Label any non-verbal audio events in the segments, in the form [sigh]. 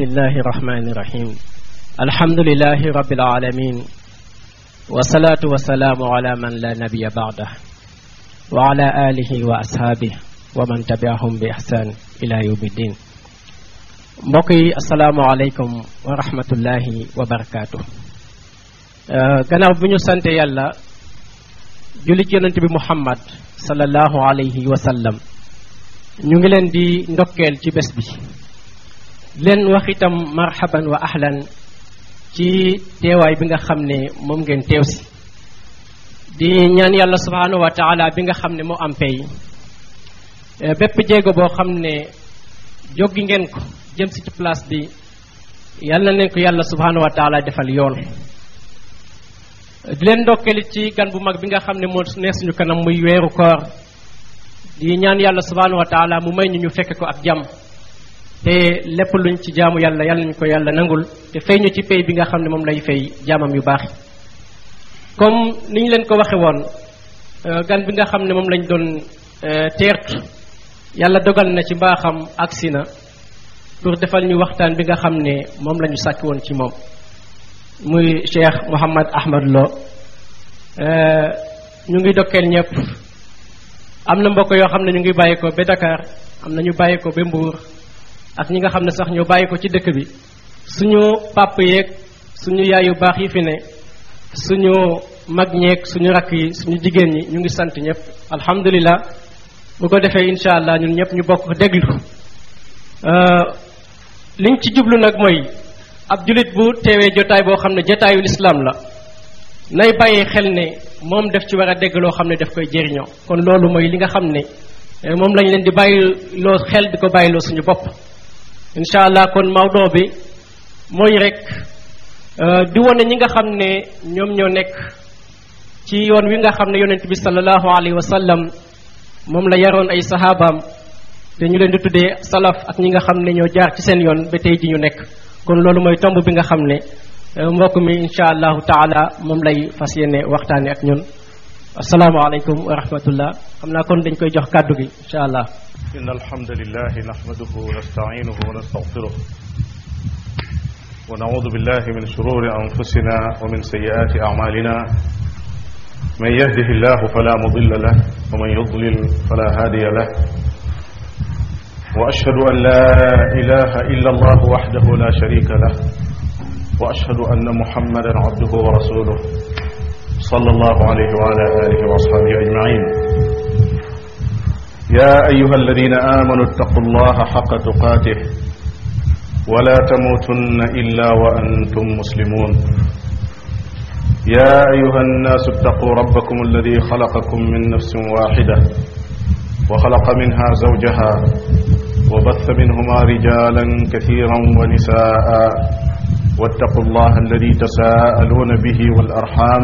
بسم الله الرحمن الرحيم الحمد لله رب العالمين والصلاة والسلام على من لا نبي بعده وعلى آله وأصحابه ومن تبعهم بإحسان إلى يوم الدين mbokk yi asalaamaaleykum wa rahmatullahi wa barakaatu euh, gannaaw bi ñu sant yàlla julli ci yonent muhammad sallallahu alayhi wa sallam ñu ngi leen di ndokkeel ci bés bi leen wax itam marhaban wa ahlan ci teewaay bi nga xam ne moom ngeen teew si di ñaan yàlla subhanahu wa taala bi nga xam ne moo am pay eh, bépp jéego boo xam ne jóggi ngeen ko jëm si ci place bi yàlla na leen ko yàlla subhanahu wa taala defal yoon di leen ndokkeli ci gan bu mag bi nga xam ne moo neex suñu kanam muy weeru koor di ñaan yàlla subhanahu wa taala mu may ñu fekk ko ak jàmm te lépp luñ ci jaamu yàlla yàlla ñu ko yàlla nangul te fay ñu ci pay bi nga xam ne moom lay fay jaamam yu baax comme ni ñu leen ko waxe woon euh, gan bi nga xam ne moom lañ doon euh, teertu yàlla dogal na ci mbaaxam agsi na defal ñu waxtaan bi nga xam ne moom la sàkk woon ci moom muy Cheikh Mouhamad Ahmad Lo euh, ñu ngi dokkeel ñëpp am na mbokk yoo xam ne ñu ngi bàyyi ko ba Dakar am na ñu bàyyi ko ba Mbour ak ñi nga xam ne sax ñoo bàyyi ko ci dëkk bi suñu pàpp yéeg suñu yaay yu baax yi fi ne suñu mag ñeeg suñu rakk yi suñu jigéen ñi ñu ngi sant ñëpp alhamdulilah bu ko defee incha allah ñun ñëpp ñu bokk déglu euh, liñ ci jublu nag mooy ab julit bu teewee jotaay boo xam ne jotaayu lislaam la nay bàyyi xel ne moom def ci war a dégg loo xam ne daf koy jëriñoo kon loolu mooy li nga xam ne moom lañ leen di bàyyi loo xel di ko bàyyiloo suñu bopp incha allah kon mawdoo bi mooy rek euh, di wane ñi nga xam ne ñoom ñoo nekk ci yoon wi nga xam ne yonent bi sallallahu alayhi wa sallam moom la yaroon ay sahabaam te leen di tuddee salaf ak ñi nga xam ne ñoo jaar ci seen yoon ba tey ji ñu nekk kon loolu mooy tomb bi nga xam ne euh, mbokk mi incha allah taala moom lay fas yéene waxtaane ak ñun asalaamaaleykum wa rahmatullah xam naa kon dañ koy jox kàddu gi incha allah in alhamdulilahi nahmaduhu wa nasta'inuhu wa nastaghfiruh wa na'udhu billahi min shururi anfusina wa min sayyiati a'malina man yahdihillahu fala mudilla lahu wa man yudlil fala hadiya lahu واشهد ان لا اله الا الله وحده لا شريك له واشهد ان محمدا عبده ورسوله sallallahu alayhi wa ala alihi wa ashabihi ajmain ya ayuha alladina amanu ittaqu llaha xaqa tuqaatih wala tamuutunna illa wa antum muslimun يا أيها الناس اتقوا ربكم الذي خلقكم من نفس واحدة وخلق منها زوجها وبث منهما رجالا كثيرا ونساء واتقوا الله الذي تساءلون به والأرحام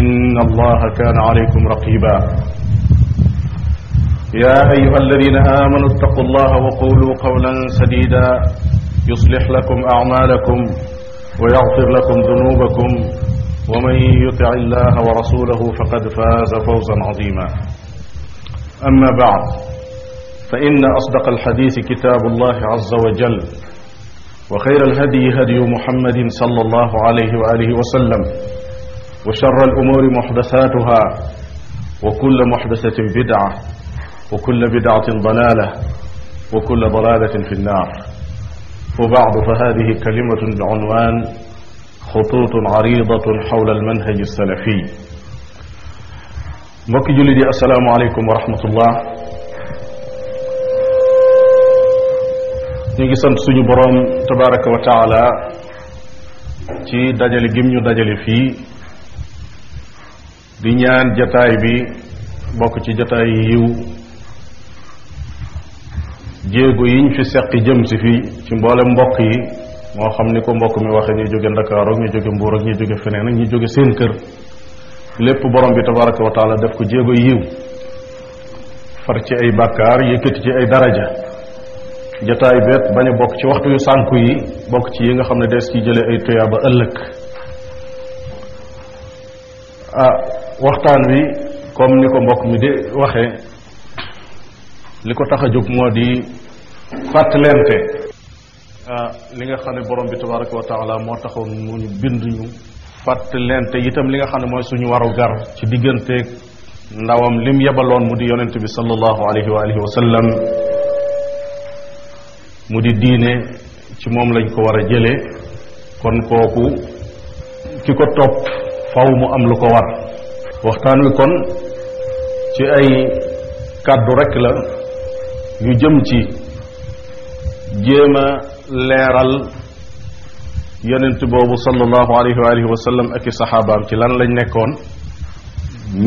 إن الله كان عليكم رقيبا يا أيها الذين آمنوا اتقوا الله وقولوا قولا سديدا يصلح لكم أعمالكم ويغفر لكم ذنوبكم ومن يطع الله ورسوله فقد فاز فوزا عظيما أما بعد فإن أصدق الحديث كتاب الله عز وجل وخير الهدي هدي محمد صلى الله عليه وآله وسلم wa sharra al-umuuri muhdasaatuha wa kullu muhdasatin bid'a wa kullu bid'atin dalaala wa kullu dalaalatin fi nnaar wa ba'du fa haadihi kalimatun unwaan xutuutun ariidatun xawla al-manhaji as-salafi mbokki jullit yi assalaamu aleykum wa rahmatullah ñu ngi sant suñu boroom tabaraka wa taala ci dajale gim ñu dajale fii di ñaan jataay bi bokk ci jataay yiw jéego yiñ fi seqi jëm si fii ci mboolem mbokk yi moo xam ni ko mbokk mi waxee ñu jóge Ndakaaru ak ñu jóge Mbuur ak ñu jóge feneen ak ñu jóge seen kër lépp borom bi tabaraka wa taala def ko jéego yiw far ci ay bàkkaar yëkkati ci ay daraja jataay beet bañ bokk ci waxtu yu sànku yi bokk ci yi nga xam ne dees ci jëlee ay tuyaaba ëllëg ah, waxtaan wi comme ni ko mbokk mi di waxe li ko tax a jóg moo di fàttalente ah, li nga xam ne borom bi tabaraka wa taala moo taxoon mu ñu bind ñu fàttalente itam li nga xam ne mooy suñu waru gar ci digganteeg ndawam lim yebaloon mu di yonent bi sallallahu alayhi wa alihi wa mu di diine ci moom lañ ko war a jëlee kon kooku ki ko topp faw mu am lu ko war waxtaan wi kon ci ay kàddu rekk la yu jëm ci jéem a leeral yonent boobu sallallahu alayhi wa alihi wa ak i saxaabaam ci lan lañ nekkoon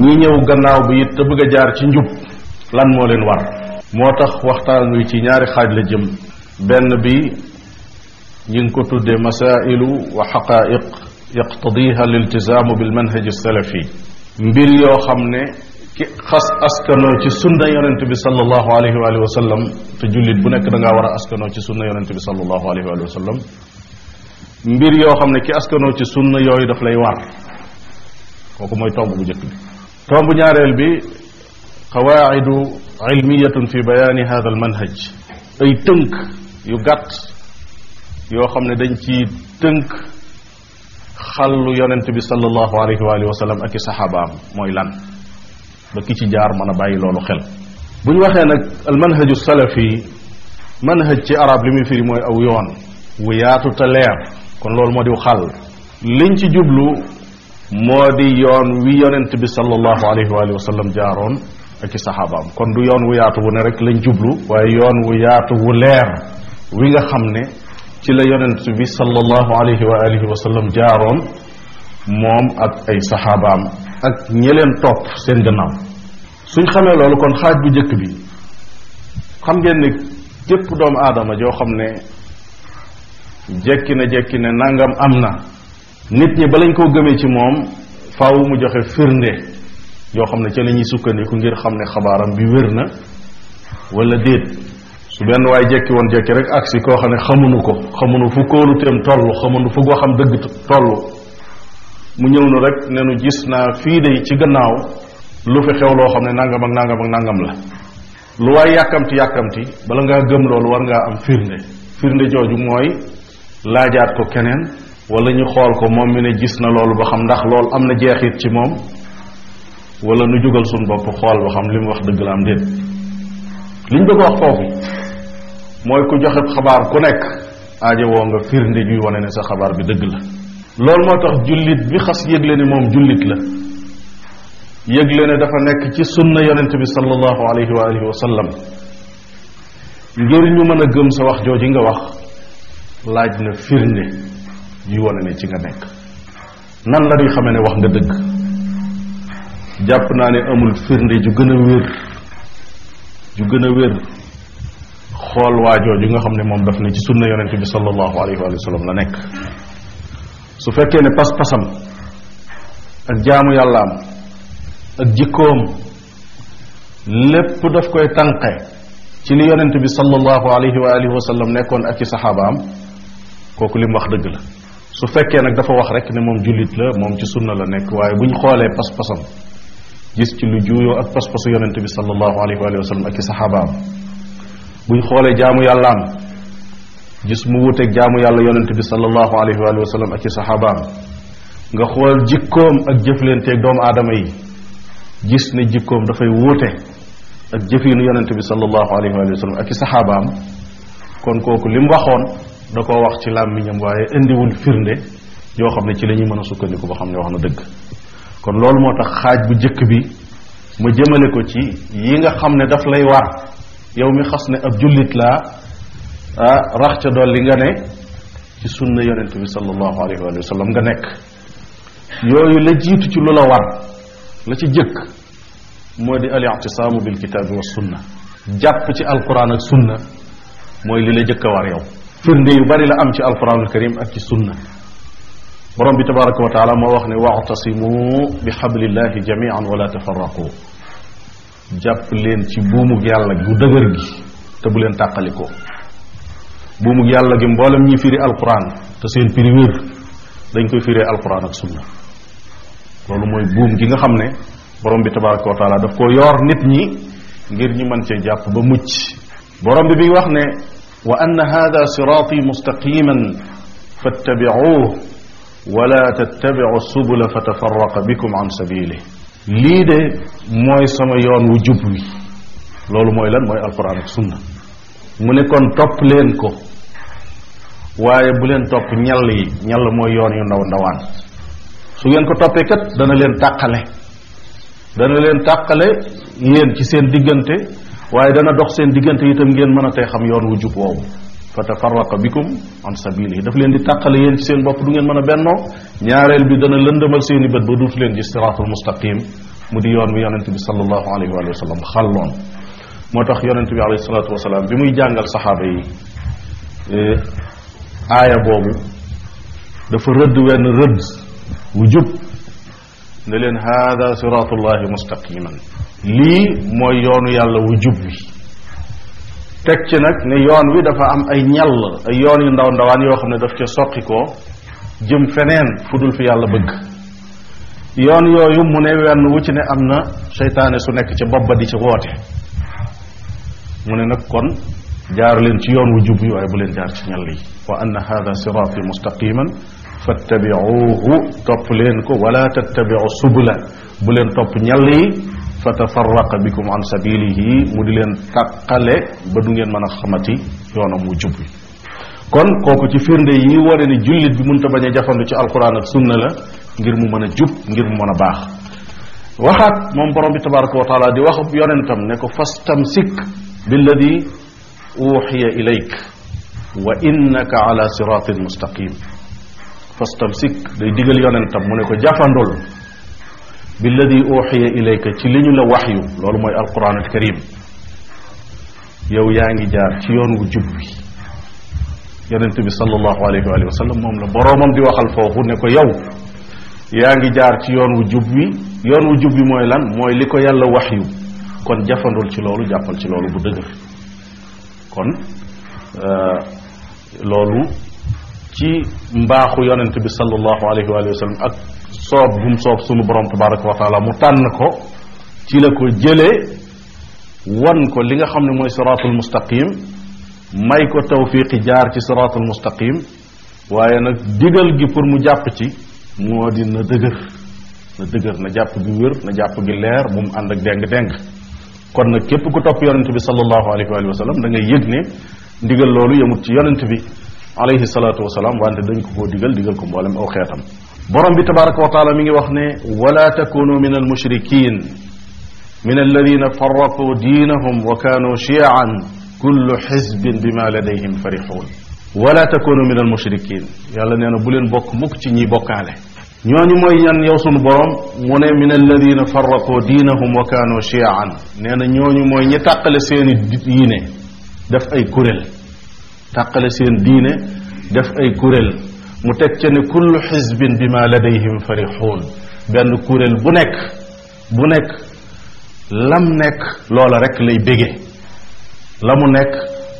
ñi ñëw gannaaw bi it te bëgg a jaar ci njub lan moo war moo tax waxtaan wi ci ñaari xaaj la jëm benn bi ñi ngi ko tuddee masailu wa xaqaiq yaqtadiha al iltisaamu bil manhaj salafi mbir yoo xam ne ki xas askanoo ci sunna yonent bi sallallahu alayhi wa alihi wa sallam te jullit bu nekk da war a askanoo ci sunna yonent bi sallallahu alayhi wa alihi wa sallam mbir yoo xam ne ki askanoo ci sunna yooyu daf lay war kooku mooy tomb bu njëkk bi tomb ñaareel bi qawaidu ilmiyatun fi bayaani hada al manhaj ay tënk yu gàtt yoo xam ne dañ ci tënk xal xallu yonent bi sallallahu alayhi wa alihi wa sallam ak i saxaabaam mooy lan ba ki ci jaar mën a bàyyi loolu xel bu ñu waxee nag al manhaju salafi manhaj ci arab li muy firi mooy aw yoon wu yaatu te leer kon loolu moo diw xal liñ ci jublu moo di yoon wi yonent bi sallallahu alayhi wa alihi wa sallam jaaroon ak i saxaabaam kon du yoon wu yaatu wu ne rek lañ jublu waaye yoon wu yaatu wu leer wi nga xam ne ci la yonent bi sallallahu alayhi wa alihi jaaroon moom ak ay saxaabaam ak ñi leen topp seen gannaaw suñ xamee loolu kon xaaj bu njëkk bi xam ngeen ne képp doomu aadama joo xam ne jekki na jekki ne nangam am na nit ñi ba lañ koo gëmee ci moom faaw mu joxe firnde yoo xam ne ca lañuy sukkandiku ngir xam ne xabaaram bi wér na wala déet su benn waay jekki woon jekki rek agsi koo xam ne xamuñu ko xamuñu fu kóoluteem toll xamuñu fu goo xam dëgg toll mu ñëw nu rek ne nu gis naa fii de ci gannaaw lu fi xew loo xam ne nangam ak nangam la lu waay yàkkamti yàkkamti bala ngaa gëm loolu war ngaa am firnde firnde jooju mooy laajaat ko keneen wala ñu xool ko moom mi ne gis na loolu ba xam ndax lool am na jeexit ci moom wala nu jógal suñ bopp xool ba xam li wax dëgg la am déet liñ mooy ku joxe xabaar ku nekk aajowoo nga firnde juy wane ne sa xabaar bi dëgg la loolu moo tax jullit bi xas yëgle ne moom jullit la yëgle ne dafa nekk ci sunna yonent bi sallallahu alayhi wa alihi wa sallam ngir ñu mën a gëm sa wax jooji nga wax laaj na firnde juy wane ne ci nga nekk nan la ñuy xamee ne wax nga dëgg jàpp naa ne amul firnde ju gën a wér ju gën a wér xool waajooju nga xam ne moom daf ne ci sunna yonent bi sallallahu alayhi wa sallam la nekk su fekkee ne pas-pasam ak jaamu yàllaam ak jikkoom lépp daf koy tànqe ci li yonent bi sallallahu alayhi wa alihi wa sallam nekkoon ak ci saxaabaam kooku li mu wax dëgg la su fekkee nag dafa wax rek ne moom jullit la moom ci sunna la nekk waaye bu ñu xoolee pas-pasam gis ci lu juuyoo ak pas-pasu yonent bi sallallahu alayhi wa alihi ak ci saxaabaam buñ xoolee jaamu yàllaam gis mu wuteeg jaamu yàlla yonente bi sallallahu alayhi wa sallam ak ci saxaabaam nga xool jikkoom ak jëflanteeg doomu aadama yi gis ne jikkoom dafay wuute ak jëfinu yonente bi sallallahu alayhi wa sallam ak ci saxaabaam kon kooku li mu waxoon da koo wax ci làmmiñam waaye indiwul firnde yoo xam ne ci lañuy mën a sukkandiku ba xam ne wax na dëgg kon loolu moo tax xaaj bu jëkk bi ma jëmale ko ci yi nga xam ne daf lay waa yow mi xas ne ab jullit la ah rax ca dolli nga ne ci sunna yonent bi sallallahu alayhi wa sallam nga nekk yooyu la jiitu ci lu ci jëkk moo di al-i'tisaamu bil kitaabi wa sunna jàpp ci alquran ak sunna mooy li la jëkk war yow firnde yu bari la am ci alquranul karim ak ci sunna borom bi tabaraka wa taala moo wax ne wa'tasimu bi hablillahi jami'an wa wala tafarraqu jàpp leen ci buumug yàlla gu dëgër gi te bu leen tàqalikoo buumug yàlla gi mboolem ñi firi alquran te seen firi wér dañ koy firee alquran ak sunna loolu mooy buum gi nga xam ne borom bi tabaraka wa taala daf ko yoor nit ñi ngir ñu mën cee jàpp ba mucc borom bi bi wax ne wa ann hada siraati mustaqiman fattabicuuh wala tattabicu subula fatafaraqa bikum an sabilih lii de mooy sama yoon wu jub wi loolu mooy lan mooy alquran ak sunna mu ne kon topp leen ko waaye bu leen topp ñal yi ñal mooy yoon yu ndaw ndawaan su ngeen ko toppeekat dana leen tàqale dana leen tàqale yéen ci seen diggante waaye dana dox seen diggante itam ngeen mën a tey xam yoon wu jub woowu fa tafarraqa bikum an sabilihi daf leen di tàqale yéen ci seen bopp du ngeen mën a bennoo ñaareel bi dana lëndëmal seen i bët ba duutu leen gis siraatul mustaqim mu di yoon bi yonente bi sallallahu alayhi wa sallam xàlloon moo tax yonente bi alayhi salatu wasalaam bi muy jàngal saxaaba yi e, aaya boobu dafa rëdd wenn rëdd wu jub ne leen haada siraatullahi mustaqiman lii mooy yoonu yàlla wu jub wi teg ci nag ne yoon wi dafa am ay ñal ay yoon yu ndaw ndawaan yoo xam ne daf cee soqi ko jëm feneen fu dul fi yàlla bëgg yoon yooyu mu ne wenn wu ci ne am na seytaane su nekk ci bopp ba di ca woote mu ne nag kon jaar leen ci yoon wu jub yi waaye bu leen jaar ci ñàll yi wa anna hada siraati mustaqiman fattabiuhu topp leen ko wala tattabiu subula bu leen topp ñàll yi fa tafarraqa bikum an sabilihi mu di leen tàqale ba du ngeen mën a xamati yoonam mu jub kon kooku ci firnde yi ware ne jullit bi mënta bañ a jafandu ci alquran ak la ngir mu mën a jub ngir mu mën a baax waxaat moom borom bi tabaraka wa taala di wax yonentam ne ko fastamsik billadi uuxiya ilayk wa innaka ala siratin mustaqim fastamsik day digal yonentam mu ne ko jafandul billadi uxiya ilayka ci li ñu la waxyu loolu mooy alquran al karim yow yaa ngi jaar ci yoon wu jub wi yonente bi sallallahu alayhi wa moom la boroomam di waxal foofu ne ko yow yaa ngi jaar ci yoon wu jub wi yoon wu jub wi mooy lan mooy li ko yàlla waxyu kon jafandul ci loolu jàppal ci loolu bu dëgër kon euh, loolu ci mbaaxu yonente bi sallallahu alayhi wa sallam soob gum soob sunu borom tabaraka wa taala mu tànn ko ci la ko jëlee wan ko li nga xam ne mooy siraatul mustaqim may ko tawfiqi jaar ci siraatul mustaqim waaye nag digal gi pour mu jàpp ci moo di na dëgër na dëgër na jàpp gi wér na jàpp gi leer bu mu ànd ak deng déng kon nag képp ku topp yonent bi sallallahu alayhi wa sallam da ngay yëg ne ndigal loolu yemut ci yonent bi alayhi salaatu wasalaam wante dañ ko koo digal digal ko mboolem aw xeetam borom bi tabaraka wa taala mi ngi wax ne wala takunu min almushrikin min alladina faraqu diinahum wa kanu shiyan kullu xisbin bima ladayhim farixuun wala takunu min almushrikin yàlla nee na bu leen bokk mukk ci ñiy bokkaale ñooñu mooy ñan yow sunu borom mu ne min alladina faraqu diinahum wa kanu shiyan nee na ñooñu mooy ñi tàqale seeni diine def ay kuréel seen diine ay kuréel mu teg ca ne kullu xisbin bi ma ladayhim farixuun benn kuréel bu nekk bu nekk lam nekk loola rek lay bége la mu nekk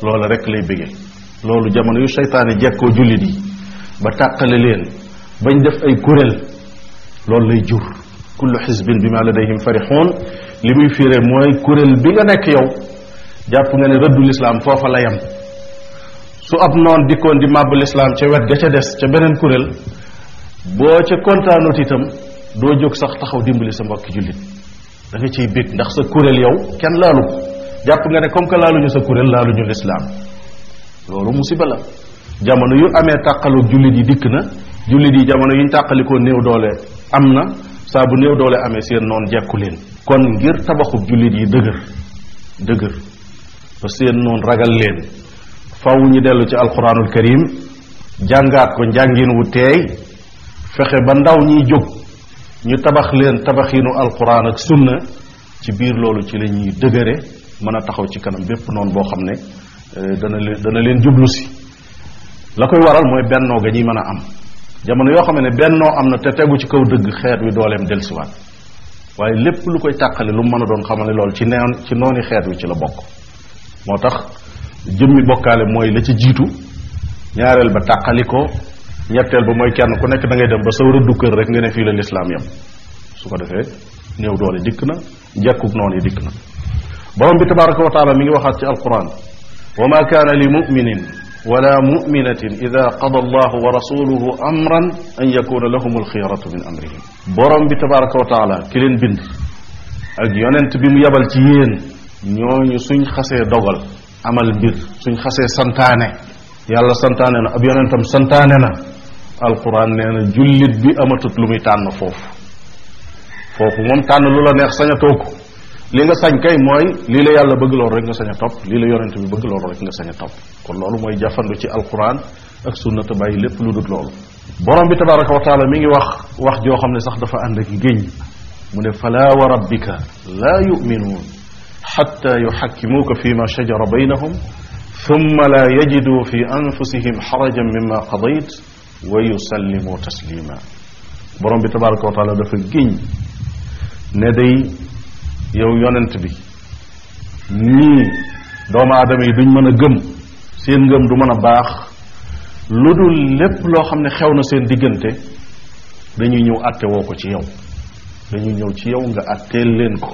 loola rek lay bége loolu jamono yu seytaane jekkoo jullit yi ba tàqale leen bañ def ay kuréel loolu lay jur kullu xisbin bi ma ladayhim farixuun li muy fiire mooy kuréel bi nga nekk yow jàpp nga ne rëddu lislaam foofa la yam su ab noon dikkoon di màbb lislaam ca wet ga ca des ca beneen kuréel boo ca kontaanut itam doo jóg sax taxaw dimbali sa mbokki jullit da nga ciy bég ndax sa kuréel yow kenn laalu ko jàpp nga ne comme que ñu sa kuréel ñu lislaam loolu musiba la jamono yu amee tàqaloog jullit yi dikk na jullit yi jamono ñu tàqalikoo néew doole am na saa bu néew doole amee seen noon jekku leen kon ngir tabaxub jullit yi dëgër dëgër ba seen noon ragal leen faw ñu dellu ci alquranul karim jàngaat ko njàngin wu teey fexe ba ndaw ñiy jóg ñu tabax leen tabaxinu alquran ak sunna ci biir loolu ci lañuy dëgëre mën a taxaw ci kanam bépp noonu boo xam ne euh, dana leen dana leen jublu si la koy waral mooy bennoo ga ñuy mën a am jamono yoo xam ne bennoo am na te tegu ci kaw dëgg xeet wi dooleem dellusiwaat waaye lépp lu koy tàqale lu mu mën a doon xamal ne loolu ci neen ci nooni xeet wi ci la bokk moo tax jëmmi bokkaale mooy la ci jiitu ñaareel ba tàqalikoo ñetteel ba mooy kenn ku nekk da ngay dem ba sa rëddu kër rek nga ne fii la lislaam yam su ko defee néew doole dikk na jekk noonu yi dikk na borom bi tabaraka wa taala mi ngi waxaat ci alquran wa ma kaana li muminin wala muminatin ida qada allahu wa rasuluhu amran an yakuna lahum alxiyaratu min amrihim borom bi tabaraka wa taala ki leen bind ak yonent bi mu yabal ci yéen ñooñu suñ xasee dogal amal mbir suñ xasee santaane yàlla santaane na ab yonentam santaane na alquran nee na jullit bi amatut lu muy tànn foofu foofu moom tànn lu la neex sañ a toog li nga sañ kay mooy lii la yàlla bëgg loolu rek nga sañ a topp lii la yonent bi bëgg loolu rek nga sañ topp kon loolu mooy jafandu ci alquran ak sunna te bàyyi lépp lu dul loolu borom bi tabaraka wa taala mi ngi wax wax joo xam ne sax dafa ànd ak géñ mu ne fala wa rabbika laa yuminuun xatta yuxakkimuuka fi ma shajara baynahum summa laa yajiduu fi anfusihim xarajan mimma qadayt wa yusallimu taslima borom bi tabaraka wa taala dafa géñ ne day yow yonent bi nii doomu aadama yi duñ mën a gëm seen ngëm du mën a baax lu dul lépp loo xam ne xew na seen diggante dañuy ñëw àtte woo ko ci yow dañuy ñëw ci yow nga àtteel leen ko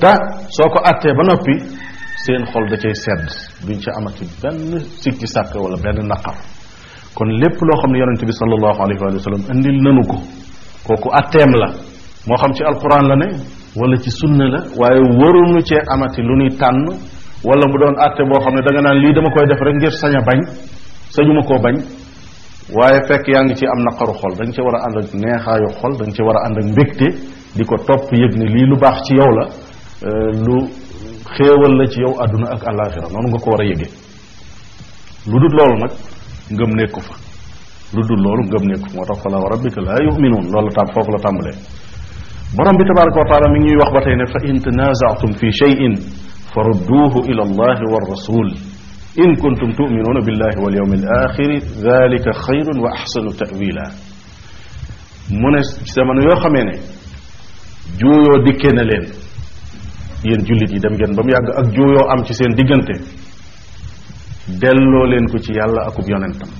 te soo ko attee ba noppi seen xol da cay sedd duñ ci amati benn sikki sàkk wala benn naqar kon lépp loo xam ne yonente bi sallallahu alayhi wa sallam indil nanu ko kooku atteem la moo xam ci alquran la ne wala ci sunna la waaye waruñu cee amati lu ñuy tànn wala mu doon atte boo xam ne da nga naan lii dama koy def rek ngir saña bañ sañuma koo bañ waaye fekk yaa ngi ci am naqaru xol da nga ci war a ànd ak neexaayu xol da nga ci war a ànd ak mbégte di ko topp yëg ne lii lu baax ci yow la Euh, lu xéewal la ci yow àdduna ak àllaaxira noonu nga ko war a yëge lu dul loolu nag ngëm nekku fa lu lool loolu ngëm nekku fa moo tax fa la wa rabbika laa yuminuun la tàmbalee borom bi tabaraka wa taala mi ngi ñuy wax ba fi cheyin fa ila allahi wa rasul in kuntum tuminuuna billahi wal yawmi al axiri dalika xayrun wa axsanu tawila mu ne jamono yoo xamee ne juuyoo dikkee na leen yéen jullit yi dem ngeen ba mu yàgg ak jooyoo am ci seen diggante delloo leen ko ci yàlla akub yonentam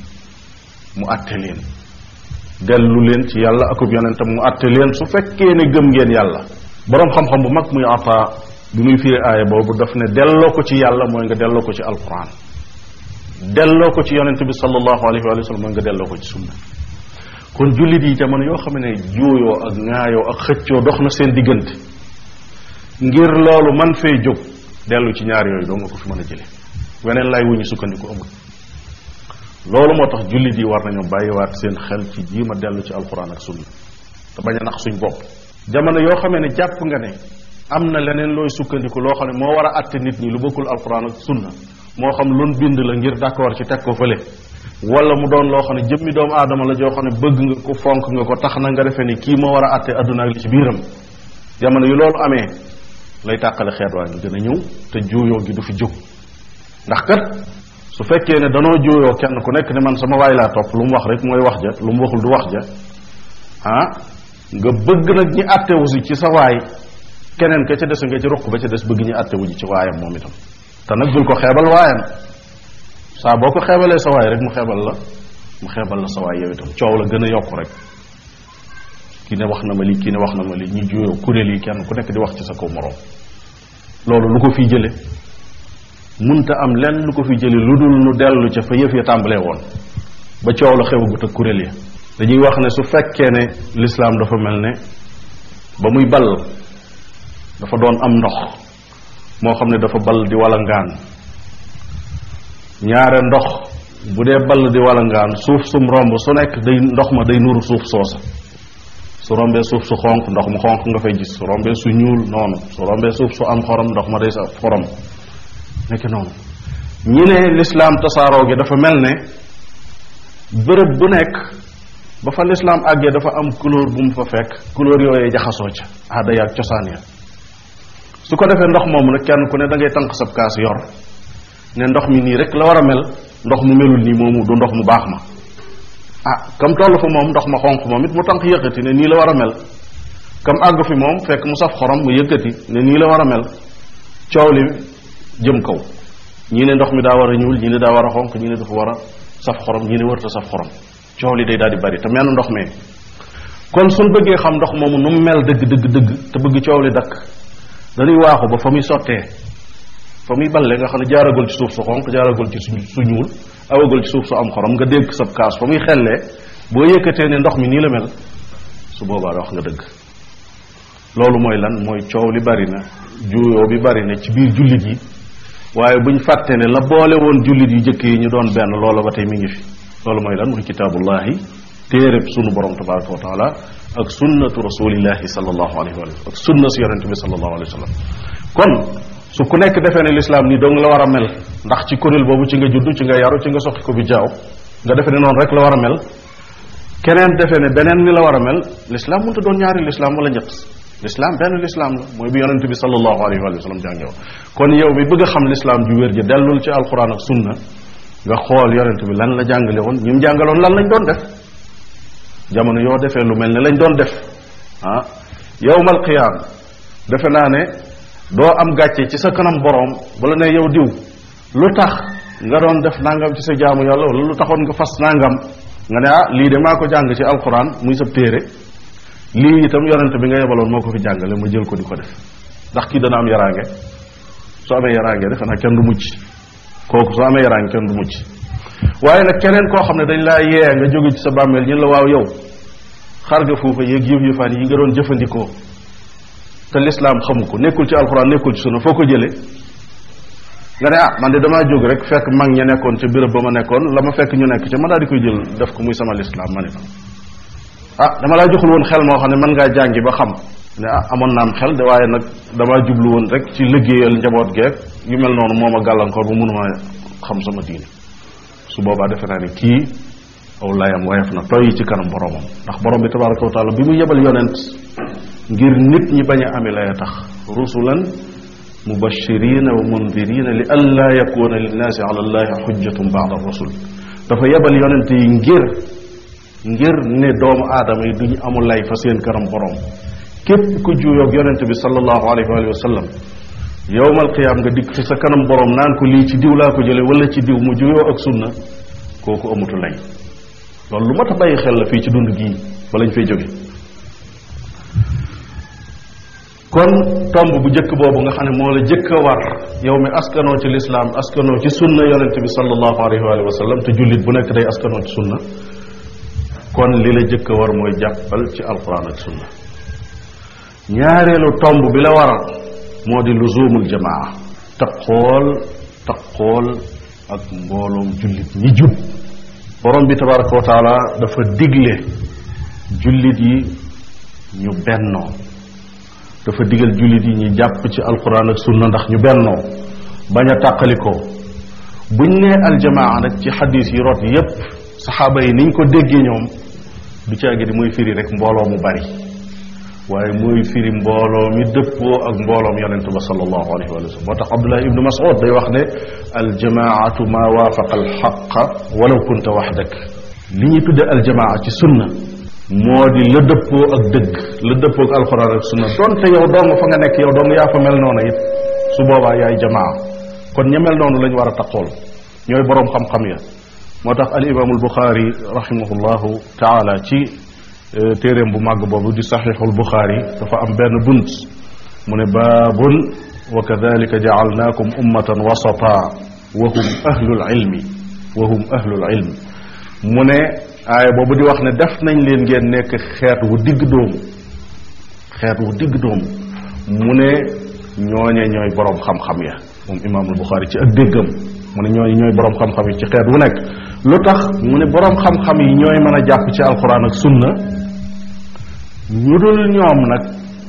mu àtte leen dellu leen ci yàlla akub yonentam mu àtte leen su fekkee ne gëm ngeen yàlla boroom xam-xam bu mag muy ata bi muy firi aaya boobu daf ne delloo ko ci yàlla mooy nga delloo ko ci alquran delloo ko ci yonent bi sallallahu alayhi wa sallam mooy nga delloo ko ci sunna kon jullit yi jamono yoo xam ne jooyoo ak ŋaayoo ak xëccoo dox na seen diggante ngir loolu man fee jóg dellu ci ñaar yooyu doo nga ko fi man a jële weneen lay wu ñu sukkandiku amul loolu moo tax jullit yi war nañu bàyyiwaat seen xel ci jii ma dellu ci alquran ak sunna te bañ a nax suñ bopp jamono yoo xamee ne jàpp nga ne am na leneen looy sukkandiku loo xam ne moo war a àtte nit ñi lu bokkul alquran ak sunna moo xam lun bind la ngir d'accord ci teg ko fële wala mu doon loo xam ne jëmmi doomu aadama la joo xam ne bëgg nga ko fonk nga ko tax na nga defee ni kii moo war a àtte adduna ak ci biiram jamono yu loolu amee lay tàqale xeet waa ngi a ñëw te juuyoo gi du fi jóg ndax kat su fekkee ne danoo juuyoo kenn ku nekk ne man sama waay laa topp lu mu wax rek mooy wax ja lu mu waxul du wax ja ah nga bëgg nag ñi àttewu si ci sa waay keneen ka ca des nga ci ruq ba ca des bëgg ñu àttewu ji ci waayam moom itam te nag bul ko xeebal waayam saa boo ko xeebalee sa waay rek mu xeebal la mu xeebal la sa waay yow itam coow la gën a yokku rek kii ne wax na ma li kii ne wax na ma lii ñuy juyoo kuréel yi kenn ku nekk di wax ci sa kaw moroom loolu lu ko fi jële munta am lenn lu ko fi jële lu dul nu dellu ca fa yëf ya tàmbalee woon ba coow la xewagut ak kuréel yi dañuy wax ne su fekkee ne lislaam dafa mel ne ba muy ball dafa doon am ndox moo xam ne dafa bal di walangaan ñaare ndox bu dee bal di walangaan suuf sum romb su nekk day ndox ma day nuru suuf soosa su rombee suuf su xonq ndox mu xonq nga fay gis su rombee su ñuul noonu su rombee suuf su am xorom ndox ma day sa xorom nekk noonu ñi ne lislaam tasaaroo gi dafa mel ne bërëb bu nekk ba fa lislaam àggee dafa am couleur bu mu fa fekk couleur yooyee jaxasoo ca aada ya ak cosaan ya su ko defee ndox moomu nag kenn ku ne da ngay tànq sab kaas yor ne ndox mi nii rek la war a mel ndox mu melul nii moomu du ndox mu baax ma ah kam toll fa moom ndox ma xonq moom it mu tànk yëkkati ne nii la war a mel kam àggu fi moom fekk mu saf xorom mu yëkkati ne nii la war a mel coow li jëm kaw ñii ne ndox mi daa war a ñuul ñii ne daa war a xonq ñii ne dafa war a saf xorom ñii ne warta saf xorom coow li day daal di bari te menn ndox mee kon suñ bëggee xam ndox moomu nu mu mel dëgg dëgg dëgg te bëgg coow li dakk dañuy waaxu ba fa muy sottee fa muy balle nga xam ne jaaragul ci suuf su xonq jaaragul ci su ñuul awagul ci suuf su am xorom nga dégg sab kaas fa muy xellee boo yëkkatee ne ndox mi nii la mel su boobaa wax nga dëgg loolu mooy lan mooy coow li bari na juuyoo bi bari na ci biir jullit yi waaye buñ fàttee ne la boole woon jullit yi jëkk yi ñu doon benn loola ba tey mi ngi fi loolu mooy lan mooy kitaabullahi téereb sunu borom tabaraka wa taala ak sunnatu rasulillahi sallallahu alayhi wa sallam ak sunna si yonente bi sallallahu alayhi wa su ku nekk defee ne lislaam ni dong la war a mel ndax ci kuréel boobu ci nga judd ci nga yaru ci nga soqi ko bi jaaw nga defe ne noonu rek la war a mel keneen defee ne beneen ni la war a mel lislaam mënta doon ñaari lislaam wala ñett lislaam benn lislaam la mooy bi yonente bi sallallahu alayhi wa sallam jàngew kon yow bi bëgg xam lislaam ju wér ji dellul ci al alquran ak sunna nga xool yonente bi lan la jàngale woon ñi mu jàngaloon lan lañ doon def yoo defee lu mel ne lañ doon def ah naa ne doo am gàcce ci sa kanam boroom bala ne yow diw lu tax nga doon def nangam ci sa jaamu yàlla wala lu taxoon nga fas nangam nga ne ah lii de maa ko jàng ci alxuraan muy sa téere lii itam yonent bi nga yebaloon moo ko fi jàngale ma jël ko di ko def ndax kii dana am yaraange su amee yaraange defe naa kenn du mucc kooku su amee yaraange kenn du mucc waaye nag keneen koo xam ne dañ laa yee nga jóge ci sa bàmmeel ñu la waaw yow xar nga fuufa yéeg yëf yëfaan jëfandikoo te lislaam xamu ko nekkul ci alxuraan nekkul ci sunna foo ko jëlee nga ne ah man de damaa jóg rek fekk mag ña nekkoon ca béréb ba ma nekkoon la ma fekk ñu nekk ci ma daal di koy jël def ko muy sama lislaam ma ne ko ah dama laa joxul woon xel moo xam ne mën ngaa jàngi ba xam ne ah amoon naam xel de waaye nag damaa jublu woon rek ci liggéeyal njaboot geek yu mel noonu moo ma gàllankoor bu mënuma xam sama diine su boobaa defe naa ne kii aw layam wayef na toy ci kanam boromam ndax borom bi tabaraka wa bi mu yebal yonent ngir nit ñi bañ ame lay a tax rusulan mubashirina wa mundirina li an laa yakuna linnaasi ala allahi xujjatun baada rusul dafa yebal yonente yi ngir ngir ne doomu aadama yi duñu amul lay fa seen kanam borom képp ku juyoog yonente bi sallallahu alayhi wa sallam yowmal qiyaam nga dikk fi sa kanam borom naan ko lii ci diw laa ko jële wala ci diw mu juyoo ak sunna kooku amutu lay loolu lu mat a bàyyi xel la fii ci dund gii balañ fay jóge kon tomb bu njëkk boobu nga xam ne moo la jëkk war yow mi askanoo ci lislaam askanoo ci sunna yonente bi sallallahu alayhi wa te jullit bu nekk day askanoo ci sunna kon li la jëkk a war mooy jàppal ci alquran ak sunna ñaareelu tomb bi la waral moo di luzumul jamaa taqool taqool ak mbooloom jullit ñi jub borom bi tabaraka wa taala dafa digle jullit yi ñu bennoo dafa digal jullit yi ñu jàpp ci alquran ak sunna ndax ñu bennoo bañ a tàqalikoo buñ nee aljamaa nag ci xadis yi rot yépp saxaaba yi niñ ko déggee ñoom du caagi di muy firi rek mbooloo mu bari waaye muy firi mbooloo mi dëppoo ak mbooloom yonente ba sallallahu alayhi wa sallam moo tax abdullah ibnu mas'ud day wax ne aljamaatu maa waafaqa alxaqa walaw kunta waxdak li ñuy tudde aljamaa ci sunna moo di la dëppoo ak dëgg la dëppoo ak alxuraan ak sunna donte yow dong fa nga nekk yow dong yaa mel noonu it su boobaa yaay jamaa kon ña noon noonu lañu war a taqool ñooy boroom xam-xam ya moo tax al imaamul buxaari rahimahullahu taala ci e, téeréem bu màgg boobu di saxiixul buxaari dafa am benn bunt mu ne baabun wa kadalika jaalnaakum ummatan wasata wa hum ahlul ilmi wa hum ahlul ilmi aaya boobu di wax ne def nañ leen ngeen nekk xeet wu digg doomu xeet wu digg doomu mu ne ñooñe ñooy boroom xam-xam ya moom imaamul Buxaari ci ak déggam mu ne ñooñu ñooy boroom xam-xam yi ci xeet wu nekk lu tax mu ne boroom xam yi ñooy mën a jàpp ci alxuraan ak sunna ñu dul ñoom nag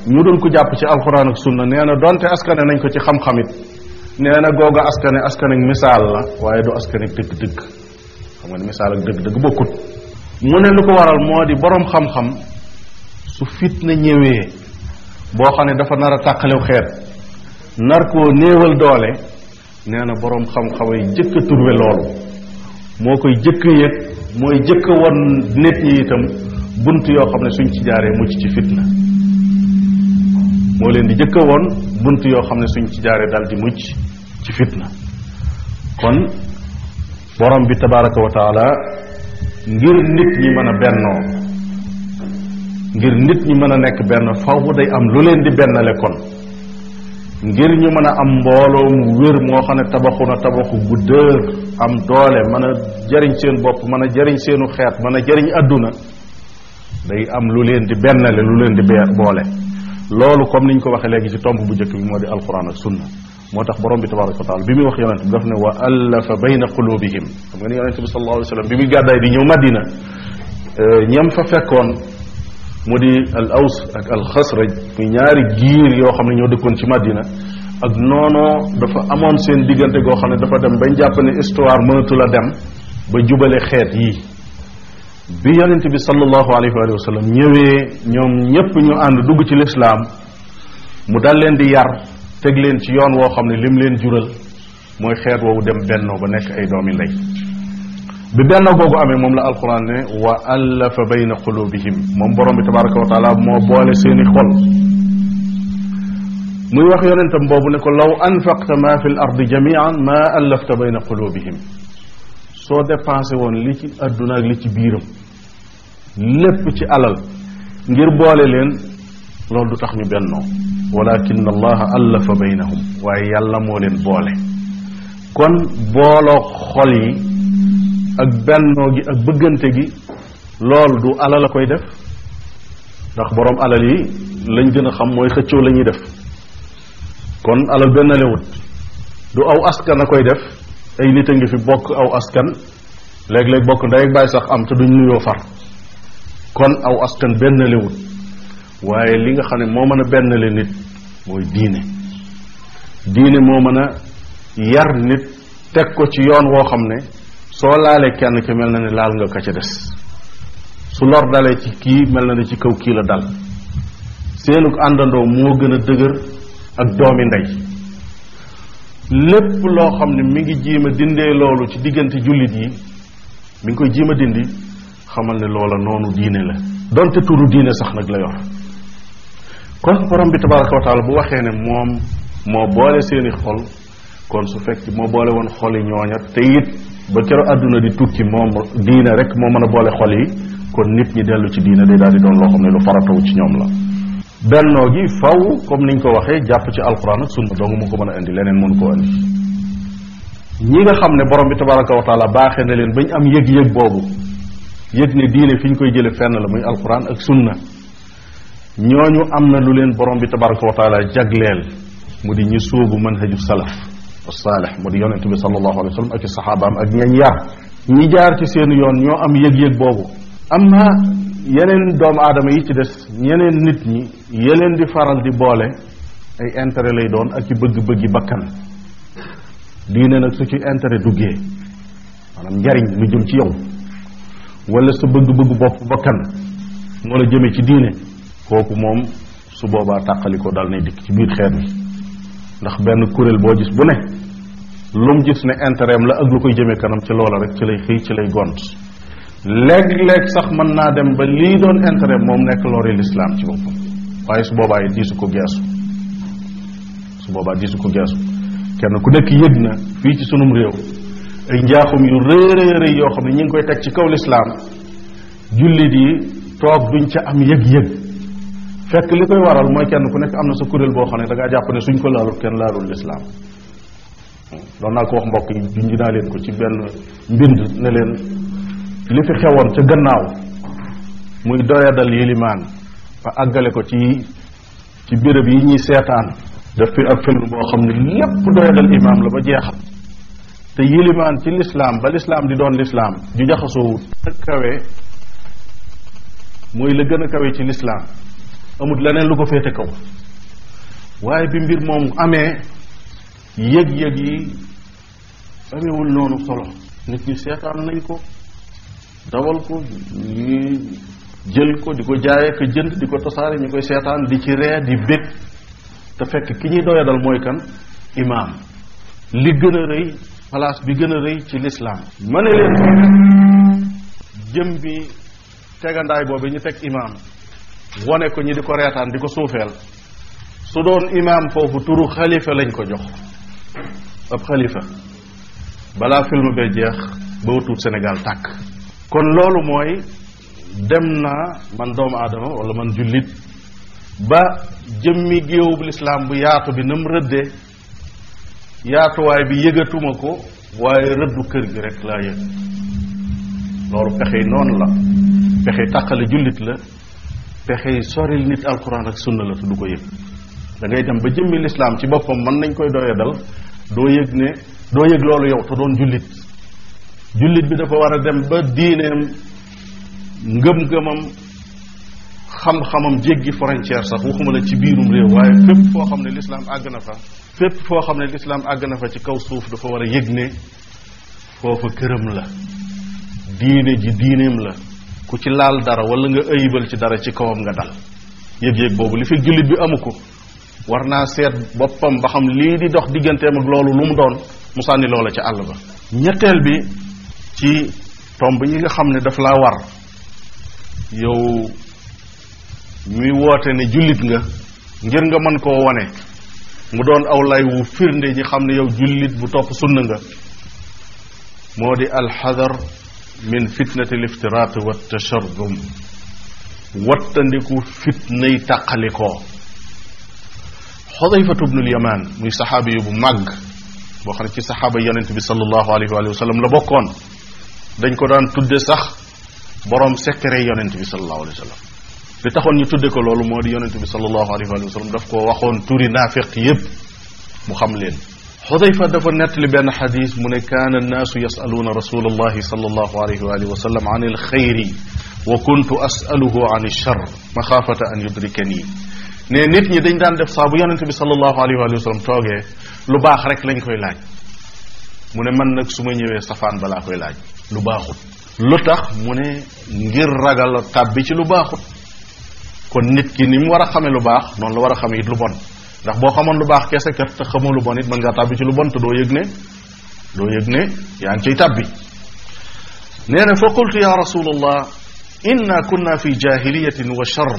ñu dul ko jàpp ci alxuraan ak sunna nee donte askane nañ ko ci xam-xamit nee na googa askane askane misaal la waaye du askane dëgg-dëgg xam nga ne misaal ak dëgg-dëgg bokkut mu ne lu ko waral moo di boroom xam-xam su fitna ñëwee boo xam ne dafa nar a tàqalew xeet nar koo néewal doole nee na boroom xam-xam yi jëkk a turwe loolu moo koy jëkk yëg mooy jëkk won nit ñi itam bunt yoo xam ne suñ ci jaaree mucc ci fitna moo leen di jëkk woon bunt yoo xam ne suñ si jaaree dal di mucc ci fitna kon borom bi tabaraka wa ngir nit ñi mën a bennoo ngir nit ñi mën a nekk benn faww day am lu leen di bennale kon ngir ñu mën a am mbooloo mu wér moo xam ne tabaxu na tabaxu bu dër am doole mën a jariñ seen bopp mën a jariñ seenu xeet mën a jariñ àdduna day am lu leen di bennale lu leen di boole loolu comme ni ñu ko waxee léegi ci tomb bu njëkk bi moo di alxuraan ak sunna moo tax borom bi tabaraka wa taala bi muy wax yonente bi daf ne wa allafa bayna qulubihim xam nga ni yonente bi sallallahu alayhi wa sallam bi muy gàddaay di ñëw madina euh, ñam fa fekkoon mu di al aws ak al xasraj ñaari giir yoo xam ne ñoo dëkkoon ci madina ak noonoo dafa amoon seen diggante goo xam ne dafa dem bañ jàpp ne histoire mënatul a dem ba jubale xeet yi bi yonente bi sallallahu alayhi wa ñëwee ñoom ñépp ñu ànd dugg ci lislaam mu dal leen di yar teg leen ci yoon woo xam ne lim leen jural mooy xeet woowu dem bennoo ba nekk ay doomi ndey bi bennoo googu amee moom la alquran ne wa allafa bayna qulubihim moom borom bi tabaraka wa taala moo boole seeni xol muy wax yonentam bu ne ko law anfaqta ma fi l ardi jamian ma bi bayna qulubihim soo dépensé woon li ci àdduna ak li ci biiram lépp ci alal ngir boole leen loolu du tax ñu bennoo walakin allaha allafa baynahum waaye yàlla moo leen boole kon booloo xol yi ak bennoo gi ak bëggante gi loolu du alal a koy def ndax boroom alal yi lañ gën a xam mooy xëccoo la ñuy def kon alal benn lewut du aw askan a koy def ay nit a ngi fi bokk aw askan léeg-léeg bokk ndey ak baay sax am te duñ nuyoo far kon aw askan benn lewut waaye li nga xam ne moo mën a benn leen nit mooy diine diine moo mën a yar nit teg ko ci yoon woo xam ne soo laalee kenn ki mel na ne laal nga ko ca des su lor dalee ci kii mel na ne ci kaw kii la dal seenug àndandoo moo gën a dëgër ak doomi ndey lépp loo xam ne mi ngi jiima dindee loolu ci diggante jullit yi mu ngi koy jiima dindi xamal ne loola noonu diine la donte turu diine sax nag la yoon kon borom bi tabaraka wa taala bu waxee ne moom moo boole seeni xol kon su fekk moo boole woon xol yi ñooña te it ba keroog àdduna di tukki moom diine rek moo mën a boole xol yi kon nit ñi dellu ci diina day daal di doon loo xam ne lu farataw ci ñoom la bennoo gi faw comme ni ñu ko waxee jàpp ci alxuraan ak sunna dong mu ko mën a indi leneen mënu koo indi ñi nga xam ne borom bi tabaraka wa baaxee na leen ba ñu am yëg-yëg boobu yëg ne diine fi ñu koy jële fenn la muy alquran ak sunna ñu am na lu leen borom bi tabaraka wa taala jagleel mu di ñi sóobu manhaju salaf saalih mu di yonente bi sallallahu alayhi wa sallam ak i am ak ñañ yar ñi jaar ci seen yoon ñoo am yëg-yëg boobu amma yeneen doomu aadama yi ci des ñeneen nit ñi yeneen di faral di boole ay intérêt lay doon ak ci bëgg-bëggi bakkan diine nag su ci intérêt duggee maanaam njariñ lu jëm ci yow wala sa bëgg-bëggu bopp bakkan moo la jëmee ci diine kooku moom su boobaa tàqalikoo dal nay dikk ci biir xeet wi ndax benn kuréel boo gis bu ne lu gis ne intérêt am la ak lu koy jëmee kanam ci loola rek ci lay xëy ci lay gont léeg-léeg sax mën naa dem ba lii doon intérêt moom nekk lori lislaam ci boppam waaye su boobaa yi diisu ko geesu su boobaa diisu ko geesu kenn ku nekk yëg na fii ci sunum réew ay njaaxum yu rëy rëy yoo xam ne ñu ngi koy teg ci kaw lislaam jullit yi toog duñ ca am yëg-yëg fekk li koy waral mooy kenn ku nekk am na sa kuréel boo xam ne da ngaa jàpp ne suñ ko laalul kenn laalul lislaam doon naa ko wax mbokk yi junj naa leen ko ci benn mbind ne leen li fi xewoon ca gannaaw muy doyadal yilimaan ba àggale ko ci ci bërëb yi ñuy seetaan daf fi ab film boo xam ne lépp doyadal imaam la ba jeexal te yilimaan ci lislaam ba lislaam di doon lislaam ju jaxasoo wut kawe mooy la gën a kawe ci lislaam amut leneen lu ko féete kaw waaye bi mbir moom amee yëg-yëg yi amewul noonu solo nit ñi seetaan nañ ko dawal ko ñi jël ko di ko jaayee ko jënd di ko tasaare ñu koy seetaan di ci ree di bég te fekk ki ñuy doyadal mooy kan imaam li gën a rëy place bi gën a rëy ci lislaam ma ne leen jëm bi tegandaay boobu ñu teg imaam wone ko ñi di ko reetaan di ko suufeel su doon imaam foofu turu xalifa lañ ko jox ab xalifa balaa film bee jeex ba watuut Sénégal tàkk kon loolu mooy dem naa man doomu aadama wala man jullit ba jëmmi géewub lislaam bu yaatu bi nam rëddee yaatuwaay bi yëgatuma ko waaye rëddu kër gi rek laa yëg loolu pexe noonu la pexe tàqale jullit la fexe yi soril nit alquran ak sunna la te du ko yëg da ngay dem ba jëmmi lislaam ci boppam mën nañ koy doyee dal doo yëg ne doo yëg loolu yow te doon jullit jullit bi dafa war a dem ba diineem ngëm-ngëmam xam-xamam jéggi frontière sax waxuma la ci biirum réew waaye fépp foo xam ne lislaam àgg na fa fépp foo xam ne lislaam àgg na fa ci kaw suuf dafa war a yëg ne foofu këram la diine ji diineem la ku ci laal dara wala nga ëyibal ci dara ci kawam nga dal yëg-yëg boobu li fi jullit bi amu ko war naa seet boppam ba xam lii di dox digganteem ak loolu lu mu doon mu sànni loola ci àll ba ñetteel bi ci tomb yi nga xam ne daf laa war yow muy woote ne jullit nga ngir nga mën koo wane mu doon aw lay wu firnde ñi xam ne yow jullit bu topp sunna nga moo di alxadar min fitnati liftiraati wa tashardum wattandiku fitnay tàqalikoo xodayfatu bnul yamaan muy saxaabi yu bu màgg boo xam ne ci saxaaba yonent bi salallahu alayhi wa sallam la bokkoon dañ ko daan tudde sax boroom secret yonent bi salallahu alayhi wa sallam li taxoon ñu tudde ko loolu moo di yonent bi salallahu alayhi wa sallam daf koo waxoon turi naafiq yépp mu xam leen xudayfa dafa nettali benn xadis mu ne kaana annaasu yasaluuna rasul allahi sal allahu alayhi wa alihi wa sallam an alxayri wa an alchar ne nit ñi dañ daan def saa bu yonente bi sal allahu alayhi wa alihi wa sallam toogee lu baax rek lañ koy laaj mu ne man nag su ma ñëwee safaan balaa koy laaj lu baax lu tax mu ne ngir ragal tàbbi ci lu baax kon nit ki ni mu war a xame lu baax noonu la war a xame it lu bon ndax boo xamoon lu baax kese kat te xamoo lu bon it mën ngaa tàbbi ci lu bon te doo yëg ne doo yëg ne yaa ngi ciy tàbbi nee na fa qultu ya rasulallah inna kunna fi jahiliyatin wa shar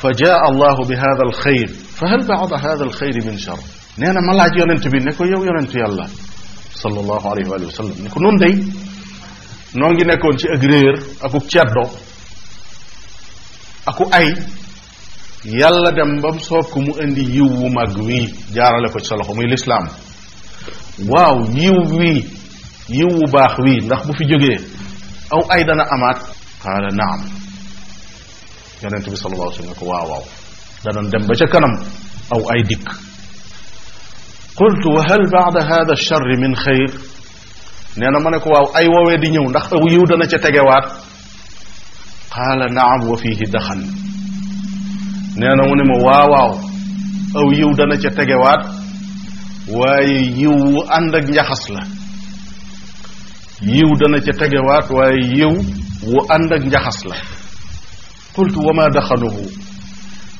fa jaa allahu bi hada alxayr fa hal baada hada alxayr min shar nee na ma laaj yonent bi ne ko yow yonent yàlla sallallahu alayhi wa sallam ne ko nun day noo ngi nekkoon ci ak réer aku ceddo aku ay yàlla dem ba mu soob ko mu indi yiw wu mag wii jaarale ko ci sa loxo muy lislaam waaw yiw wii yiw wu baax wii ndax bu fi jógee aw ay dana amaat qaala naam yonent bi sallallahu alayhi wa sallam ne ko waaw waaw danañ dem ba ca kanam aw ay dikk qultu wa hal baada hada charri min xayr nee na ma ne ko waaw ay woowee di ñëw ndax aw yiw dana ca tegewaat qaala naam wa fihi daxan nee na mu ne ma waawaaw aw yiw dana ca tegewaat waaye yiw wu ànd ak njaxas la yiw dana ca tegewaat waaye wu ànd njaxas la qultu wa ma daxaluhu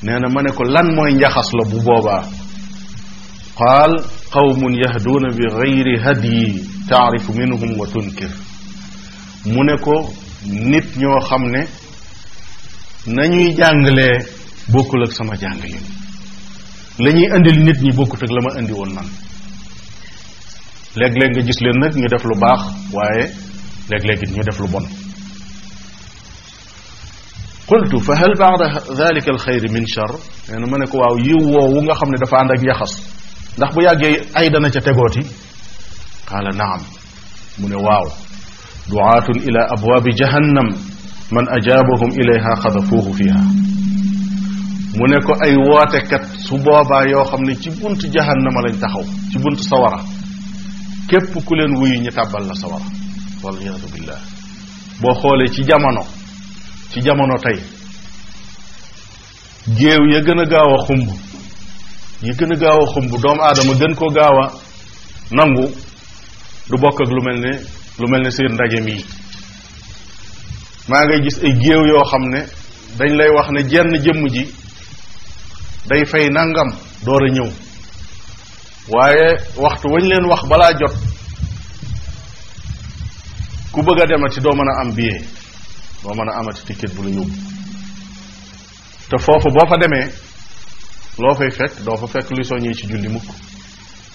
nee na ma ne ko lan mooy njaxas la bu boobaa qaal qawmun yahduuna bi gayri hadyi taarifu minhum wa tunkir mu ne ko nit ñoo xam ne nañuy jàngalee bokkul ak sama jàngale la ñuy indil nit ñi bokkut ak la ma indi woon man léeg-léeg nga gis leen nag ñu def lu baax waaye léeg-léeg ñu def lu bon qultu fa hal baada dalika alxayri min char nee na ma ne ko waaw yiw woowu nga xam ne dafa ànd ak njaxas ndax bu yàggee ay dana ca tegooti qaala naam mu ne waaw duaatun ila abwaabi jahannam man ajaabahum ilayha xadafuuhu fiha mu ne ko ay wootekat su boobaa yoo xam ne ci buntu jahannama lañ taxaw ci buntu sawara képp ku leen wuyu ñu tàbbal la sawara waliyaadu billah boo xoolee ci jamono ci jamono tey géew ya gën a gaaw a xumb ya gën a gaaw a xumb doomu aadama gën ko gaaw a nangu du bokk ak lu mel ne lu mel ni seen ndaje mi maa ngay gis ay géew yoo xam ne dañ lay wax ne jenn jëmm ji day fay nangam door a ñëw waaye waxtu wañ leen wax balaa jot ku bëgg a demati doo mën a am billet doo mën a amati ticket bu lu yóbbu te foofu boo fa demee loo fay fekk doo fa fekk luy soññee ci julli mukk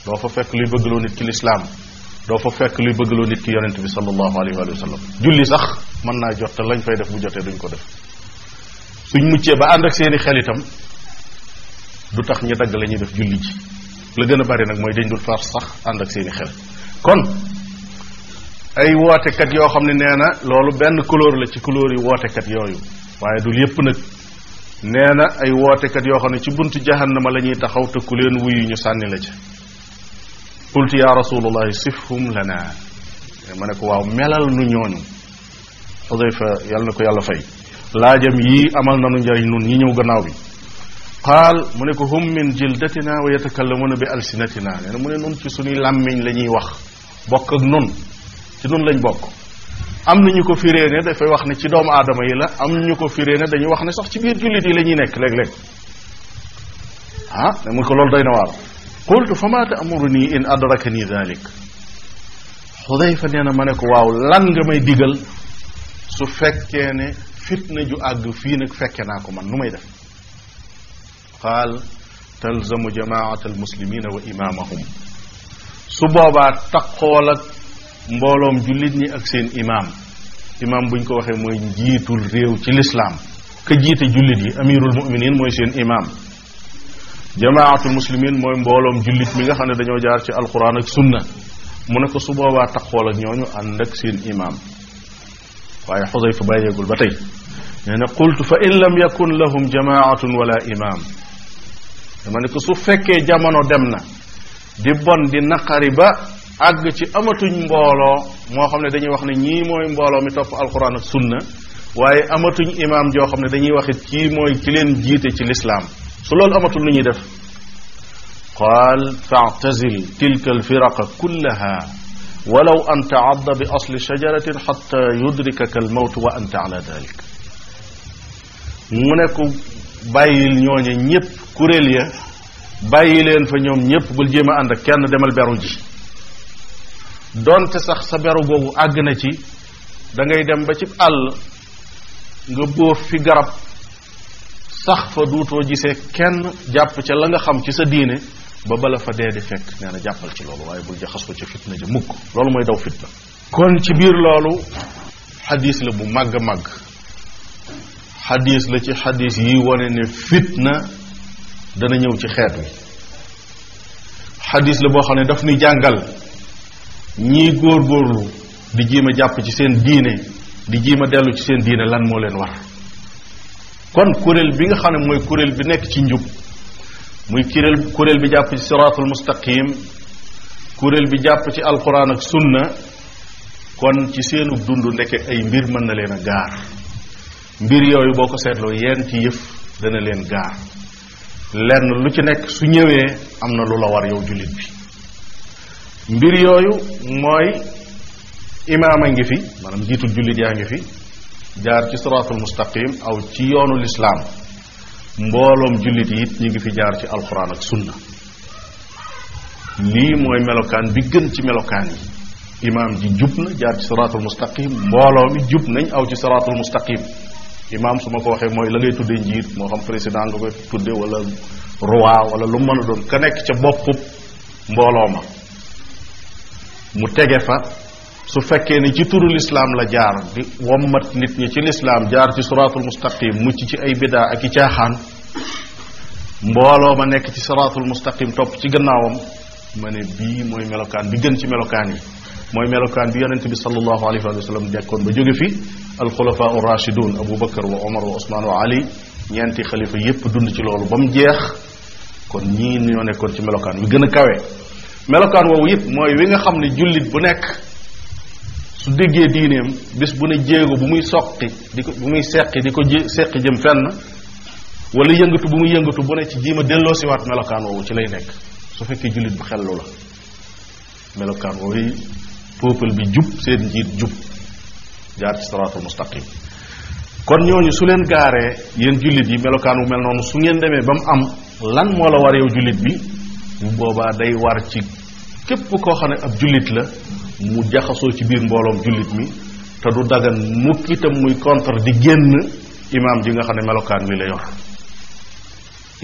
doo fa fekk luy bëggloo nit ki lislaam doo fa fekk luy loo nit ki yonent bi sallallahu alayhi wa sallam julli sax mën naa jot te lañ fay def bu jotee duñ ko def suñ muccee ba ànd ak seeni xel itam du tax ñu dagg la ñuy def julli ji la gën a bari nag mooy dañ dul far sax ànd ak seeni xel kon ay wootekat yoo xam ne nee na loolu benn couleur la ci couleur yi wootekat yooyu waaye dul yépp nag nee na ay wootekat yoo xam ne ci buntu jahannama la ñuy taxaw te ku leen wuyu ñu sànni la ca qultu ya rasulullahi sifhum lana ma ne ko waaw melal nu ñooñu xudayfa yàlla na ko yàlla fay laajam yii amal nanu njariñ nun ñi ñëw gannaaw bi qaal mu ne ko hum min jildatina wa yatakallamuuna bi alsinatina nee na mu ne nun ci suñuy làmmiñ la ñuy wax bokk ak nun ci nun lañ bokk am na ñu ko firee ne dafay wax ne ci doomu aadama yi la am ñu ko firee ne dañuy wax ne sax ci biir jullit yi la nekk léeg-léeg ah mu ne ko loolu day na waar qultu fa maa taamuruni in adrakani dalik xudayfa nee na ma ne ko waaw lan nga may digal su fekkee ne fitna ju àgg fii nag fekke naa ko man nu may def qaal talzamu jamaat almuslimina wa imaamahum su boobaa taqool mbooloom jullit ñi ak seen imaam imaam buñ ko waxee mooy njiitul réew ci lislaam ka jiite jullit yi amirul muminin mooy seen imaam jamaatul muslimin mooy mbooloom jullit mi nga xam ne dañoo jaar ci alquran ak sunna mu ne ko su boobaa taxool ak ñooñu ànd ak seen imaam waaye xudayfa bàyyeegul ba tey nee na qultu fa lam yakun lahum jamaatun wala imaam dama ne ko su fekkee jamono dem na di bon di naqari ba àgg ci amatuñ mbooloo moo xam ne dañuy wax ne ñii mooy mbooloo mi topp alquran ak sunna waaye amatuñ imaam joo xam ne dañuy wax it kii mooy ki leen jiite ci lislaam su loolu amatul lu ñuy def qaal faatazil tilka alfiraqa kullaha walaw an taadda bi asli shajaratin xata yudrikaka almawt wa anta ala dalik mu ne ko bàyyil ñooñe ñépp kuréel ya bàyyi leen fa ñoom ñépp bul jéem a ànd ak kenn demal beru ji donte sax sa beru googu àgg na ci dangay dem ba ci àll nga bóof fi garab sax fa duutoo gisee kenn jàpp ca la nga xam ci sa diine ba bala fa dee di fekk nee jàppal ci loolu waaye bul jaxas ko ca fitna ja mukk loolu mooy daw fitna kon ci biir loolu xadis la bu màgg a màgg xadis la ci xadis yi wane ne fitna dana ñëw ci xeet wi xadis la boo xam ne daf nuy jàngal ñii góorgóorlu di jiima jàpp ci seen diine di jiima dellu ci seen diine lan moo leen war kon kuréel bi nga xam ne mooy kuréel bi nekk ci njub muy kuréel kuréel bi jàpp ci siraatul mustaqim kuréel bi jàpp ci alquran ak sunna kon ci seenu dund ndeke ay mbir mën na leen a gaar mbir yooyu boo ko seetloo yenn ci yëf dana leen gaar lenn lu ci nekk su ñëwee am na lu la war yow jullit bi mbir yooyu mooy imaam a ngi fi maanaam jiitul jullit yaa ngi fi jaar ci siraatul mustaqim aw yoonu lislaam mbooloom jullit yi ñu ngi fi jaar ci alquran ak sunna lii mooy melokaan bi gën ci melokaan yi imaam ji jub na jaar ci siraatul mustaqim mbooloo mi jub nañ aw ci siraatul mustaqim imaam su ma ko waxee mooy la ngay tuddee njiit moo xam président nga koy tudde wala roi wala lu mën a doon ka nekk ca boppub mbooloo ma mu tege fa su fekkee ni ci turu lislaam la jaar di wommat nit ñi ci lislaam jaar ci siraatul mustaqim mucc ci ay bidaa ak i caaxaan mbooloo ma nekk ci siraatul mustaqim topp ci gannaawam ma ne bii mooy melokaan bi gën ci melokaan yi mooy melokaan bi yonente bi sallallahu alayhi wa sallam dekkoon ba jóge fi alxulafaa u rachidun abu bakar wa omar wa osmaan wa ali ñeenti xalifa yépp dund ci loolu ba mu jeex kon ñii ñoo nekkoon ci melokaan wi gën a kawe melokaan woowu yépp mooy wi nga xam ne jullit bu nekk su déggee diineem bis bu ne jéego bu muy soqi di ko bu muy seqi di ko ji seqi jëm fenn wala yëngatu bu mu yëngatu bu ne ci jiima delloo siwaat melokaan woowu ci lay nekk su fekkee jullit bu xellu peuple bi jub seen njiit jub jaar ci siraatul mustaqim kon ñooñu su leen gaaree yéen jullit yi melokaan wu mel noonu su ngeen demee ba mu am lan moo la war yow jullit bi bu boobaa day war ci képp koo xam ne ab jullit la mu jaxasoo ci biir mbooloom jullit mi te du dagan mukk itam muy contre di génn imaam ji nga xam ne melokaan wi la yor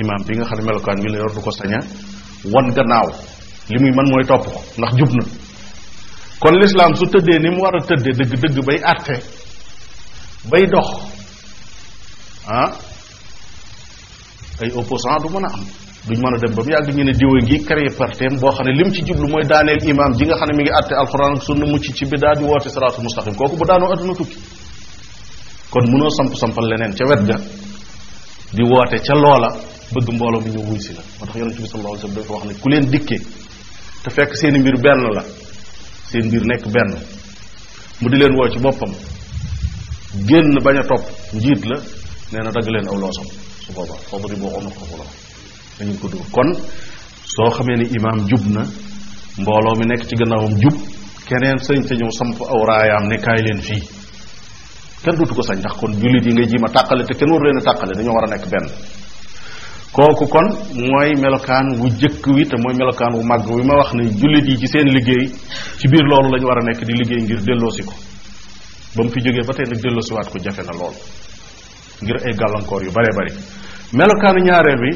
imaam bi nga xam ne melokaan wi la yor du ko saña wan gannaaw li muy man mooy topp ko ndax jub na kon lislaam su tëddee ni mu war a tëddee dëgg dëgg bay àtte bay dox ah ay opposant du mën a am duñ mën a dem ba mu yàgg ñu ne diwa ngi créé partem boo xam ne li mu ci jublu mooy daaneel imam ji nga xam ne mi ngi àtte alxuraan ak sunna mucc ci bi bidaa di woote siraatu mustaqim kooku bu daanoo adduna tukki kon mënoo samp sampal leneen ca wet ga di woote ca loola bëgg mbooloo mi ñu wuy la moo tax yonente bi sallallahu alayhi wasallam dafa wax ne ku leen dikkee te fekk seeni mbir benn la seen mbir nekk benn mu di leen woo ci boppam génn bañ a topp njiit la nee na dagg leen aw loosam su booba foofu di boo onut ko fu la dañu ko dóor kon soo xamee ni imaam jub na mbooloo mi nekk ci gannaawam jub keneen sañ sa ñëw samp aw raayaam ne kaay leen fii kenn dutu ko sañ ndax kon jullit yi ngay ji ma tàqale te kenn war leen a dañoo war a nekk benn kooku kon mooy melokaan wu jëkk wi te mooy melokaan wu màgg wi ma wax ne jullit yi ci seen liggéey ci biir loolu la war a nekk di liggéey ngir delloosi ko ba mu fi jógee ba tey nag delloosiwaat ko jafe na lool ngir ay gàllankoor yu bare bari melokaanu ñaareel bi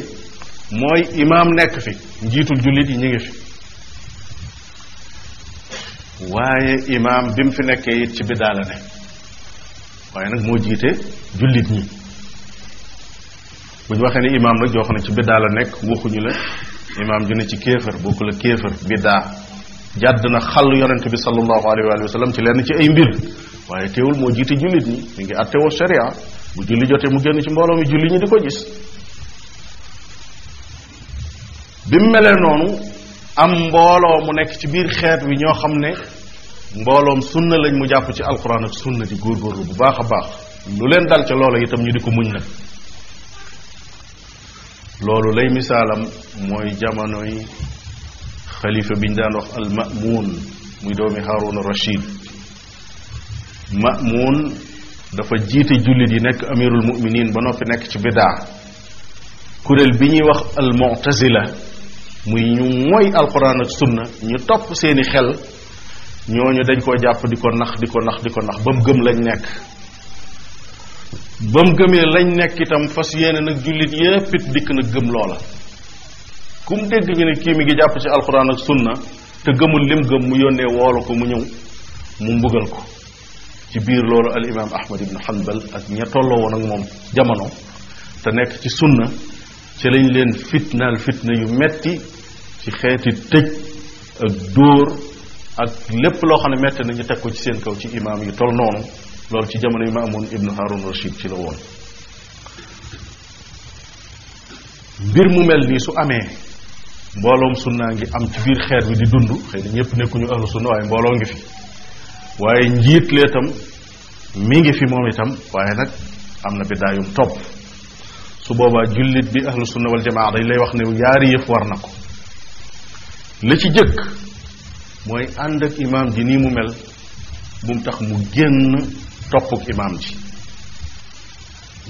mooy imaam nekk fi njiitul jullit yi ñu ngi fi waaye imaam bi mu fi nekkee it ci biddaa ne waaye nag moo jiite jullit ñi bu ñu waxee ne imaam nag yoo xam ne ci biddaa la nekk waxuñu la imaam ju ne ci kéefër bokku la kéefër biddaa jàdd na xàll yonent bi sallallahu alayhi wa sallam ci lenn ci ay mbir waaye teewul moo jiite jullit ñi mi ngi àttewoo sharia bu julli jotee mu génn ci mbooloo mi julli ñi di ko gis bi mu melee noonu am mbooloo mu nekk ci biir xeet wi ñoo xam ne mbooloom sunna lañ mu jàpp ci alquran ak sunna di góorgóorlu bu baax a baax lu leen dal ca loola itam ñu di ko muñ nag loolu lay misaalam mooy jamonoy xalifa bi ñu daan wax al muy doomi Haaruna Rachid Ma'mun dafa jiite jullit yi nekk amirul muminin ba noppi nekk ci bidaa kuréel bi ñuy wax al muy ñu mooy alquran ak sunna ñu topp seeni xel ñooñu dañ koo jàpp di ko nax di ko nax di ko nax ba mu gëm lañ nekk ba mu gëmee lañ nekk itam fas yéene nag jullit yépp it dikk nag gëm loola ku mu dégg ñu ne kii mi ngi jàpp ci alxuraan ak sunna te gëmul lim gëm mu yónnee woolu ko mu ñëw mu mbugal ko ci biir loolu al imaam ahmad ibn hanbal ak ña tolloo woon ak moom jamono te nekk ci sunna ci lañ leen fitnaal fitna yu metti ci xeeti tëj ak dóor ak lépp loo xam ne metti nañu teg ko ci seen kaw ci imaam yi toll noonu loolu ci jamono yi ma amoon ibnu Harun Rashid ci la woon mbir mu mel nii su amee mbooloom sunnaa ngi am ci biir xeet wi di dund xëy na ñëpp nekkuñu ahlu sunna waaye mbooloo ngi fi waaye njiit lee tam mi ngi fi moom itam waaye nag am na bidaayum topp su boobaa jullit bi ahlu sunna wal jamaa lay wax ne yaari yëf war na ko la ci jëkk mooy ànd ak imaam ji nii mu mel mu tax mu génn toppuk imaam ji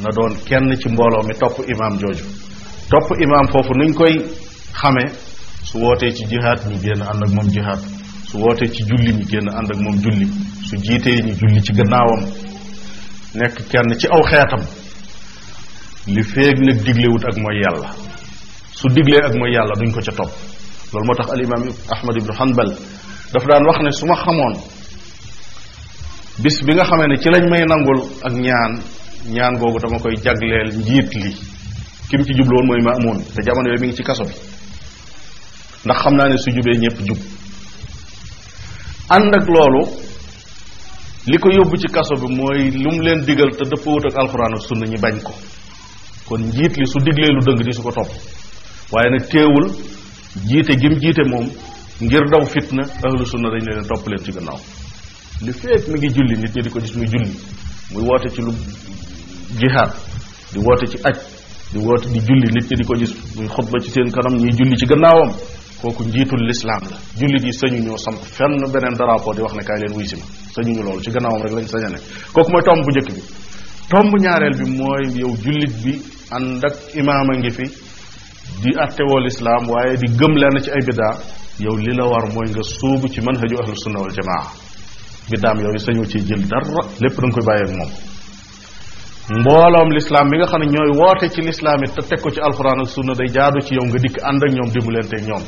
na doon kenn ci mbooloo mi topp imaam jooju topp imaam foofu nuñ koy xame su wootee ci jihaat ñu génn ànd ak moom jihaat su wootee ci julli ñu génn ànd ak moom julli su jiitee ñu julli ci gannaawam nekk kenn ci aw xeetam li feeg nag diglewut ak mooy yàlla su diglee ak mooy yàlla duñ ko ca topp loolu moo tax al imaam Ahmad ibnu Hanbal dafa daan wax ne su ma xamoon bis bi nga xamee ne ci lañ may nangul ak ñaan ñaan googu dama koy jagleel njiit li kim ci jublu woon mooy ma amoon te jamono yooyu mi ngi ci kaso bi ndax xam naa ne su jubee ñépp jub ànd ak loolu li ko yóbbu ci kaso bi mooy lu mu leen digal te dëppoowut ak alxuraan ak sunna ñi bañ ko kon njiit li su diglee lu dëng di su ko topp waaye nag teewul jiite gim jiite moom ngir daw fitna ahlu sunna dañ leen topp leen ci gannaaw li féeg mi ngi julli nit ñi di ko gis muy julli muy woote ci lu jihaad di woote ci aj di woote di julli nit ñi di ko gis muy xutba ci seen kanam ñuy julli ci gannaawam kooku njiitul lislaam la jullit yi sañu ñoo samp fenn beneen drapeau di wax ne kaay leen wuy si ma ñu loolu ci gannaawam rek lañ saña a kooku mooy tomb bu njëkk bi tomb ñaareel bi mooy yow jullit bi ànd ak imaama ngi fi di attewoo lislaam waaye di gëm lenn ci ay bidaa yow li la war mooy nga suubu ci manhaju ahlu sunna wal jamaa biddaam yooyu sañoo ci jël dara lépp da nga koy bàyyeeg moom mbooloom lislaam mi nga xam ne ñooy woote ci lislaam it te teg ko ci alxuraan ak sunna day jaadu ci yow nga dikk ànd ak ñoom dimbalante ñoom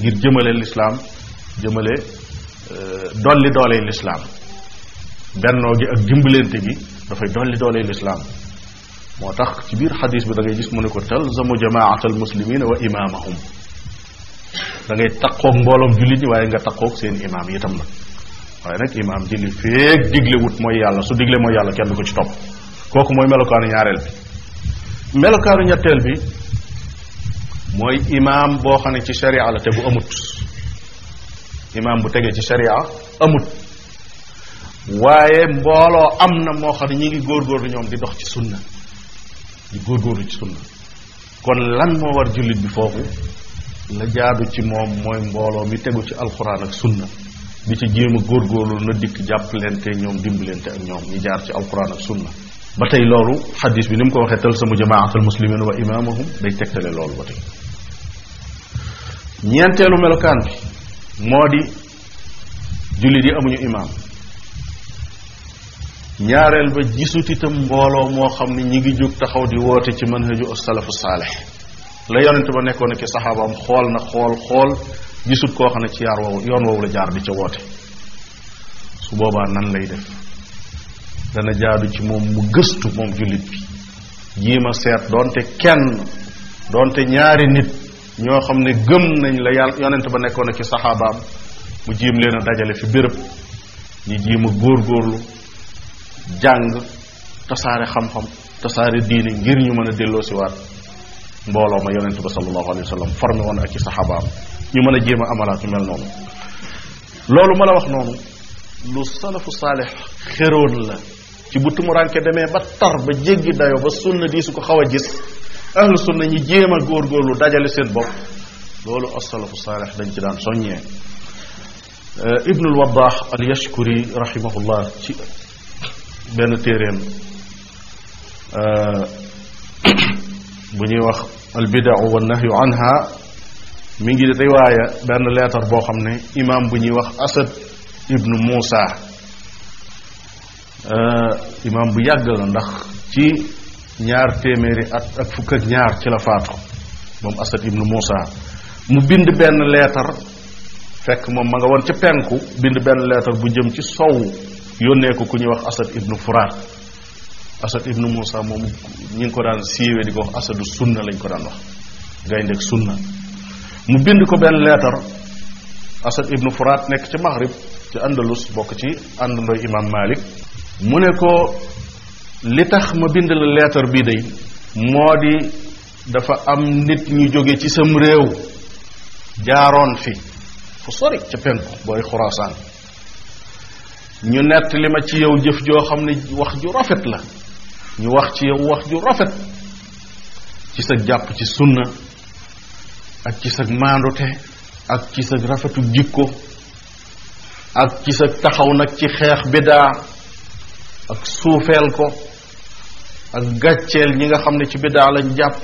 ngir jëmale lislaam jëmale euh, dolli dooley lislaam bennoo gi ak dimbalante gi dafay dolli dooley lislaam moo tax ci biir xadis bi da ngay gis mu ne ko talzamu jamaata almuslimina wa imaamahum da ngay taqoog mbooloom jullit ñi waaye nga taqoog seen imaam itam nag waaye nag imaam ji li feeg digle wut mooy yàlla su digle mooy yàlla kenn du ko ci topp kooku mooy melokaanu ñaareel bi melokaanu ñetteel bi mooy imaam boo xam ne ci sharia la tegu amut imaam bu tegee ci sharia amut waaye mbooloo am na moo xam ne ñi ngi góorgóorlu ñoom di dox ci sunna di góorgóorlu ci sunna kon lan moo war jullit bi foofu la jaadu ci moom mooy mbooloo mi tegu ci alxuraan ak sunna di ci jéem a góorgóorlu na dikk jàpp jàppalante ñoom dimbalante ak ñoom ñi jaar ci alquran ak sunna ba tey loolu xadis bi ni mu ko waxee tal sama jamaatul muslimin wa imaamahum day tegtale loolu ba tey ñeenteelu melokaan bi moo di jullit yi amuñu imaam ñaareel ba gisut itam mbooloo moo xam ne ñi ngi jóg taxaw di woote ci manhaju as salafu saalih la yonent ba nekkoon ak saxaabaam xool na xool xool gisut koo xam ne ci yaar woowu yoon woowu la jaar di ca woote su boobaa nan lay def dana jaadu ci moom mu gëstu moom jullit bi jiima seet doonte kenn doonte ñaari nit ñoo xam ne gëm nañ la yàlla yonent ba nekkoon na ci saxaabaam mu jiim leen a dajale fi béréb ñu jiima góorlu jàng tasaare xam-xam tasaare diine ngir ñu mën a delloosiwaat mbooloo ma yonent ba sallallahu alayhi wa sallam formé woon ak ci saxaabaam ñu mën a jéem a amalaat ñu mel noonu loolu ma wax noonu lu salafu saalix xéroon la ci bu tumuranke demee ba tar ba jéggi dayo ba sunna di su ko xaw a gis ahlu sunna ñi jéem a góorgóorlu dajale seen bopp loolu asalafu saalix dañ ci daan soññee euh, ibnul waddaax al yashkuri rahimahullah ci benn euh, [coughs] bu ñuy wax al bidau wa nahyu anha mi ngi waaye benn leetar boo xam ne imaam bu ñuy wax asad ibnu muusa euh, imaam bu yàgg la ndax ci ñaar téeméeri ak fukk ak ñaar ci la faatu moom asad ibnu muusa mu bind benn leetar fekk moom ma nga woon ca penku bind benn leetar bu jëm ci sowu yónnee ko ku ñuy wax asad ibnu furaat asad ibnu muusa moom ñu ngi ko daan siiwee di ko wax asadu sunna lañ ko daan wax gaynde ak sunna mu bind ko benn leetar Asad ibnu Furaat nekk ci Maghrib ci Andalus bokk ci àndandoy imam Malik mu ne ko li tax ma bind la leetar bii day moo di dafa am nit ñu jóge ci sam réew jaaroon fi fu sori ca penku booy xuraasaan ñu nett li ma ci yow jëf joo xam ne wax ju rafet la ñu wax ci yow wax ju rafet ci sa jàpp ci sunna ak ci sa maandute ak ci sa rafetu jikko ak ci sa taxaw nag ci xeex biddaa ak suufeel ko ak gàcceel ñi nga xam ne ci biddaa lañ jàpp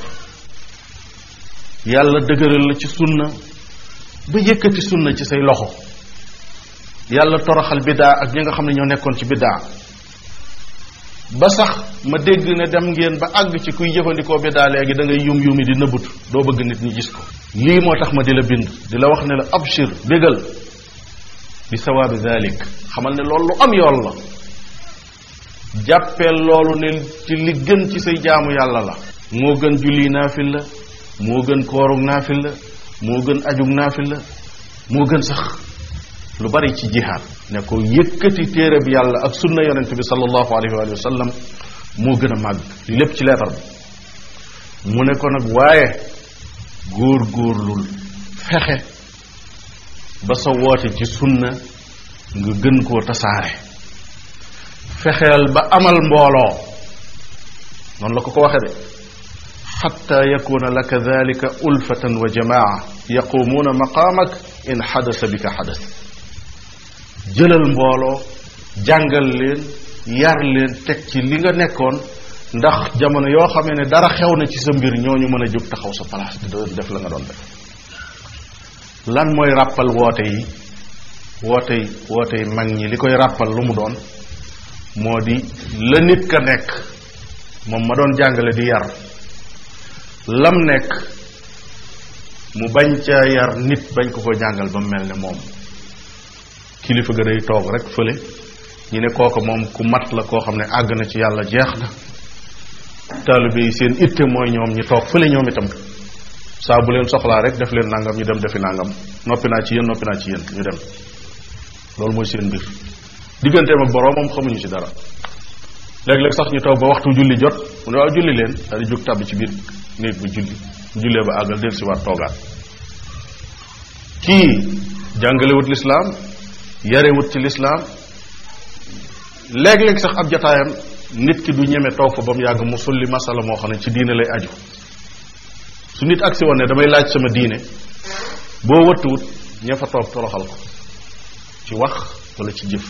yàlla dëgëral la ci sunna ba yëkkati sunna ci say loxo yàlla toroxal biddaa ak ñi nga xam ne ñoo nekkoon ci biddaa ba sax ma dégg ne dem ngeen ba àgg ci kuy jëfandikoo bi daa léegi da ngay yum yumi di nëbbutu doo bëgg nit ñi gis ko lii moo tax ma di la bind di la wax ne la abshir bégal bi sawaabi dalik xamal ne loolu lu am yool la jàppee loolu ne ci li gën ci say jaamu yàlla la moo gën julli naafil la moo gën koorug naafil la moo gën ajug naafil la moo gën sax lu bari ci jihaad ne ko yëkkati téere bi yàlla ak sunna yonente bi sallallahu alayhi wa sallam moo gën a màgg li lépp ci leetar mu ne ko nag waaye góor góorlul fexe ba sa woote ci sunna gën koo tasaare fexeel ba amal mbooloo noonu la ko ko waxe de xatta yakuna laka dalika ulfatan wa jamaa yaqumuuna maqaamak in xadasa bika xadas jëlal mbooloo jàngal leen yar leen teg ci li nga nekkoon ndax jamono yoo xamee ne dara xew na ci sa mbir ñu mën a jóg taxaw sa place te def la nga doon def lan mooy ràppal woote yi woote yi woote yi mag ñi li koy ràppal lu mu doon moo di la nit ka nekk moom ma doon jàngale di yar lam nekk mu bañ ca yar nit bañ ko ko jàngal ba mu mel ne moom kilifa ga day toog rek fële ñu ne kooka moom ku mat la koo xam ne àgg na ci yàlla jeex na taalibe seen it mooy ñoom ñi toog fële ñoom itam saa bu leen soxlaa rek def leen nangam ñu dem defi nàngam noppi naa ci yéen noppi naa ci yéen ñu dem loolu mooy seen mbir digganteem ak boroomam xamuñu ci dara léeg-léeg sax ñu toog ba waxtu julli jot mu ne waaw julli leen daal di jóg tàbbi ci biir néeg bi julli jullee ba àggal del si waat toogaat kii jàngalewut yare wut ci lislaam léeg-léeg sax ab jataayam nit ki du ñeme toog fa ba mu yàgg mu sulli masala moo xam ne ci diine lay aju su nit agsi woon ne damay laaj sama diine boo wëttuwut ña fa toog toroxal ko ci wax wala ci jëf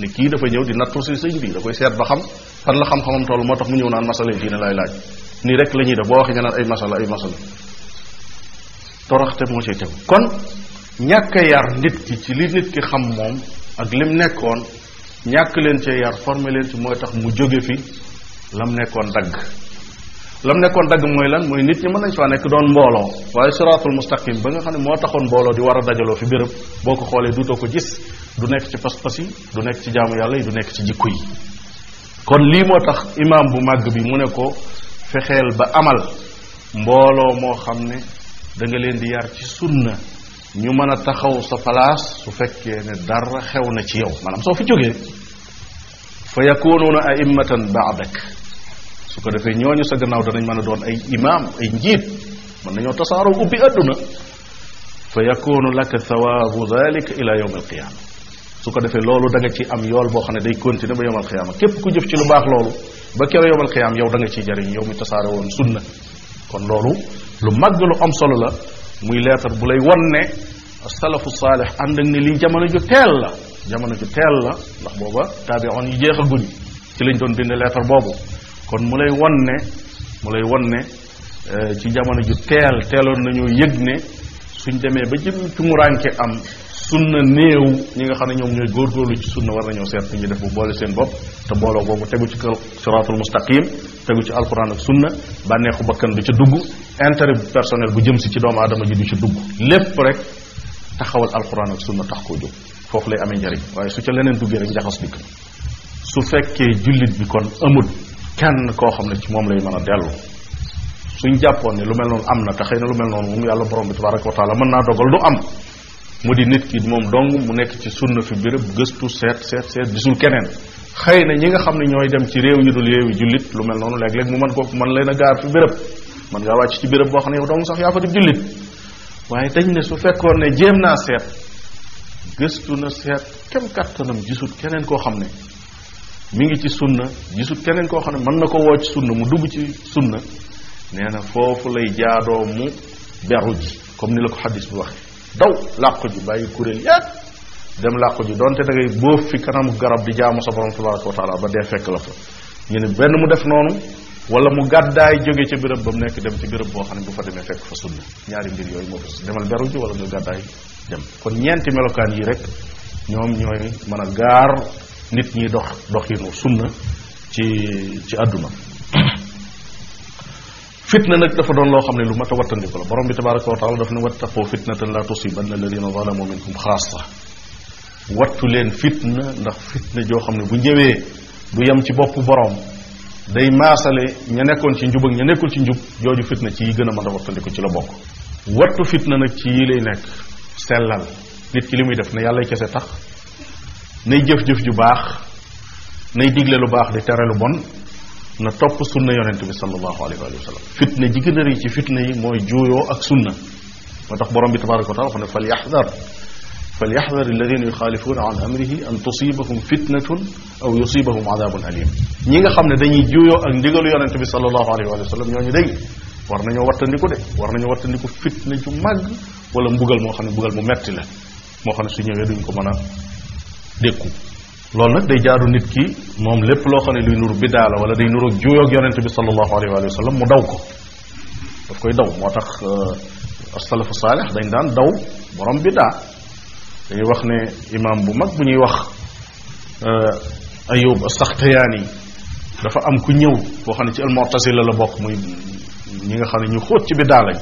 ne kii dafa ñëw di nattu si sëñ bi da koy seet ba xam fan la xam-xamam toll moo tax mu ñëw naan masala yi diine lay laaj nii rek la ñuy def boo waxee nga naan ay masala ay masala toroxte moo cay tegu kon ñàkk a yar nit ki ci li nit ki xam moom ak lim nekkoon ñàkk leen ci yar former leen ci mooy tax mu jóge fi lam nekkoon dagg lam nekkoon dagg mooy lan mooy nit ñi mën nañ faa nekk doon mbooloo waaye siraatul mustaqim ba nga xam ne moo taxoon mbooloo di war a dajaloo fi béréb boo ko xoolee duutoo ko gis du nekk ci pas-pas yi du nekk ci jaamu yàlla yi du nekk ci jikko yi kon lii moo tax imaam bu màgg bi mu ne ko fexeel ba amal mbooloo moo xam ne da leen di yar ci sunna ñu mën a taxaw sa place su fekkee ne dara xew na ci yow maanaam soo fi jógee fa yakunuuna aimmatan baadak su ko defee ñooñu sa gannaaw danañ mën a doon ay imaam ay njiit mën nañoo tasaaroo ubbi àdduna fa yakunu laka thawaabu dalika ila yawm alqiyaama su ko defee loolu da nga ci am yool boo xam ne day continuer ba yowm alqiyaama képp ku jëf ci lu baax loolu ba kero yowm alqiyaama yow da nga ciy jariñ yow mi tasaare woon sunna kon loolu lu màgg lu am solo la muy leetar bu lay won ne salafu saalix ànd ak ne lii jamono ju teel la jamono ju teel la ndax booba taabion yi jeexaguñ ci lañ doon bind leetar boobu kon mu lay won ne mu lay won ne eh, ci jamono ju teel teeloon nañoo yëg ne suñ demee ba ci ci am sunna néew ñi nga xam ne ñoom ñooy góorgóorlu ci sunna war nañoo seet ñu def bu boole seen bopp te booloo googu tegu ci kër siraatul mustaqim tegu ci alquran ak sunna bànneexu bakkan du ca dugg intérêt personnel bu jëm si ci doomu aadama ji du ci dugg lépp rek taxawal alquran ak sunna tax koo jóg foofu lay amee njariñ waaye su ca leneen duggee rek njaxas dikk su fekkee jullit bi kon amul kenn koo xam ne ci moom lay mën a dellu suñ jàppoon ni lu mel noonu am na te xëy lu mel noonu moom borom bi tabaraka wa taala mën naa dogal du am mu di nit ki moom dong mu nekk ci sunna fi béréb gëstu seet seet seet gisul keneen xëy na ñi nga xam ne ñooy dem ci réew yi dul réew yi jullit lu mel noonu léeg-léeg mu mën koo mën leen a gaar fi béréb mën ngaa wàcc ci béréb boo xam ne yow dong sax yaa fa waaye dañ ne su fekkoon ne jéem naa seet gëstu na seet kem kattanam gisul keneen koo xam ne mi ngi ci sunna gisul keneen koo xam ne mën na ko woo ci sunna mu dugg ci sunna nee na foofu lay jaadoo mu beru comme ni la ko xadis bi waxee daw làqu ji bàyyi kuréel yépp dem làqu ji donte da ngay bóof fi kanamu garab di jaamu sa borom tabaraka wa taala ba dee fekk la fa ñu ne benn mu def noonu wala mu gàddaay jóge ca béréb ba mu nekk dem ci bërëb boo xam ne bu fa demee fekk fa sunna ñaari mbir yooyu moo fa demal beru ji wala nga gàddaay dem kon ñeenti melokaan yii rek ñoom ñooy mën a gaar nit ñi dox doxinu sunna ci ci àdduna fitna nag dafa doon loo xam ne lu mat a wattandiku la borom bi tabaraka wa taala daf ne wattaqoo fitnatan la tusibanna alladina zalamu minkum xaasa wattu leen fitna ndax fitna joo xam ne bu ñëwee du yem ci boppu borom day maasale ña nekkoon ci njub ña nekkul ci njub jooju fitna ci yi gën a mën a wattandiku ci la bokk wattu fitna nag ci yi lay nekk sellal nit ki li muy def ne yàllay kese tax nay jëf-jëf ju baax nay digle lu baax di tere lu bon na topp sunna yonent bi sallallahu alayhi wa sallam fitna ji gën a rëy ci fitna yi mooy juuyoo ak sunna moo tax borom bi tabaraka wa taala wax ne fal yaxdar fal yaxdar alladina yuxaalifuuna an amrihi an tusibahum fitnatun aw yusibahum adabun alim ñi nga xam ne dañuy juuyoo ak ndigalu yonent bi sallallahu alayhi wa sallam ñooñu day war nañoo wattandiku de war nañoo wattandiku fitna ju màgg wala mbugal moo xam ne mbugal mu metti la moo xam ne su ñëwee duñ ko mën a dékku loolu nag day jaaru nit ki moom lépp loo xam ne luy nuru bidaa la wala day nuru juuyoog yonente bi sallallahu alayhi wa sallam mu daw ko daf koy daw moo tax euh, asalafu saalix dañ daan daw borom bidaa dañuy wax ne imaam bu mag bu ñuy wax euh, ayub asaxtayaani dafa am ku ñëw boo xam ne ci almortasila la bokk muy ñi nga xam ne ñu xóot ci bidaa lañ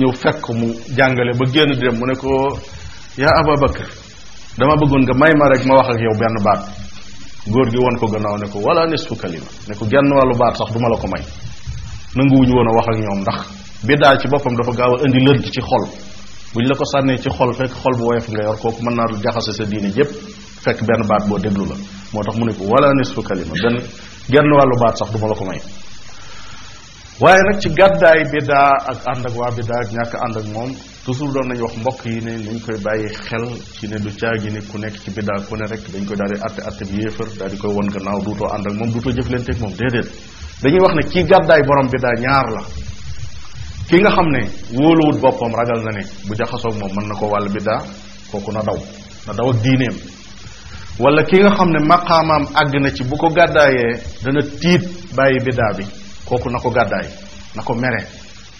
ñëw fekk ko mu jàngale ba génn dem mu ne ko yaa Ababakar dama bëggoon nga may ma rek ma wax ak yow benn baat góor gi woon ko gannaaw ne ko wala nisfu kalima ne ko genn wàllu baat sax duma la ko may nanguwuñu woon a wax ak ñoom ndax biddaa ci boppam dafa gaaw a indi lër ci xol buñ la ko sànnee ci xol fekk xol bu woyof nga yor kooku mën naa jaxase sa diine yépp fekk benn baat boo déglu la moo tax mu ne ko wala nisfu kalima benn genn wàllu baat sax duma la ko may waaye nag ci gàddaay biddaa ak ànd ak waa biddaa ak ñàkk ànd ak moom toujours doon nañu wax mbokk yi ne nañ koy bàyyi xel ci ne du caagi ne ku nekk ci biddaa ku ne rek dañ koy daal di atte atte bi yéefar daal di koy won gannaaw duutoo ànd ak moom duutoo jëflanteeg moom déedéet dañuy wax ne kii gàddaay borom biddaa ñaar la ki nga xam ne wóoluwut boppam ragal na ne bu jaxasoog moom mën na ko wàll biddaa kooku na daw na daw ak diineem wala ki nga xam ne maqaamaam àgg na ci bu ko gàddaayee dana tiit bàyyi biddaa bi kooku na ko gàddaay na ko mere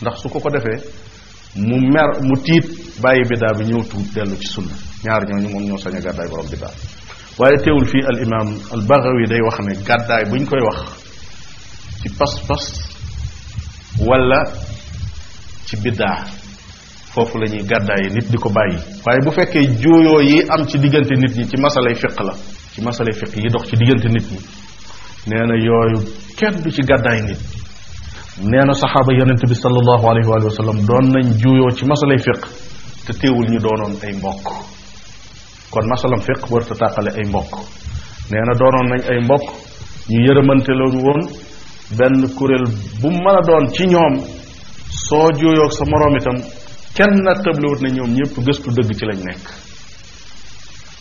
ndax su ko ko defee mu mer mu tiit bàyyi biddaa bi ñëw tuub dellu ci sunna ñaar ñooñu moom ñoo sañ a gàddaay borom biddaa waaye teewul fii al imaam al Baghawi day wax ne gàddaay buñ koy wax ci pas-pas wala ci biddaa foofu lañuy ñuy gàddaay nit di ko bàyyi waaye bu fekkee jooyoo yi am ci diggante nit ñi ci masalay fiq la ci masalay fiq yi dox ci diggante nit ñi nee na yooyu kenn ci gàddaay nit nee na saxaaba yonente bi sallallahu alayhi wa sallam doon nañ juuyoo ci masalay fiq te teewul ñu doonoon ay mbokk kon masalam fiq warta tàqale ay mbokk nee na doonoon nañ ay mbokk ñu yërëmante lañu woon benn kuréel bu mën a doon ci ñoom soo juuyoo sa moroom itam kenn na tablewut na ñoom ñëpp gëstu dëgg ci lañ nekk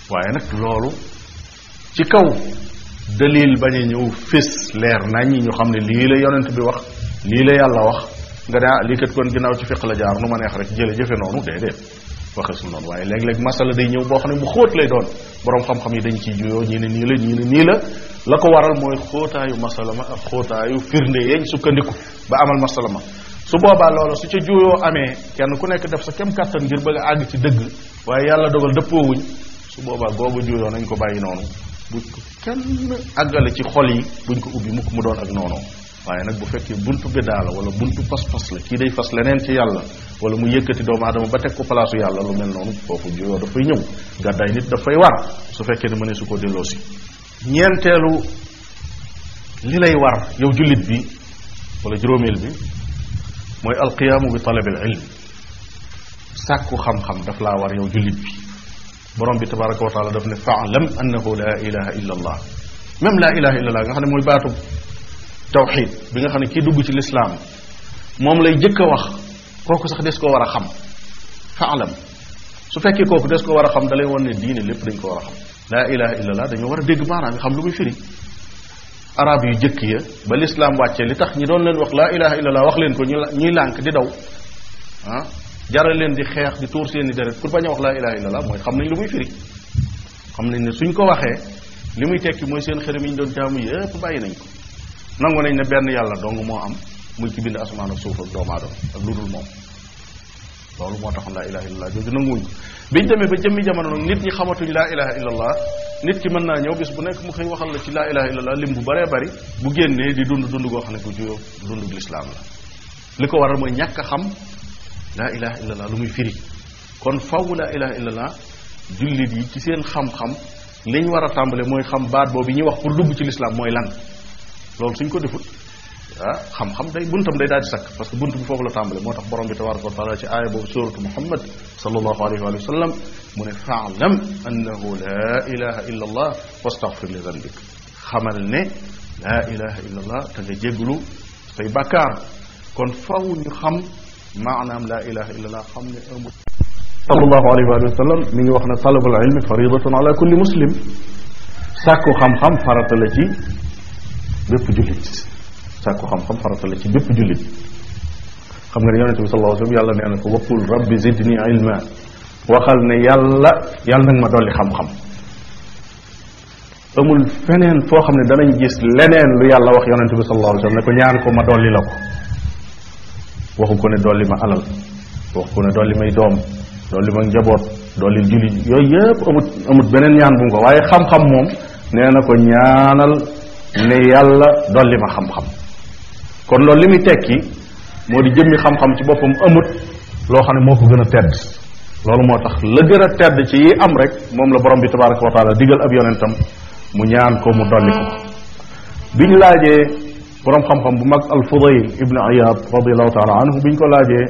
waaye nag loolu ci kaw dalil bañ a ñëw fis leer nañ ñu xam ne lii la yonent bi wax lii la yàlla wax nga ne ah lii kat kon ginnaaw ci fiq la jaar nu ma neex rek jële jëfe noonu déedéet waxee sul noonu waaye léeg-léeg masala day ñëw boo xam ne mu xóot lay doon boroom xam-xam yi dañ ciy juyoo ñii ne nii la ñii ne nii la la ko waral mooy xóotaayu masala ma ak xóotaayu firnde yañ sukkandiku ba amal masala ma su boobaa loolu su ca juyoo amee kenn ku nekk def sa kem kàttan ngir bëgg a àgg ci dëgg waaye yàlla dogal dëppoowuñ su boobaa gooba juyoo nañ ko bàyyi noonu buñ ko kenn àggale ci xol yi buñ ko ubbi mukk mu doon ak noonu waaye nag bu fekkee buntu bidaa la wala buntu pas-pas la kii day fas leneen ci yàlla wala mu yëkkati doomu aadama ba teg ko palaasu yàlla lu mel noonu foofu juyoo dafay ñëw gàddaay nit fay war su fekkee ne mënee su ko delloo si ñeenteelu li lay war yow jullit bi wala juróomeel bi mooy alqiyaamu bi talabil ilm sàkku xam-xam daf laa war yow jullit bi borom bi tabaraka wa taala daf ne faalam annahu la ilaha illa la ilaha nga xam ne mooy baatu tawxid bi nga xam ne kii dugg ci lislaam moom lay jëkk a wax kooku sax des koo war a xam fa alam su fekkee kooku des koo war a xam dalay wan ne diine lépp dañ ko war a xam laa ilaha illallah dañoo war a dégg maanaam yi xam lu muy firi arab yu jëkk ya ba lislaam wàccee li tax ñi doon leen wax laa ilaha illallah wax leen ko ñuy lànk di daw ah jaral leen di xeex di tuur seeni deret pour bañ a wax laa ilaha illallah mooy xam nañ lu muy firi xam nañ ne suñ ko waxee li muy tekki mooy seen xërëm yi ñu doon jaamu yëpp bàyyi nañ ko nangu nañ ne benn yàlla dong moo am muy ci bind asamaan ak suuf ak doomu ak lu dul moom loolu moo taxoon laa ilaha illallah jooju nanguwuñ biñ demee ba jëmmi jamono nag nit ñi xamatuñ laa ilaha illallah nit ki naa ñëw bis bu nekk mu xëy waxal la ci laa ilaha illallah lim bu baree bari bu génnee di dund dund goo xam ne ku juyoo dundug lislaam la li ko waral mooy ñàkk xam laa ilaha illallah lu muy firi kon faw laa ilaha illallah jullit yi ci seen xam-xam liñ war a tàmbale mooy xam baat boobu ñuy wax pour dugg ci lislaam mooy lan loolu suñ ko defut ah xam-xam day buntam day daal di sakk parce que bunt bi foofu la tàmbale moo tax borom bi tabaraka wa taala ci aaya boobu suratu muhammad sallallahu alayhi wa sallam mu ne faalam annahu la ilaha illa allah wastaghfir li zanbik xamal ne la ilaha illa allah te nga jégglu say bàkkaar kon faw ñu xam maanaam la ilaha illa allah xam ne amul sallallahu alayhi wa sallam mi ngi wax ne talabul ilmi faridatun ala kulli muslim sàkku xam-xam farata la ci bépp jullit sàkku xam-xam farata la ci bépp jullit xam nga ne yonente bi sallallahu alayhi wasallam yàlla nee na ko waqul rabbi zidni ilma waxal ne yàlla yàlla nag ma dolli xam-xam amul feneen foo xam ne danañ gis leneen lu yàlla wax yonente bi sallallahu alayhi wasallam ne ko ñaan ko ma dolli la ko waxu ko ne dool li ma alal waxu ko ne dolli may doom dolli ma njaboot dolli julli yooyu yëpp amut amut beneen ñaan bu mu ko waaye xam-xam moom nee na ko ne yàlla dolli ma xam-xam kon loolu li muy tekki moo di jëmmi xam-xam ci boppam amut loo xam ne moo ko gën a tedd loolu moo tax la gën a tedd ci yi am rek moom la borom bi tabaraka wa taala digal ab yonentam mu ñaan ko mu dolli ko biñ laaje borom xam-xam bu mag al fudayl ibnu ayad radiallahu taala ko laajee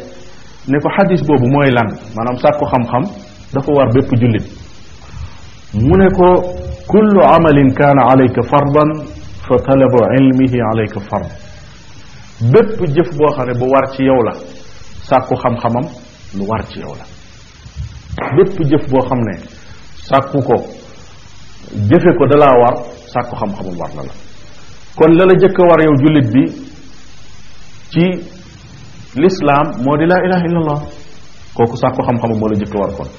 ne ko boobu mooy lan maanaam sàkku xam-xam dafa war bépp jullit mu ne ko kullu amalin kaana alayka fardan fa talabu ilmihi alayka fard bépp jëf boo xam ne bu war ci yow la sàkku xam-xamam lu war ci yow la bépp jëf boo xam ne sàkku ko jëfe ko dalaa war sàkku xam-xamam war na la kon la jëkk a war yow jullit bi ci lislaam moo di laa ilaha illallah kooku sàkku xam-xamam moo la jëkk a war kon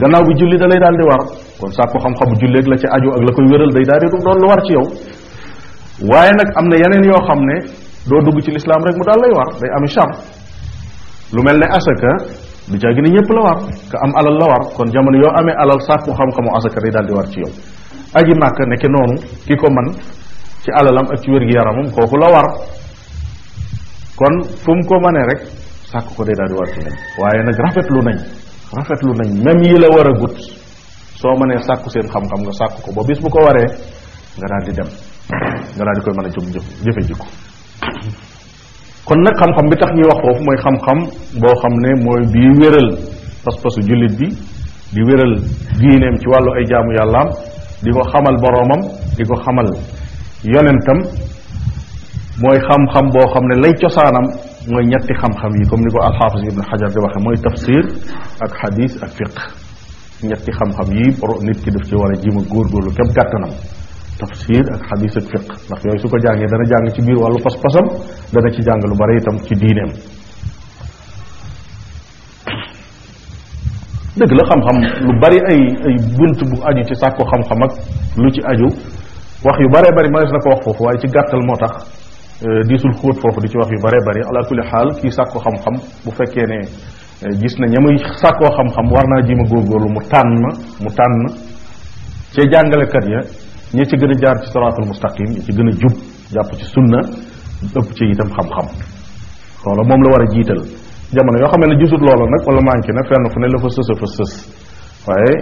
gannaaw bi julli da lay daal di war kon sàkku xam-xamu julleeg la ci aju ak la koy wéral day daal di doon lu war ci yow waaye nag am na yeneen yoo xam ne doo dugg ci lislaam rek mu daal lay war day ami char lu mel ne asaka du jàggi ne ñëpp la war ka am alal la war kon jamono yoo amee alal sàkku xam-xamu asaka daal di war ci yow aji màkka nekke noonu ki man ci alalam ak ci wér-gi-yaramam kooku la war kon fu mu ko mënee rek sàkk ko day daal di waaye nag rafetlu nañ rafetlu nañ même yi la war a gut soo mënee sàkku seen xam nga sàkk ko ba bis bu ko waree nga daal di dem nga daal di koy mën a jëfe jikko kon nag xam-xam bi tax ñuy wax foofu mooy xam-xam boo xam ne mooy bii wéral pas-pasu jullit bi di wéral diineem ci wàllu ay jaamu yàllaam di ko xamal boroomam di ko xamal yonentam mooy xam-xam boo xam ne lay cosaanam mooy ñetti xam-xam yi comme ni ko alxaafis ibn xajar di waxe mooy tafsir ak xadis ak fiq ñetti xam-xam yi nit ki daf ci war a jima góorgóorlu képp kàttanam tafsir ak xadis ak fiq ndax yooyu su ko jàngee dana jàng ci biir wàllu pas-pasam dana ci jàng lu bare itam ci diineem dëgg la xam-xam lu bari ay ay bunt bu aju ci sàkku xam-xam ak lu ci aju wax yu bare bari mënees na ko wax foofu waaye ci gàttal moo tax euh, diisul xóot foofu di ci wax yu bare bari ala kulli xaal kii sàkku xam-xam bu fekkee ne euh, gis na ña muy sàkkoo xam-xam war naa jéem a góorgóorlu mu tànn mu tànn cee jàngalekat ya ñi ci gën a jaar ci siraatul mustaqim ñi ci gën a jub jàpp ci sunna ëpp ci itam xam-xam loola moom la war a jiital jamono yoo xam ne gisut loola nag wala manqué na fenn fu ne la fa sës a fa sës waaye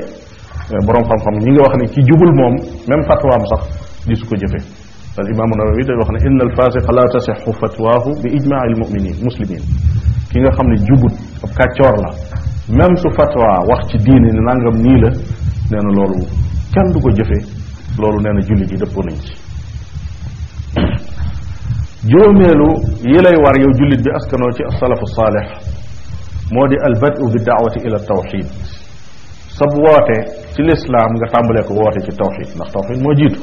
eh, boroom xam-xam ñi nga wax ne ci jubul moom même fatwaam sax gisu ko jëfe al imaamu nawawi day wax ne inna al fasiqa la tasixu fatwaahu bi ijmaa al muminin muslimin ki nga xam ne jubut ab kàccoor la même su fatwa wax ci diine ne nangam nii la nee na loolu kenn du ko loolu nee na jullit yi dëppoo nañ ci juróomeelu yi lay war yow jullit bi askanoo ci asalafu saalix moo di albadu bi daawati ila tawxid sab woote ci lislaam nga tàmbalee ko woote ci tawxid ndax tawxid moo jiitu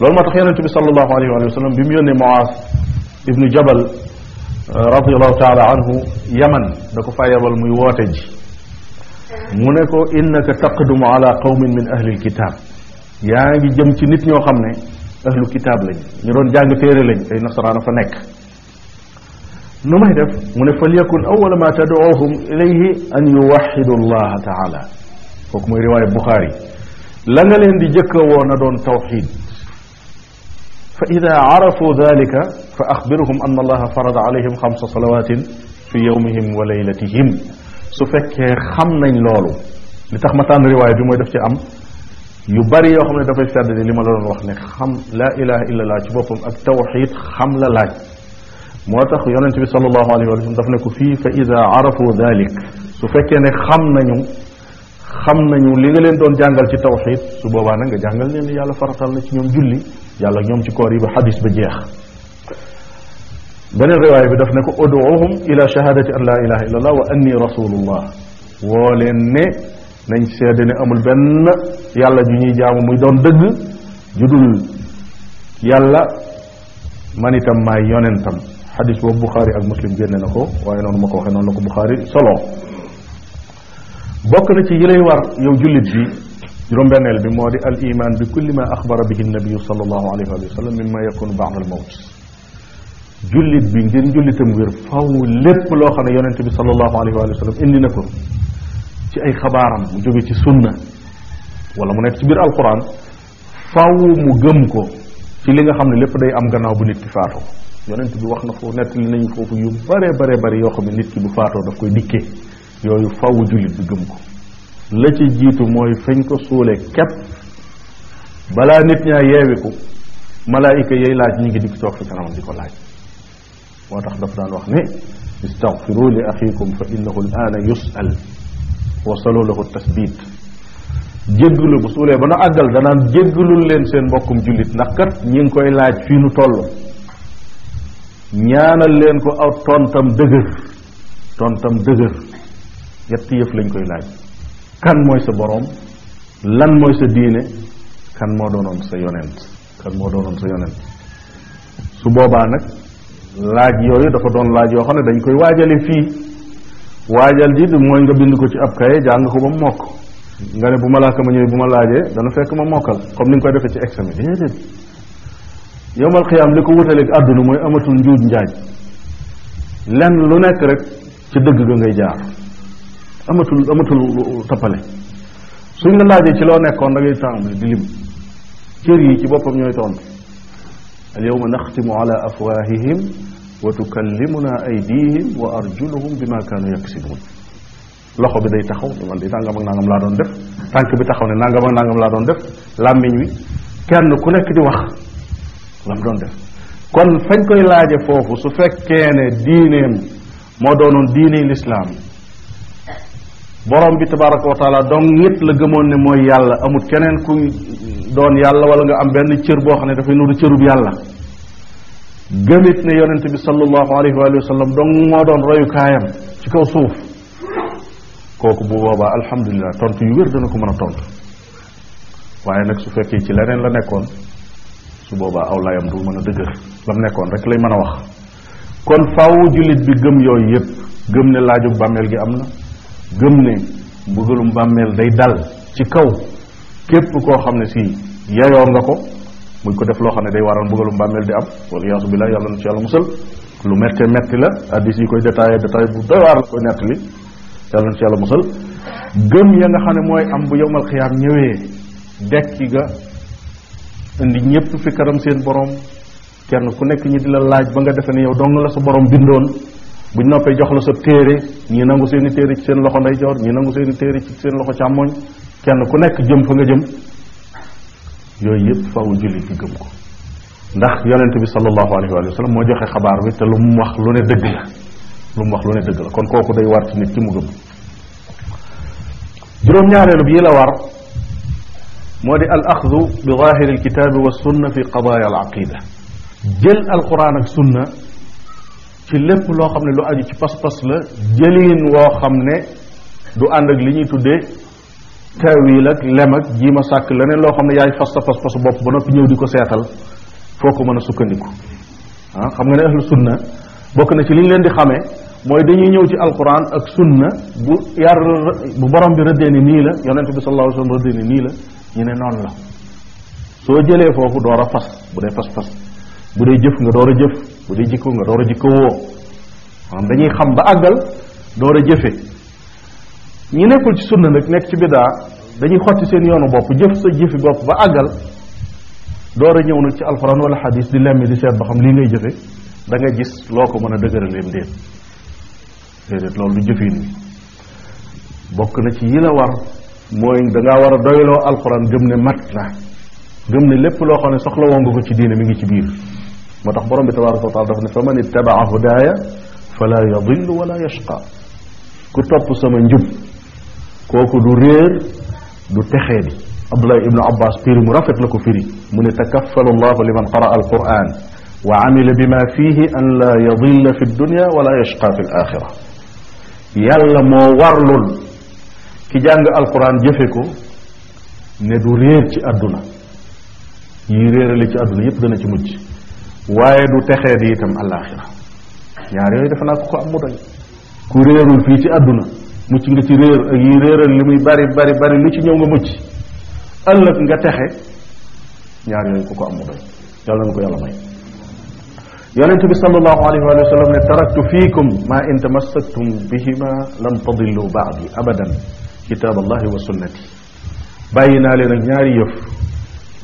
loolu moo tax yonente bi salallahu alayhi wa sallam bi mu yónnee Muaaz ibnu Jabal euh, radiallahu taala anhu yaman da ko faa yabal muy woote ji mu ne ko innaka taqdumu ala qawmin min ahli alkitab yaa ngi jëm ci nit ñoo xam ne ahlu kitaab lañ ñu doon jàng téere lañ ay nasaraana fa nekk nu may def mu ne fal yakun awala ma tadoohum ilayhi an yuwaxidu allaha taala kooku mooy riwaayu buxaari la nga leen di jëkka woo na doon tawxid fa ida arafu dalika fa axbiruhum an allaha farada alayhim xamsa salawatin fi yowmihim wa laylatihim su fekkee xam nañ loolu li tax ma tànn riwaay bi mooy daf ci am yu bari yoo xam ne dafay seddali li ma la doon wax ne xam laa ilaha illa laa ci boppam ak tawxid xam la laaj moo tax yonente bi salallahu alayhi wa sallam daf ne ko fii fa ida arafu dalik su fekkee ne xam nañu xam nañu li nga leen doon jàngal ci tawxid su boobaa nag nga jàngal leen yàlla faratal na ci ñoom julli yàlla ñoom ci koor yi ba xadis ba jeex beneen riwaaya bi daf ne ko uduuhum ila shahadati an laa ilaha illa allah wa anni rasulullah woo leen ne nañ seede ne amul benn yàlla ju ñuy jaamu mu doon dëgg ju dul yàlla man itam maay yonentam xadis boobu Buxaari ak Muslim génne na ko waaye noonu ma ko waxee noonu la ko Buxaari solo bokk na ci yi lay war yow jullit bi juróom-benneel bi moo di al iman bi kulli ma axbara bihi nabiyu sallallahu alayhi wa sallam mimma yakunu ba'da al mawt jullit bi ngir njullitam wér faw lépp loo xam ne yonente bi sallallahu alayhi wa sallam indi na ko ci ay xabaaram mu jóge ci sunna wala mu nekk ci biir alquran faw mu gëm ko ci li nga xam ne lépp day am gannaaw bu nit ki faatoo yonent bi wax na foofu nett li nañu foofu yu bare bare bare yoo xam ne nit ki bu faatoo daf koy dikkee yooyu faw jullit bi gëm ko la ci jiitu mooy fañ ko suule képp balaa nit ñaa yeewiku malaayika yay laaj ñi ngi dikk toog fi kanamam di ko laaj moo tax daf daan wax ne istaghfiru li axikum fa innahu al yusal wasalu ko tasbit jéggalu bu suulee ba nu àggal danaan jéggalul leen seen mbokkum jullit ndax kat ñi ngi koy laaj fii nu toll ñaanal leen ko aw tontam dëgër tontam dëgër ñetti yëf lañ koy laaj kan mooy sa boroom lan mooy sa diine kan moo doonoon sa yonent kan moo doonoon sa yonent su boobaa nag laaj yooyu dafa doon laaj yoo xam ne dañ koy waajale fii waajal ji du mooy nga bind ko ci ab kaye jàng ko ba mu mokk nga ne bu malaaka ma ñëwee bu ma laajee dana fekk ma mokkal comme ni nga koy defee ci examen déedéet yowmal xiyaam li ko wutaleeg àdduna mooy amatul njuuj njaaj lu nekk rek ci dëgg ga ngay jaar amatul amatul tappale suñ la laajee ci loo nekkoon da ngay tàmbali di lim cër yi ci boppam ñooy tontu al yawma naxtimu ala wa tukallimuna aydihim wa arjuluhum bima kaanu yaksibuun loxo bi day taxaw man di nangam laa doon def tànk bi taxaw ne nangam ak nangam laa doon def làmmiñ wi kenn ku nekk di wax lam doon def kon fañ koy laaje foofu su fekkee ne diineem moo doonoon diiney lislaam borom bi tabaraka wa taala donc nit la gëmoon ne mooy yàlla amut keneen ku doon yàlla wala nga am benn cër boo xam ne dafay nuru cërub yàlla gëmit ne yonent bi sallallahu alayhi wa sallam dong moo doon royukaayam ci kaw suuf kooku bu boobaa alhamdulilah tontu yu wér dana ko mën a tontu waaye nag su fekkee ci leneen la nekkoon su boobaa aw layam du mën a dëgër lam nekkoon rek lay mën a wax kon faaw jullit bi gëm yooyu yépp gëm ne laajug bàmmeel gi am na gëm ne mbugalum bàmmeel day dal ci kaw képp koo xam ne si yeyoo nga ko muy ko def loo xam ne day waral mbugalu mbàmmeel di am wala yaasu bi la yàlla na ci yàlla musal lu métte metti la addis yi koy détaillé détaillé bu doy waar la koy nettali yàlla na ci yàlla musal gëm ya nga xam ne mooy am bu yowmal xiyaam ñëwee dekki ga indi ñépp fi kanam seen borom kenn ku nekk ñi di la laaj ba nga defe ne yow dong la sa borom bindoon buñ noppee jox la sa téere ñi nangu seen i téere ci seen loxo ndeyjoor ñi nangu seen i seen loxo càmmoñ kenn ku nekk jëm fa nga jëm yooyu yëpp faw jullit bi gëm ko ndax yonent bi sallallahu alayhi wa sallam moo joxe xabaar bi te lu mu wax lu ne dëgg wax lu dëgg la kon kooku day war ci nit ki mu gëm juróom-ñaareelu bi yi la war moo di al axdu bi zahiri al kitaabi wa sunna fi qadaaya al aqida jël alquran ak sunna ci lépp loo xam ne lu aju ci pas-pas la jëliin woo xam ne du ànd ak li ñuy tuddee taawil ak lem ak jiima sàkk leneen loo xam ne yaay fas sa fas fasu bopp ba noppi ñëw di ko seetal foo ko mën a sukkandiku ah xam nga ne ahlu sunna bokk na ci li ñu leen di xamee mooy dañuy ñëw ci alquran ak sunna bu yar bu borom bi rëddee ni nii la yonente bi sallallahu alayhi wasallam rëddee ni nii la ñu ne noonu la soo jëlee foofu door a fas bu dee fas-fas bu dee jëf nga door a jëf bu dee jikko nga door a jikko woo maanaam dañuy xam ba àggal door a jëfe ñi nekkul ci sunna nag nekk ci biddaa dañu xotti seen yoonu bopp jëf sa jëfi bopp ba àggal door a ñëw nag ci alxuraan wala xadis di lemmi di seet ba xam lii ngay jëfe da nga gis loo ko mën a dëgëraleem déet déedéet loolu du jëfin bokk na ci yi la war mooy da ngaa war a doyloo alxuraan gëm ne mat na gëm ne lépp loo xam ne soxla woo nga ko ci diine mi ngi ci biir moo tax borom bi tabaraka wa taala dafa ne fa man ittabaa hudaaya fala yadillu wala yashqa ku topp sama njub kooku du réer du texee di abdullah ibnu abbas firi mu rafet la ko firi mu ne takaffalu allahu liman qara al quran wa amila bima fihi an la yadilla fi dunya wala yashqa fi l axira yàlla moo jàng alquran jëfe ko ne du réer ci àdduna yi réerale ci àdduna dana ci mujj waaye du texee di itam alaxira naa ko ko am mu doy ku réerul fii ci àdduna mucc nga ci réer ak li muy bari bari bari lu ci ñëw nga mucc ëllëg nga texe ñaar yooyu ku ko am mu doy yàlla na ko yàlla may yonent bi sallallahu alayhi wa sallam ne taraktu lan tadillu baadi abadan kitab allahi bàyyi naa leen ñaari yëf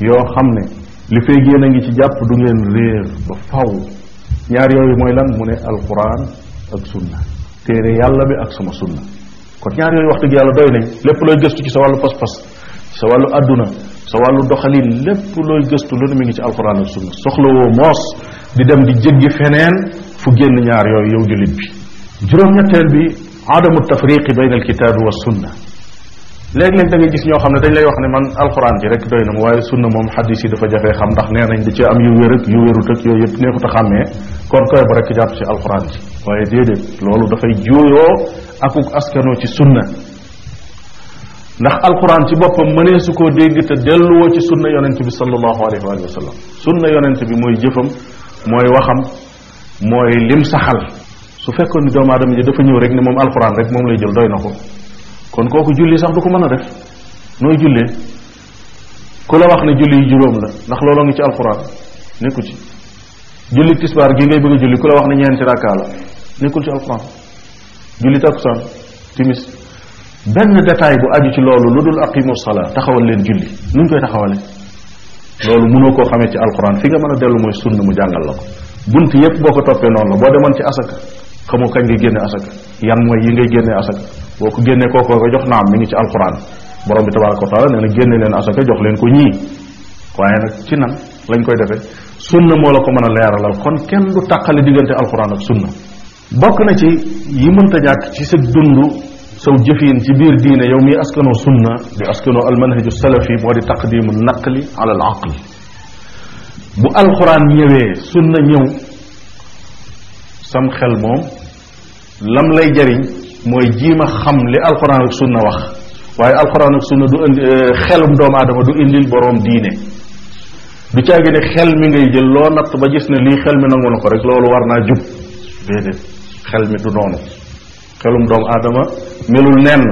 yoo xam ne li fee ngi ci jàpp du ngeen réer ba faw mooy lan mu ne alquran ak sunna téere yàlla bi ak sama sunna kon ñaar yooyu wax dëgg yàlla doy nañ lépp looy gëstu ci sa wàllu pas-pas sa wàllu adduna sa doxaliin doxalin lépp looy gëstu lu ne mi ngi ci alquran ak sunna soxlawoo moos di dem di jéggi feneen fu génn ñaar yooyu yow jullit bi juróom-ñetteel bi adamu tafriqi bayna alkitaabi wa sunna léeg-léeg da ngay gis ñoo xam ne dañ lay wax ne man alquran ji rek doy na mu waaye sunna moom xadis yi dafa jafee xam ndax nee nañ da ci am yu wér ak yu wérut ak yooyu yëpp neexut a xàmmee kon koy bu rekk jàpp ci alxuraan ji waaye déedéet loolu dafay juuyoo akuk askanoo ci sunna ndax alxuraan ci boppam mëneesu koo dégg te delluwoo ci sunna yonent bi sallallahu alayhi wa sallam sunna yonent bi mooy jëfam mooy waxam mooy lim saxal su fekkoon ni doomu aadama ji dafa ñëw rek ne moom alxuraan rek moom lay jël doy na ko kon kooku julli sax du ko mën a def nooy jullee ku la wax ne julli yi juróom la ndax looloo ngi ci alxuraan nekku ci julli tisbaar gi ngay bëgg a julli ku la wax ne ñeenti rakka la nekkul ci alquran julli takusaan timis benn détail bu aju ci loolu lu dul aqimu salaa taxawal leen julli nuñ koy taxawale loolu mënoo koo xamee ci alquran fi nga mën a dellu mooy sunna mu jàngal la ko bunt yépp boo ko toppee noonu la boo demoon ci asaka xamoo kañ nga génne asaka yan mooy yi ngay génne asaka boo ko génnee kookoo ko jox naam mi ngi ci alquran borom bi tabaraka wa taala nee na génne leen asaka jox leen ko ñii waaye nag ci nan lañ koy defee sunna moo la ko mën a leeral leeralal kon kenn du tàqale diggante alxuraan ak sunna bokk na ci yi mënta ñàkk ci sa dund saw jëfin ci biir diine yow mii askanoo sunna di askanoo almanhaju salafi moo di taqdimu naqli ala al aql bu alxuraan ñëwee sunna ñëw sam xel moom lam lay jariñ mooy jiima xam li alxuraan ak sunna wax waaye alxuraan ak sunna du eh, xelum doomu aadama du indil boroom diine du caagi ne xel mi ngay jël loo natt ba gis ne lii xel mi nangu na ko rek loolu war naa jub déedéet xel mi du noonu xelum doomu aadama melul nenn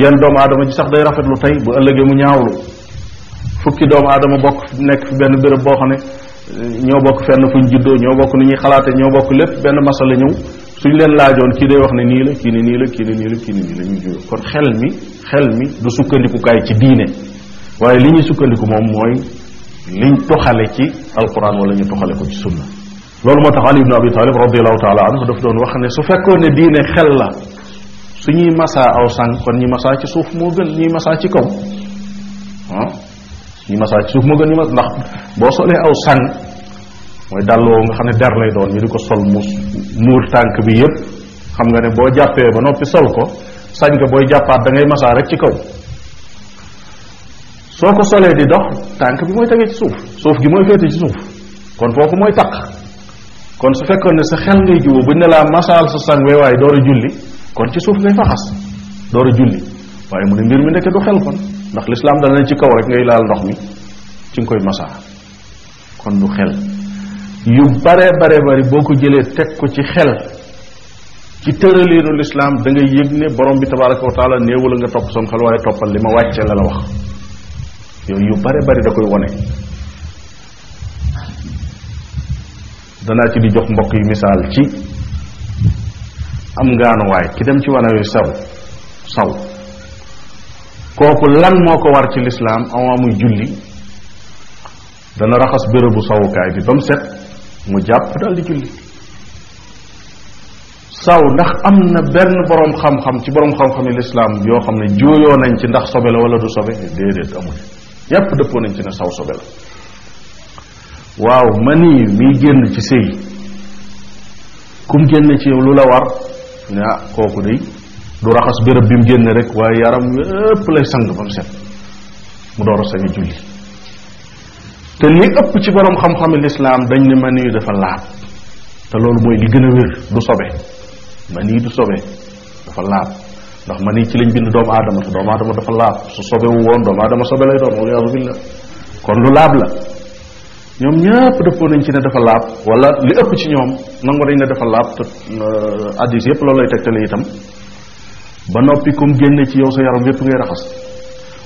jenn doomu aadama ci sax day rafetlu tey bu ëllëgee mu ñaawlu fukki doomu aadama bokk nekk fi benn bërëb boo xam ne eh, ñoo bokk fenn fu ñu juddoo ñoo bokk ni ñuy xalaate ñoo bokk lépp benn masala ñëw suñ leen laajoon kii day wax ne nii la kii ne nii la kii ne nii la kii ne nii la ñu jóge kon xel mi xel mi du sukkandikukaay ci li sukkandiku moom mooy liñ toxale ci alquran wala ñu toxale ko ci sunna loolu moo tax ali ibn abi talib radiallahu taala anhu daf doon wax ne su fekkoon ne diine xel la su ñuy masaa aw sànq kon ñi masaa ci suuf moo gën ñi masaa ci kaw ah masaa suuf moo gën ñi ndax boo solee aw sànq mooy dàll dàlloo nga xam ne der lay doon ñu di ko sol mu muur tànk bi yépp xam nga ne boo jàppee ba noppi sol ko sañ ko booy jàppaat da masaa rek ci kaw soo ko solee di dox tànk bi mooy tegee ci suuf suuf gi mooy féete ci suuf kon foofu mooy taq kon su fekkoon ne sa xel ngay jiwoo buñ ne laa masaal sa sang waaye door a julli kon ci suuf ngay faxas door a julli waaye mu ne mbir mi nekk du xel kon ndax lislaam dana ne ci kaw rek ngay laal ndox mi ci nga koy masaa kon du xel yu bare bare bari boo ko jëlee teg ko ci xel ci tëraliinu lislaam da ngay yëg ne borom bi tabaraka wa taala néewala nga topp son xel waaye toppal li ma wàcce la la wax yooyu yu bare bari da koy wone danaa ci di jox mbokk yi misaal ci am ngaanuwaay ki dem ci wana yu saw saw kooku lan moo ko war ci lislaam avant muy julli dana raxas bérébu sawukaay bi ba mu set mu jàpp dal di julli saw ndax am na benn boroom xam-xam ci boroom xam-xam yi lislaam yoo xam ne juuyoo nañ ci ndax sobe la wala du sobe déedéet amul ñépp dëppoo nañ ci ne saw sobe la waaw mani miy génn ci sëy kum génn ci yow lu la war ne ah kooku day du raxas béréb bi mu génne rek waaye yaram yépp lay sang ba mu set mu door a sañ a julli te li ëpp ci borom xam-xami lislaam dañ ne mani yu dafa laab te loolu mooy li gën a wér du sobe mani du sobe dafa laab ndax ma ni ci lañ bind doomu aadama te doomu aadama dafa laab su sobewu woon doomu aadama sobe lay doon waliyasu billah kon lu laab la ñoom ñëpp dëppoo nañ ci ne dafa laab wala li ëpp ci ñoom nangu nañ ne dafa laab te euh, addis yépp loolu lay tegtale itam ba noppi comme génne ci yow sa yaram yépp ngay raxas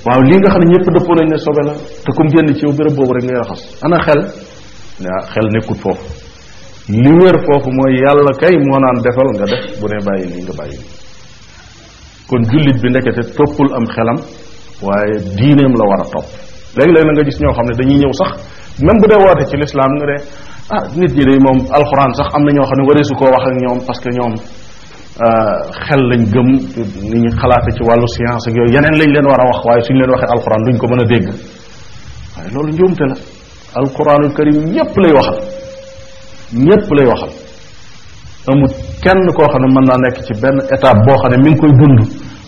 waaw lii nga xam ne ñëpp dëppoo nañ ne sobe la te comme génne ci yow béréb boobu rek ngay raxas ana xel ah xel nekkut foofu li wér foofu mooy yàlla kay moo naan defal nga def bu ne bàyyi lii nga bàyyi lii kon jullit bi te toppul am xelam waaye diineem la war a topp léegi-léeg na nga gis ñoo xam ne dañuy ñëw sax même bu dee woote ci lislaam nga dee ah nit ñi day moom alxuraan sax am na ñoo xam ne wareesu koo wax ak ñoom parce que ñoom euh, xel lañ gëm ni ñu xalaate ci wàllu science ak yooyu yeneen lañ leen war a wax waaye suñ leen waxee alxuraan duñ ko mën a dégg waaye loolu njuumte la alxuraanul karim ñépp lay waxal ñépp lay waxal amul kenn koo xam ne mën naa nekk ci benn étape boo xam ne mi ngi koy dund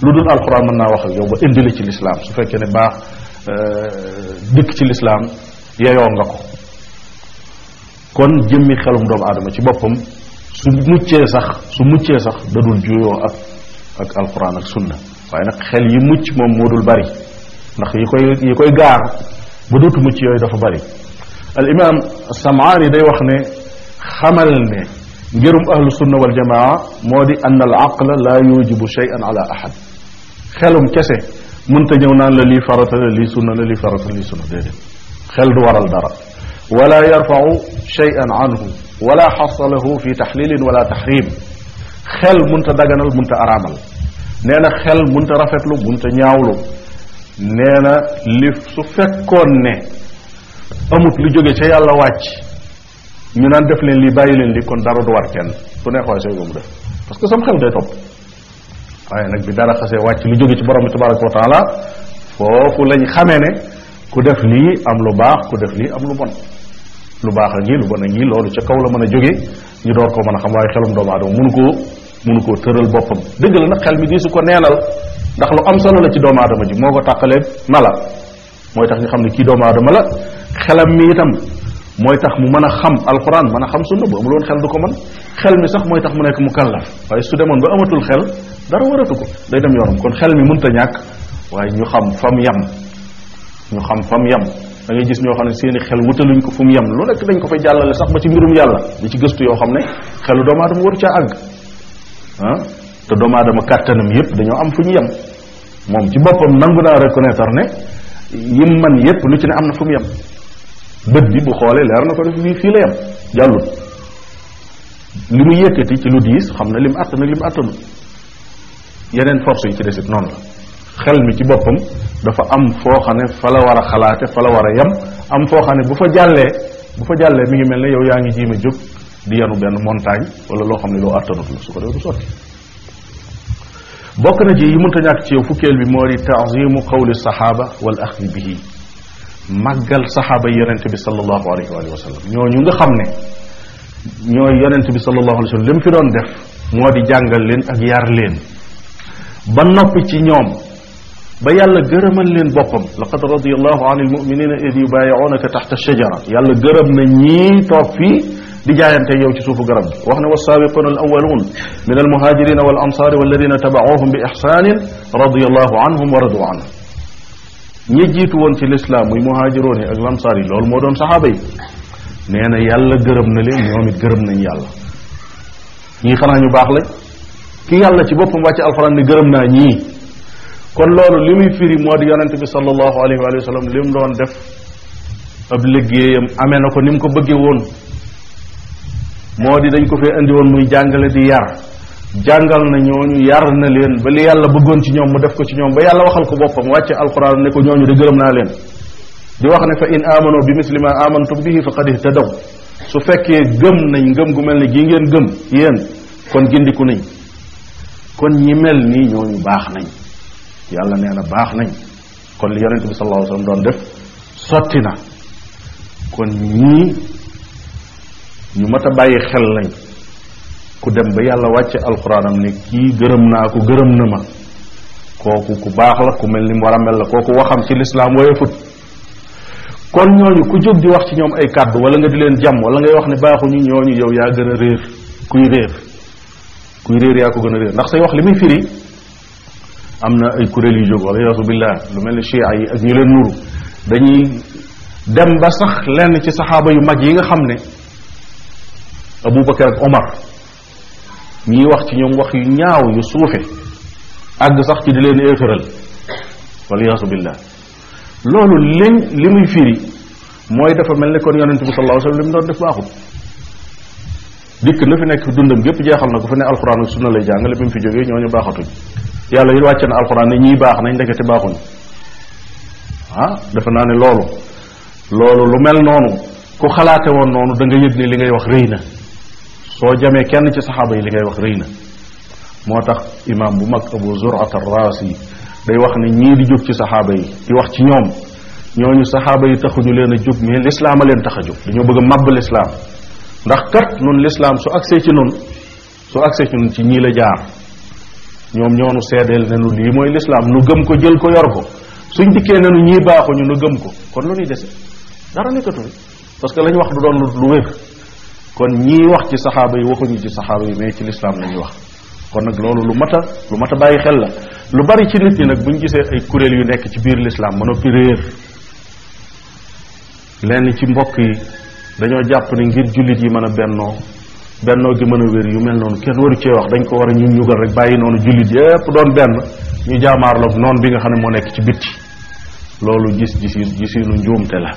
lu dul mën naa wax ak yow ba indi la ci lislaam su fekkee ne baax euh, dikk ci lislaam yeyoo nga ko kon jëmmi xelum doomu aadama ci boppam su muccee sax su muccee sax da dul juyoo ak ak alxuraan ak sunna waaye nag xel yi mucc moom moo dul bari ndax yi koy yi koy gaar bu dootu mucc yooyu dafa bari al imam samaani day wax ne xamal ne ngirum ahlu sunna wal jamaa moo di ann al aqla la yujibu shay'an ala ahad xelum kese mënta ñëw naan la li farata la lii sunna la lii farata la sunna déedéet xel du waral dara wala yarfau shay'an anhu wala xasalahu fi taxlilin wala taxrim xel munta daganal mënta araamal nee na xel mënta rafetlu mënta ñaawlu nee li su fekkoon amut lu jóge ca yàlla wàcc ñu naan def leen lii bàyyi leen lii kon dara du war kenn bu neexoo sey mu def parce que sam xel day topp waaye nag bi dara xasee wàcc lu jóge ci borom bi tabaraka wa taala foofu lañ xamee ne ku def lii am lu baax ku def lii am lu bon lu baax a ngi lu bon a ngi loolu ca kaw la mën a jóge ñu door koo mën a xam waaye xelum doomu aadama mënu koo mënu koo tëral boppam dëgg la nag xel mi di su ko neenal ndax lu am solo la ci doomu adama ji moo ko tàqalee mala mooy tax ñu xam ne kii doomu aadama la xelam mi itam mooy tax mu mën a xam alquran mën a xam sunna bu amul woon xel du ko man xel mi sax mooy tax mu nekk mu kallaf waaye su demoon ba amatul xel dara waratu ko day dem yoram kon xel mi ta ñàkk waaye ñu xam fa mu yem ñu xam fa mu da ngay gis ñoo xam ne seeni xel wutaluñ ko fu mu yem lu nekk dañ ko fa jàllale sax ba ci mbirum yàlla di ci gëstu yoo xam ne xelu doomu aadama waru caa ah? te doomu aadama kàttanam yépp dañoo am fu ñu yem moom ci boppam nangu naa reconnaître ne yim man yépp lu ci ne am na fu mu yem bët bi bu xoolee leer na ko def fii fii la yem jàllut li mu yëkkati ci lu diis xam na lim àttan ak lim àttanu yeneen force yi ci desit noonu la xel mi ci boppam dafa am foo xam ne fa la war a xalaate fa la war a yem am foo xam ne bu fa jàllee bu fa jàllee mi ngi mel ne yow yaa ngi jiima jóg di yanu benn montagne wala loo xam ne loo àttanut la su ko def du sotti bokk na ci yi mënta ñàkk ci yow fukkeel bi moo di taazimu qawli saxaaba wal axdi bihi màggal saxaaba yi yonente bi sallallahu alayhi wa sallam ñooñu nga xam ne ñooy yonente bi sallallahu alayhi wa sallam li mu fi doon def moo di jàngal leen ak yar leen ba noppi ci ñoom ba yàlla gërëmal leen boppam laqad radiallahu an almuminina id yubayiunaka taxta shajara yàlla gërëm na ñii toog fii di jaayante yow ci suufu garab gi wax ne wasaabiquna al awalun min almuhajirina wal ansari walladina tabacuhum bi ixsanin radiallahu anhum wa radu anhum ñi jiitu woon ci lislaam muy muhaajiroon yi ak lamsaar yi loolu moo doon saxaaba yi nee na yàlla gërëm na leen ñoom it gërëm nañ yàlla ñii xanaa ñu baax lañ ki yàlla ci boppam wàcc alxuraan ne gërëm naa ñii kon loolu li muy firi moo di yonente bi sallallahu alayhi wa sallam li mu doon def ab liggéeyam amee na ko ni mu ko bëggee woon moo di dañ ko fee indi woon muy jàngale di yar jàngal na ñooñu yar na leen ba li yàlla bëggoon ci ñoom mu def ko ci ñoom ba yàlla waxal ko boppam wàcce alquran ne ko ñooñu de gërëm naa leen di wax ne fa in amano bi misli bi amantum bihi faqad ihtadaw su fekkee gëm nañ gëm gu mel ni gii ngeen gëm yéen kon gindiku nañ kon ñi mel nii ñooñu baax nañ yàlla nee na baax nañ kon li yonente bi sallallahu alayhi doon def sotti na kon ñii ñu mat a bàyyi xel lañ ku dem ba yàlla wàcce alxuraanam ne kii gërëm naa ko gërëm na ma kooku ku baax la ku mel ni mu war a mel la kooku waxam ci lislaam woyofut kon ñooñu ku jóg di wax ci ñoom ay kàddu wala nga di leen jàmm wala ngay wax ne baaxuñu ñooñu yow yaa gën a réer kuy réer kuy réer yaa ko gën a réer ndax say wax li muy firi am na ay kuréel yu jóg wala yaasu billah lu mel ni chia yi ak ñu leen nuru dañuy dem ba sax lenn ci saxaaba yu mag yi nga xam ne Abubakar ñuy wax ci ñoom wax yu ñaaw yu suufe àgg sax ci di leen éeféral waliyaasu billah loolu liñ li muy mooy dafa mel ne kon yonente bi sallallahu alayhi wasallam li mu def baaxut dikk na dundam gépp jeexal na ko fi ne alxuraan ak sunna jàngale bi mu fi jógee ñooñu baaxatuñ yàlla yi wàcce na alxuraan ñii baax nañ ndekete baaxuñ ah defe naa ne loolu loolu lu mel noonu ku xalaate woon noonu da yëg ni li ngay wax rëy na soo jamee kenn ci saxaaba yi li ngay wax rëy na moo tax imaam bu mag abu zurat ar-raasi day wax ne ñii di jóg ci saxaaba yi di wax ci ñoom ñooñu saxaaba yi taxuñu leen a jóg mais lislaam a leen tax a jóg dañoo bëgg a màbb lislaam ndax kat nun lislaam su agsee ci nun su agsee ci nun ci ñii la jaar ñoom ñoonu seedeel ne nu lii mooy lislaam nu gëm ko jël ko yor ko suñ dikkee ne nu ñii baaxuñu nu gëm ko kon lu ñuy dese dara nekkatul parce que lañ wax du kon ñii wax ci saxaaba yi waxuñu ci saxaaba yi mais ci lislaam lañuy wax kon nag loolu lu mat a lu mat a bàyyi xel la lu bari ci nit ñi nag buñ gisee ay kuréel yu nekk ci biir lislaam ba noppi réer lenn ci mbokk yi dañoo jàpp ni ngir jullit yi mën a bennoo bennoo gi mën a wér yu mel noonu kenn waru cee wax dañ ko war a ñu ñugal rek bàyyi noonu jullit yépp doon benn ñu jaamaarloog noon bi nga xam ne moo nekk ci bitti loolu gis gis gisiinu njuumte la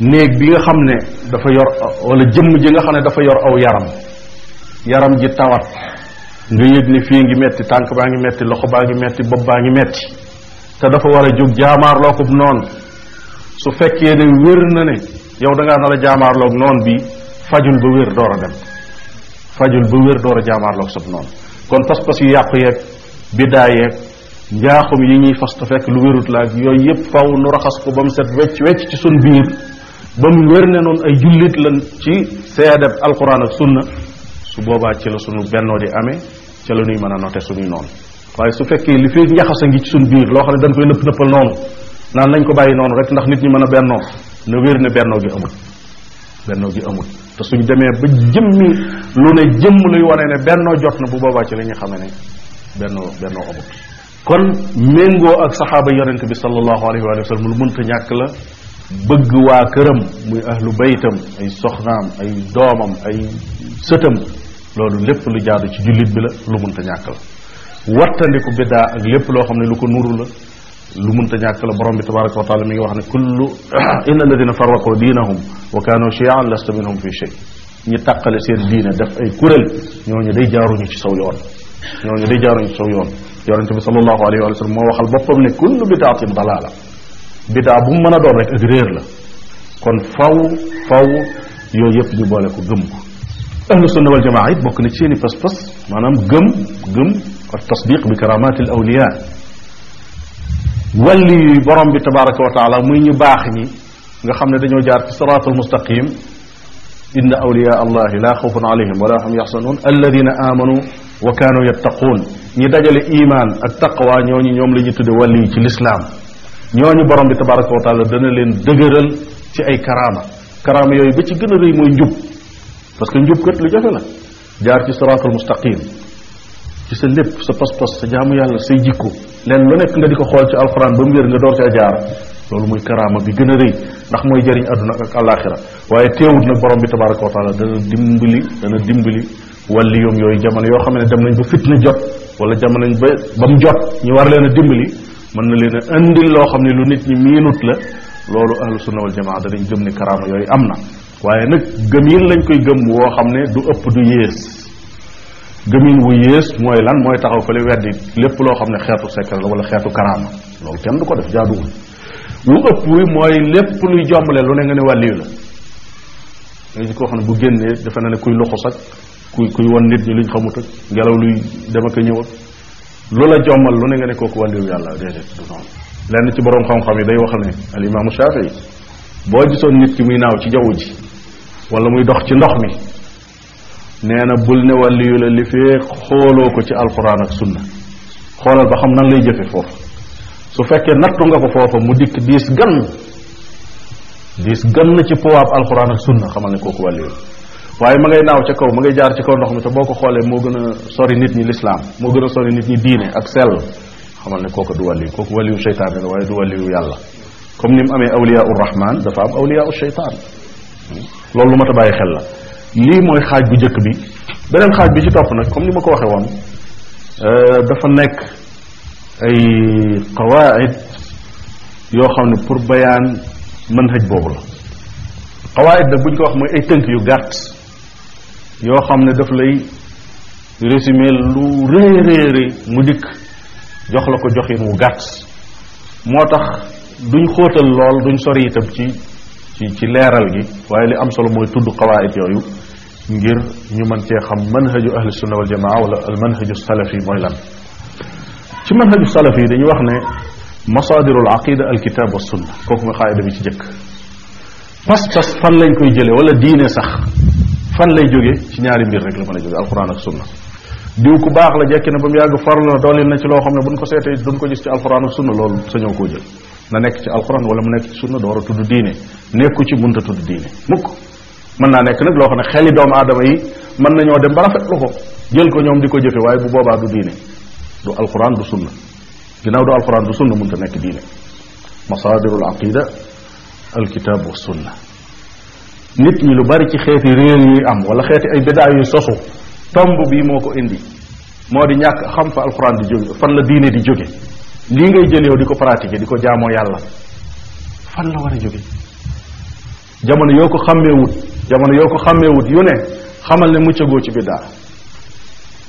néeg bi nga xam ne dafa yor wala jëmm ji nga xam ne dafa yor aw yaram yaram ji tawat nga yëg ni fii ngi metti tànk baa ngi metti loxo baa ngi metti bopp baa ngi metti te dafa war a jóg jaamaarloo ko noonu su fekkee ne wér na ne yow da ngaa a jaamaarloog noonu bi fajul ba wér door a dem fajul ba wér door a jaamaarloog sab noonu kon pas-pas yu yàqu yeeg biddaa yeek njaaxum yi ñuy fas te fekk lu wérut laa ak yooyu yëpp faw nu raxas ko ba mu set wecc wecc ci suñu biir ba mu wér ne noonu ay jullit lan ci seedeb alquran ak sunna su boobaa ci la sunu bennoo di amee ci la ñuy mën a note suñuy noonu waaye su fekkee li fi njaxasa ngi ci suñu biir loo xam ne dañ koy nëpp nëppal noonu naan nañ ko bàyyi noonu rek ndax nit ñi mën a bennoo na wér ne bennoo gi amul bennoo gi amul te suñ demee ba jëmmi lu ne jëmm luy wane ne bennoo jot na bu boobaa ci la ñuy xamee ne bennoo bennoo amut kon méngoo ak saxaaba yonente bi sallallahu alayhi wa sallam ñàkk la bëgg waa këram muy ahlu baytam ay soxnaam ay doomam ay sëtam loolu lépp lu jaadu ci jullit bi la lu mënta ñàkk la wattandiku biddaa ak lépp loo xam ne lu ko nuru la lu mënta ñàkk la borom bi tabaraka wa taala mi ngi wax ne kullu [clears throat] inna alladina farraqu diinahum wa kaanu chiaan lasta minhum fi shay ñi tàqale seen diine def ay kuréel ñooñu day jaaruñu ci saw yoon ñooñu day jaaruñu ci saw yoon yonente bi sallallahu alayhi wa sallam moo waxal boppam ne kullu bidaatin dalaala bidaa bu mu mën a doon réer la kon faw faw yooyu yëpp ñu boole ko gëm ko ahlu sunna wal jamaa it bokk na ci seen i pas-pas maanaam gëm gëm ak tasdiq bi karamati al awliya wàlli yuy borom bi tabaraka wa taala muy ñu baax ñi nga xam ne dañoo jaar ci siraatul mustaqim inna awliya allahi la xawfun alayhim wala hum yaxsanun alladina amanu wa kaanu yattaquun ñi dajale iman ak taqwa ñooñu ñoom la ñu tudde wàlli yi ci lislaam ñooñu borom bi tabaraka wa taala dana leen dëgëral ci ay karaama karaama yooyu ba ci gën a rëy mooy njub parce que njub kat lu jafe la jaar ci siraatul mustaqim ci sa lépp sa pas-pas sa jaamu yàlla say jikko leen lu nekk nga di ko xool ci alxuraan ba mu wér nga door ci a jaar loolu muy karaama bi gën a rëy ndax mooy jariñ àdduna ak alaxira waaye teewut nag borom bi tabaraka wa taala dana dimbali dana dimbali wàlli yoom yooyu jamono yoo xam ne dem nañ ba fitna jot wala jamono nañ ba ba jot ñu war leen a dimbali mën na leen indi loo xam ne lu nit ñi miinut la loolu ahlu sunna wal jamaa danañ gëm ne karaama yooyu am na waaye nag gëmin lañ koy gëm woo xam ne du ëpp du yées gëmin wu yées mooy lan mooy taxaw fële weddi lépp loo xam ne xeetu secret la wala xeetu karaama loolu kenn du ko def jaaduwul wu ëpp wi mooy lépp luy jombale lu ne nga ne wàlliyu la nga gis koo xam ne bu génnee defe na ne kuy loxos ak kuy kuy won nit ñi luñ xamut ak ngelaw luy dem ak a ñëw ak lu la jommal lu ne nga ne kooku wàlliwu yàlla déedéet du noonu lenn ci boroom xam-xam yi day wax ne al imaamu Shafii boo gisoon nit ki muy naaw ci jaww ji wala muy dox ci ndox mi nee na bul ne wàlliyu li fee xooloo ko ci alquran ak sunna xoolal ba xam nan lay jëfe foofu su fekkee nattu nga ko foofa mu dikk diis gan diis gan na ci powaab alquran ak sunna xamal ne kooku wàlliyu waaye ma ngay naaw ca kaw ma ngay jaar ci kaw ndox mi te boo ko xoolee moo gën a sori nit ñi lislaam moo gën a sori nit ñi diine ak sell xamal ne kooku du wàlliyu kooku wàlliyu seytaane la waaye du wàlliyu yàlla comme ni mu amee awliya ur rahman dafa am awliya ur seytaan loolu lu mat a bàyyi xel la lii mooy xaaj bu njëkk bi beneen xaaj bi ci topp nag comme ni ma ko waxee woon euh, dafa nekk ay qawaid yoo xam ne pour bayaan manhaj boobu la qawaid nag bu ñu ko wax mooy ay tënk yu gàtt yoo xam ne daf lay résumé lu rëy rëy rëy mu dikk jox la ko joxin wu gàtt moo tax duñ xóotal lool duñ sori itam ci ci ci leeral gi waaye li am solo mooy tudd qawaid yooyu ngir ñu mën cee xam manhaju ahli sunna wal jamaa wala al manhaju salafi mooy lan ci manhaju salafi dañuy wax ne masaadirul aqida al kitab wa sunna kooku mooy xaayida bi ci jëkk pas-pas fan lañ koy jële wala diine sax fan lay jóge ci ñaari mbir rek la mën a jóge alquran ak sunna diw ku baax la jekki na ba mu yàgg farlu na dolli na ci loo xam ne bu buñ ko seetee duñ ko gis ci alquran ak sunna loolu sañoo koo jël na nekk ci alquran wala mu nekk ci sunna door a tudd diine ci munta tudd diine mukk mën naa nekk nag loo xam ne xeli doomu aadama yi mën nañoo dem ba ko jël ko ñoom di ko jëfe waaye bu boobaa du diine du alquran du sunna ginnaaw du alquran du sunna munta nekk diine masadirul aqida alkitab wa sunna nit ñi lu bari ci xeeti réer yuy am wala xeeti ay bidaa yuy sosu tomb bii moo ko indi moo di ñàkk xam fa alxuraan di jóge fan la diine di jóge lii ngay jël yow di ko pratiquer di ko jaamoo yàlla fan la war a jóge jamono yoo ko xàmmeewut jamono yoo ko xàmmeewut yu ne xamal ne muccagoo ci biddaa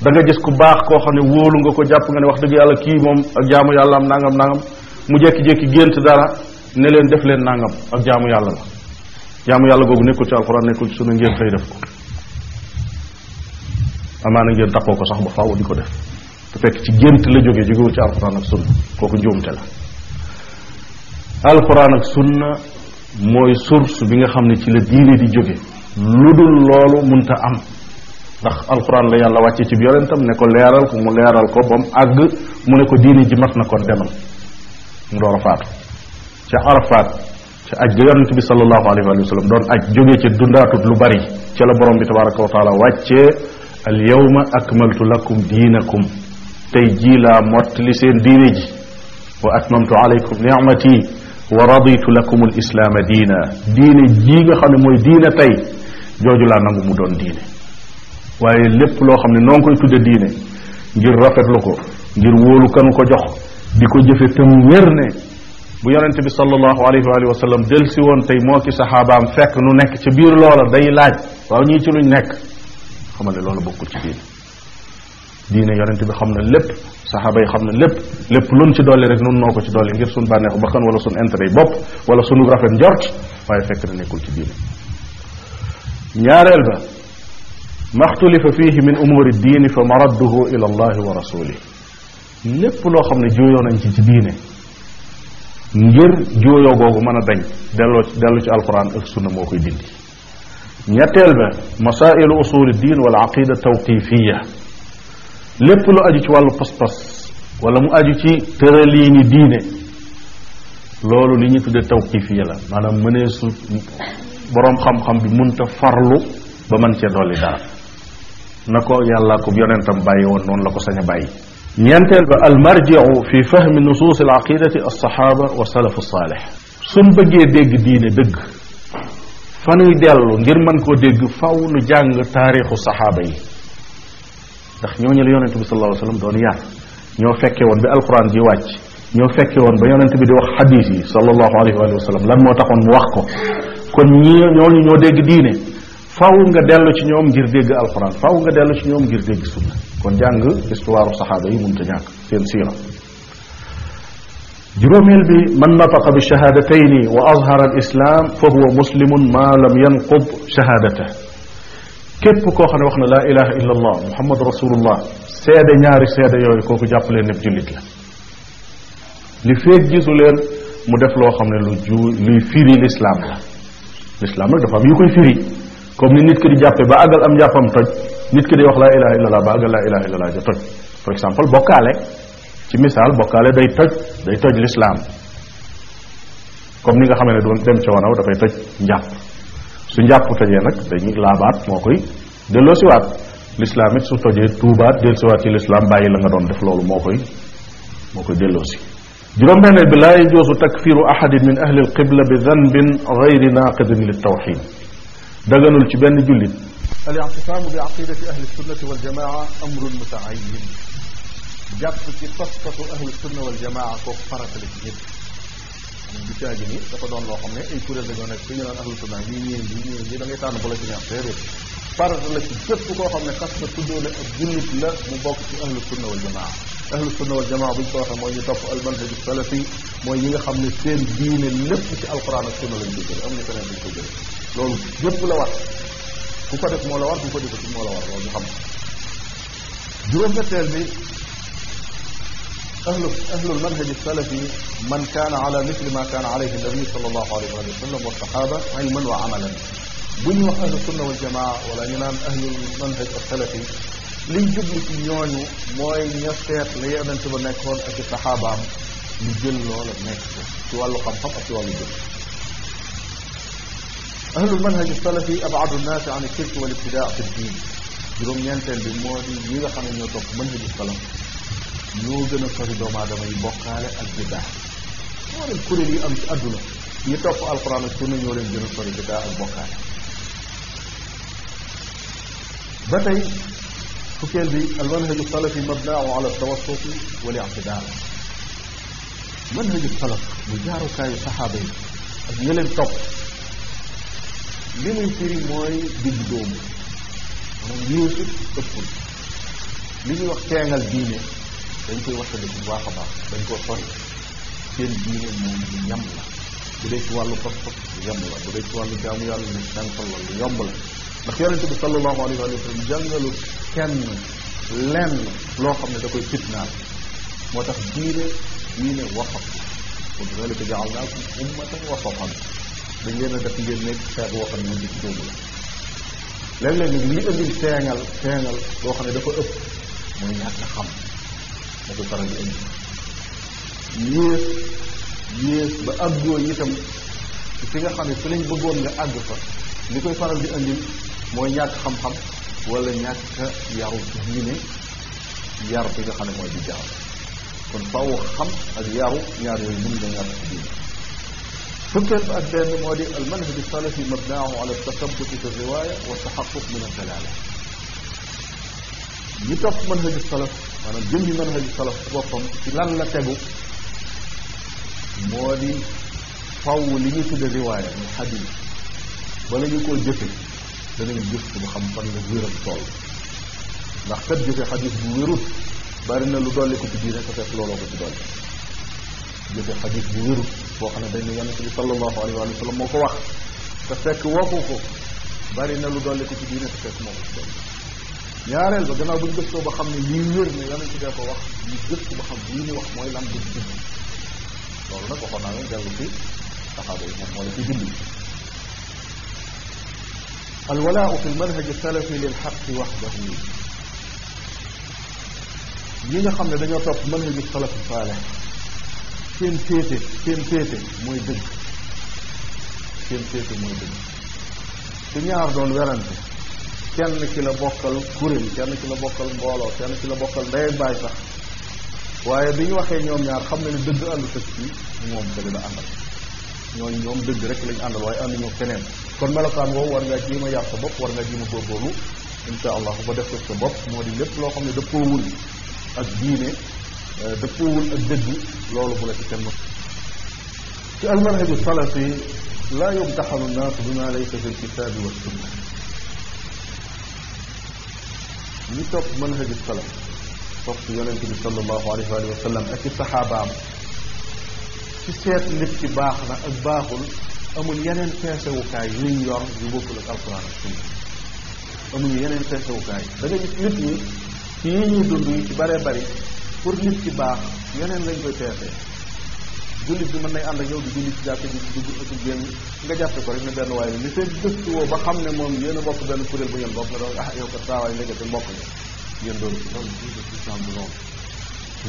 da nga gis ku baax koo xam ne wóolu nga ko jàpp nga ne wax dëgg yàlla kii moom ak jaamu yàlla am nangam nangam mu jékki-jékki gént dara ne leen def leen nangam ak jaamu yàlla jaamu yàlla googu nekkul ci alxuraan nekkul ci sunna ngeen xëy def ko amaana ngeen takkoo ko sax ba faaw di ko def te fekk ci gént la jóge jógewul ci alxuraan ak sunna kooku njuumte la alxuraan ak sunna mooy source bi nga xam ne ci la diine di jóge lu dul loolu munta am ndax alxuraan la yàlla wàcce ci yonentam ne ko leeral ko mu leeral ko ba mu àgg mu ne ko diine ji mat na kon demal mu door a faatu ca arafaat ca aj ga yonent bi sallallahu alayhi wa sallam doon aj jóge ca dundaatu lu bari ca la borom bi tabaraka wa taala wàccee al yawma akmaltu lakum diinakum tey jii laa mottali seen diine ji wa atmamtu alaykum ni'mati wa raditu lakum al islaama diina diine jii nga xam ne mooy diine tey jooju laa nangu mu doon diine waaye lépp loo xam ne noo ngi koy tudde diine ngir rafetlu ko ngir wóolu kanu ko jox di ko jëfe tam wér bu yonente bi sallallahu alayhi wa alihi wa sallam si woon tey moo ki saxaabaam fekk nu nekk ci biir loola day laaj waaw ñii ci luñ nekk xamal ne loola bokkul ci diine diine yonente bi xam na lépp saxaaba yi xam na lépp lépp luñ ci dolli rek nun noo ko ci dolli ngir suñ bànneexu bakkan wala suñ intérêt bop bopp wala suñu rafet njort waaye fekk na nekkul ci diine ñaareel ba maxtulifa fihi min umuri diini fa maradduhu ila allahi wa rasulih lépp loo xam ne juuyoo nañ ci ci ngir jooyoo googu mën a dañ delloo dellu ci alquran ak sunna moo koy dindi ñetteel ba masailu usul diin wala aqida tawqifiya lépp lu aju ci wàllu pas-pas wala mu aju ci tëraliini diine loolu li ñu tudde tawqifiya la maanaam mënee su boroom xam-xam bi munta farlu ba mën cee dolli dara na ko yàlla ko yonentam bàyyi woon noonu la ko saña a bàyyi ñeenteel ba almarjiu fi fahmi nusuus al aqidati alsaxaaba wa salafu saalix suñ bëggee dégg diine dëgg fa nuy dellu ngir mën koo dégg faw nu jàng taarixu saxaaba yi ndax ñooñu la yonente bi sallallahu alayhi wasallam doon yar ñoo fekke woon bi alquran ji wàcc ñoo fekke woon ba yonente bi di wax xadiis yi sallallahu alayhi wa sallam lan moo taxoon mu wax ko kon ñi ñooñu ñoo dégg diine faw nga dellu ci ñoom ngir dégg alquran faw nga dellu ci ñoom ngir dégg sunna kon jàng histoire saxaaba yi mënut a ñàkk seen siira juróomeel bi man nafaqa bi shahadatayni wa azhara al islam fa huwa muslimun ma lam yanqub shahadata képp koo xam ne wax na laa ilaha illa allah muhammad rasulullah seede ñaari seede yooyu kooku jàpp leen ne jullit la li feeg gisu leen mu def loo xam ne lu ju luy firi lislaam la lislaam nag dafa am yu koy firi comme ni nit ki di jàppe ba àggal am njàppam toj nit ki di wax laa ilaha illallah ba àggal laa ilaha illallah ja toj par exemple bokkaale ci misaal bokkaale day toj day toj lislaam comme ni nga xamee ne doon dem ca wanaw dafay toj njàpp su njàpp tojee nag dañuy laabaat moo koy delloosiwaat lislaam it su tojee tuubaat delloosiwaat ci lislaam bàyyi la nga doon def loolu moo koy moo koy delloosi juróom-benneel bi laa yajoosu takfiru ahadin min ahli alqibla bi danbin gayri naaqidin daganul ci benn jullit al i'tisaamu bi aqidati ahli sunnati wal jamaa amrun mutaayin jàpp ci pas-pasu ahli farata la dafa doon loo xam ne ay kuréel dañoo ñu naan ahlu sunna ñii ñii ñii ñii ñii da ngay tànn bu la ci neex déedéet farata la ci képp koo xam ne xas na tuddoo la ak jullit la mu bokk ci ahlu sunna wal jamaa ahlu sunna wal jamaa bu ñu ko waxee mooy ñu topp al manhaj salafi mooy yi nga xam ne seen diine lépp ci alquran ak sunna lañ ko jëlee am na feneen dañ loolu yépp la war ku ko def moo la war ku ko defati moo la war loolu ñu xam juróom-ñetteel bi ahlu ahlul manhaj salafi man kaana ala misli ma kaana alayhi nabi sallallahu alayhi wa sallam wa sahaba ilman wa amalan bu ñu wax ahlu sunna wal jamaa wala ñu naan ahlul manhaj salafi liñ jublu ci ñooñu mooy ña seet la yonente ba nekkoon ak i saxaabaam ñu jël loola nekk ci wàllu xam-xam ak ci wàllu jël أهل المنهج السلفي أبعد الناس عن الشرك والابتداع في الدين juróom-ñeenteel bi moo di ñi nga xam ne ñoo topp manhaju salaf ñoo gën a sori doomu aadama yi bokkaale ak bidaa moo leen kuréel yi am ci àdduna yi topp alxuraan ak sunna ñoo leen gën a sori bidaa ak bokkaale ba tey fukkeel bi al manhaju salafi mabnaahu ala tawassuti wal ictidaal manhaju salaf bu jaarukaayu saxaaba yi ak ñi leen topp li muy firi mooy digg dóomu maanaam Yuusuf ëppul li ñuy wax teengal diine dañ koy waxtandiku bu baax a baax dañ koo sori seen diine moom lu ñam la bu dee ci wàllu pas-pas lu yomb la bu dee ci wàllu jaamu yàlla lu simple la lu yomb la ndax yonente bi sallallahu alayhi wa sallam jàngalu kenn lenn loo xam ne da koy fitnaal moo tax diine diine wasat wa kadalika jaalnaakum ummatan wasatan dañ leen a def ngeen nekk xeet woo xam ne di ci dóomu la léeg-léeg nag li indi teengal teengal xam ne dafa ëpp mooy ñàkk xam dafa faral di indi yées yées ba àggoo itam fi nga xam ne fi lañ bëggoon nga àgg fa li koy faral di indi mooy ñaat xam-xam wala ñàkk yaru ci yar bi nga xam ne mooy di jaar kon faaw xam ak yaru ñaar yooyu mënu la ñàkk ci fukkeel ba ak benn moo di al manhaj salafi mabnaahu ala tasabuti fi riwaaya wa taxaquq min adalaala ñi topp manhaj salaf maanaam jëmmi manhaj salaf ci boppam ci lan la tegu moo di faw li ñu tudde riwaaya muy xadiis bala ñu koo jëfe danañ gëstu ba xam fan la wéram toll ndax kat jëfe xadiis bu wérut bari na lu dolli ko ci diine te looloo ko ci jóge xadis bu wéru boo xam ne dañ ne yonente bi sallallahu alayhi wa sallam moo ko wax te fekk waxu ko bari na lu dolli ko ci diine te fekk moom ko dolli ñaareel ba gannaaw buñ gëstoo ba xam ne lii wér ne yonente bee ko wax ñu gëstu ba xam lii ni wax mooy lan dëgg dëgg loolu nag waxoon naa leen dellu ci saxaaba yi moom moo la ci dindi alwalaau fi lmanhaj salafi lilxaqi waxdahu ñi nga xam ne dañoo topp manhaju salaf saaleh seen féete seen féete mooy dëgg seen féete mooy dëgg su ñaar doon werante kenn ki la bokkal kuréel kenn ki la bokkal mbooloo kenn ki la bokkal ndey ak baay sax waaye bi ñu waxee ñoom ñaar xam na ne dëgg ànd sax ci moom kële la àndal ñooñu ñoom dëgg rek lañu àndal waaye ànd ñoo keneen kon melokaan woow war ngaa jéem ma yar sa bopp war ngaa jéem a góorgóorlu insha allah ba def ko sa bopp moo di lépp loo xam ne dëppoowul ak diine Euh, dëppoowul ak dëgg loolu bu la ci kenn ci almanhaju salafi laa yumtaxanu naasu bi ma laysa fi lkitaabi wa sunna ñi topp manhaju salaf topp yonente bi salallahu alayhi waalihi wa sallam ak ci saxaabaam ci seet nit ci baax na ak baaxul amul yeneen peesewukaay yuñ yor yu bokkul ak alquran ak sunna amuñu yeneen peesewukaay da nga baree bari pour nit ki baax yeneen lañ koy teetee jullit bi mën nay ànd ak yow di jullit ci jàkk ji di dugg ak génn nga jàppe ko rek ne benn waay li fekk gëstu ba xam ne moom yéen a benn kuréel bu ngeen bokk nga doon ah yow kat saa waay ndegete mbokk la yéen doon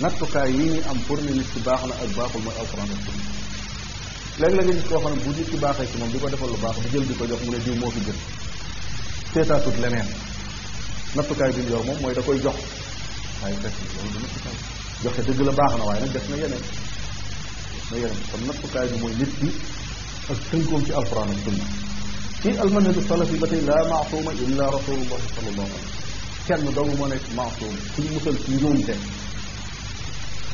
nattukaay yi ñu am pour ne nit baax na ak baaxul mooy alquran ak sunna léegi la nga gis koo xam ne bu nit ki baaxee ci moom di ko defal lu baax bu jël di ko jox mu ne diw moo fi gën seetaatut leneen nattukaay bi mu moom mooy da koy jox waaye def na loolu du nattukaay joxe dëgg la baax na waaye nag def na yeneen def na yeneen kon nattukaay bi mooy nit ki ak tënkoom ci alquran ak sunna ci almanhaju salafi ba tey laa maasuma illa rasulullah sallallahu alayhi kenn doomu moo nekk maasum suñ musal ci njuumte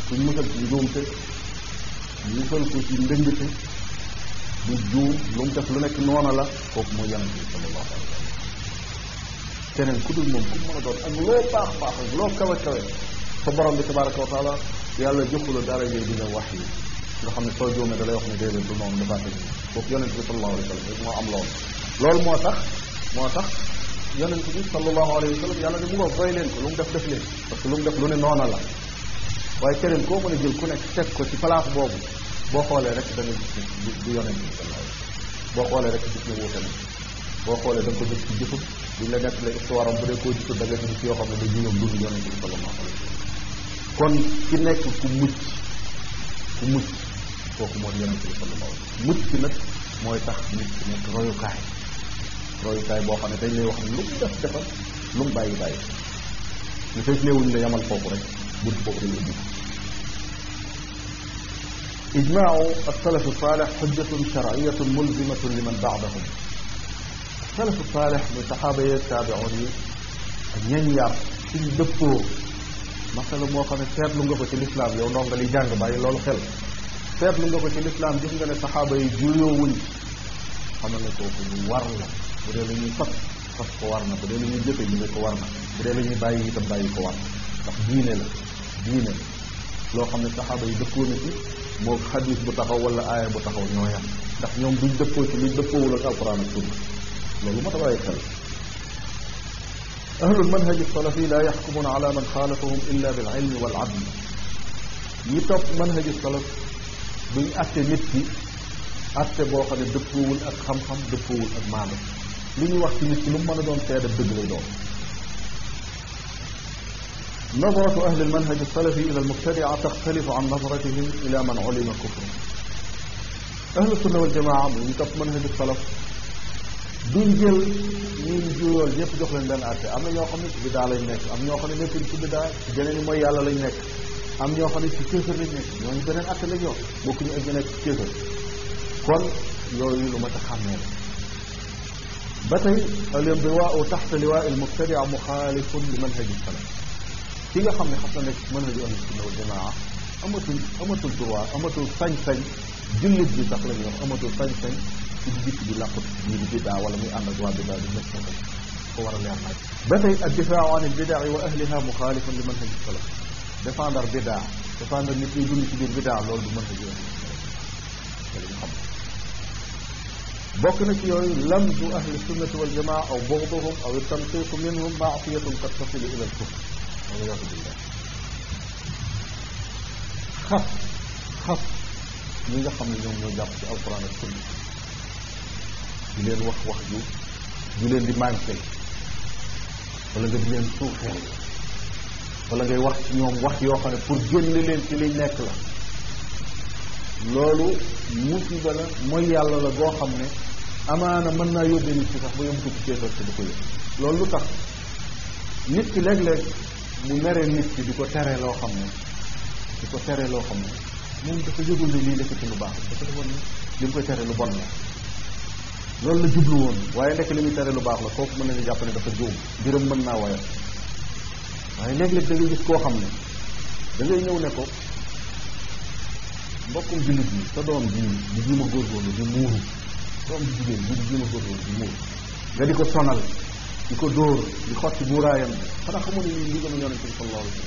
suñ musal ci njuumte musal ko ci ndëngte du juum lu mu def lu nekk noona la kooku mooy yonente bi sallallahu alayhi wa sallam keneen ku dul moom ku mën a doon ak loo baax baax ak loo kawe kawe sa borom bi tabaraka wa taala yàlla joxula dara yooyu di la wax yi nga xam ne soo juumee dalay lay wax ne déedéet du noonu dafa tëj foofu yonent bi moo am loolu loolu moo tax moo tax yonent bi sallallahu alayhi wa sallam yàlla ne mu ngoog doy leen ko lu def def leen parce que lu mu def lu ne noona la waaye keneen koo mën a jël ku nekk teg ko ci place boobu boo xoolee rek da nga gis ne du yonent bi boo xoolee rek i ne wuute boo xoolee da nga ko gis ci jëfub duñ la nekk la istuwaaram bu dee koo gisul da nga gis yoo xam ne dañuy ñëw dund yonent bi sallallahu alayhi wa sallam kon ki nekk ku mucc ku mucc kooku mooy yonent bi sallallahu alayhi wa sallam mucc nag mooy tax nit ki nekk royukaay royukaay boo xam ne dañ lay wax lu mu def defal lu mu bàyyi bàyyi li fekk néewuñ la yamal foofu rek bunt foofu dañ ubbi ijmaau as-salaf as-saalih xujjatun sharciyyatun mulzimatun liman ba'dahum salafu saalix muy saxaaba yeeg taabi'un yi ak ñañ yar suñu dëppoo masala moo xam ne seetlu nga ko ci lislaam yow ndonga li jàng bàyyi loolu xel seetlu nga ko ci lislaam gis nga ne saxaaba yi juyoowuñ xamal ne ko ñu war la bu dee la ñuy fas ko war na bu dee la ñuy jëfe jëfe ko war na bu dee la ñuy bàyyi itam bàyyi ko war na ndax diine la diine loo xam ne saxaaba yi dëppoo na ci moo xadis bu taxaw wala aaya bu taxaw ñoo yam ndax ñoom duñ dëppoo ci luñ dëppoowul ak alquran ak sunna loolu moo tax bàyyi xel ahlul manhaj salafi laa yaxkumuuna ala man xaalafahum illa bil ilmi wal adl ñi topp manhaj salaf duñu atte nit ki atte boo xam ne dëppoowul ak xam-xam dëppoowul ak maandu li ñuy wax ci nit ki lu mu mën a doon seede dëgg lay doon nadratu ahli almanhaj alsalafi ila almubtadia taxtalifu an nadratihim ila man ulima kufru ahlu sunna waljamaa bu ñu topp manhaj salaf duñ jël ñun juróol ñëpp jox leen benn àtte am na ñoo xam ne ci biddaa lañ nekk am ñoo xam ne nekkuñ ci biddaa ci beneen yi mooy yàlla lañ nekk am ñoo xam ne ci kéefër lañ nekk ñooñu beneen àtte lañ yor bokkuñu ak ñu nekk ci kéefër kon yooyu lu ma ta xàmmee la ba tey al indiwaau taxta liwaa il mubtadia muxaalifun li manhaji salaf ki nga xam ne xam na nekk manhaji ahlu sunna wal jamaa amatul amatul droit amatul sañ-sañ jullit bi sax la ñuy wax amatul sañ-sañ ci biir bi làqut biir bidaa wala muy ànd ak waa bidaa bi nekk ko ko war a leer naaj ba tey ak difaaw an ilbidaai wa ahliha muxaalifun li manhaj salaf défendre bidaa défendre nit kuy dund ci biir bidaa loolu du manhaj loolu ñu xam bokk na ci yooyu lamzu ahli sunnati wal jamaa aw bughduhum aw tanqiiqu minhum maasiyatun qad tasilu ila al kufr waliyaadu billah xas xas ñi nga xam ne ñoom ñoo jàpp ci alquran ak sunna di leen wax wax ju ju leen di manqué wala nga di leen suufeel wala ngay wax ci ñoom wax yoo xam ne pour génne leen ci liñ nekk la loolu musiba la mooy yàlla la goo xam ne amaana mën naa yóbbee nit ki sax ba yóbbu ko ci kéefar te du ko yëg loolu lu tax nit ki léeg-léeg mu mere nit ki di ko tere loo xam ne di ko tere loo xam ne moom dafa yëgul ne lii dafa lu baax dafa defoon ne li mu tere lu bon la loolu la jublu woon waaye nekk li muy tere lu baax la kooku mën nañu jàpp ne dafa juum mbiram mën naa wayal waaye léeg-léeg da gis koo xam ne dangay ñëw ne ko mbokkum jullit bi sa doom ji di ji ma góorgóorlu di muuru doom bi jigéen bi di ji ma góorgóorlu di muuru nga di ko sonal di ko dóor di xotti buuraayam bi xanaa xamoo ne lii gën a yonente bi sallallahu alayhi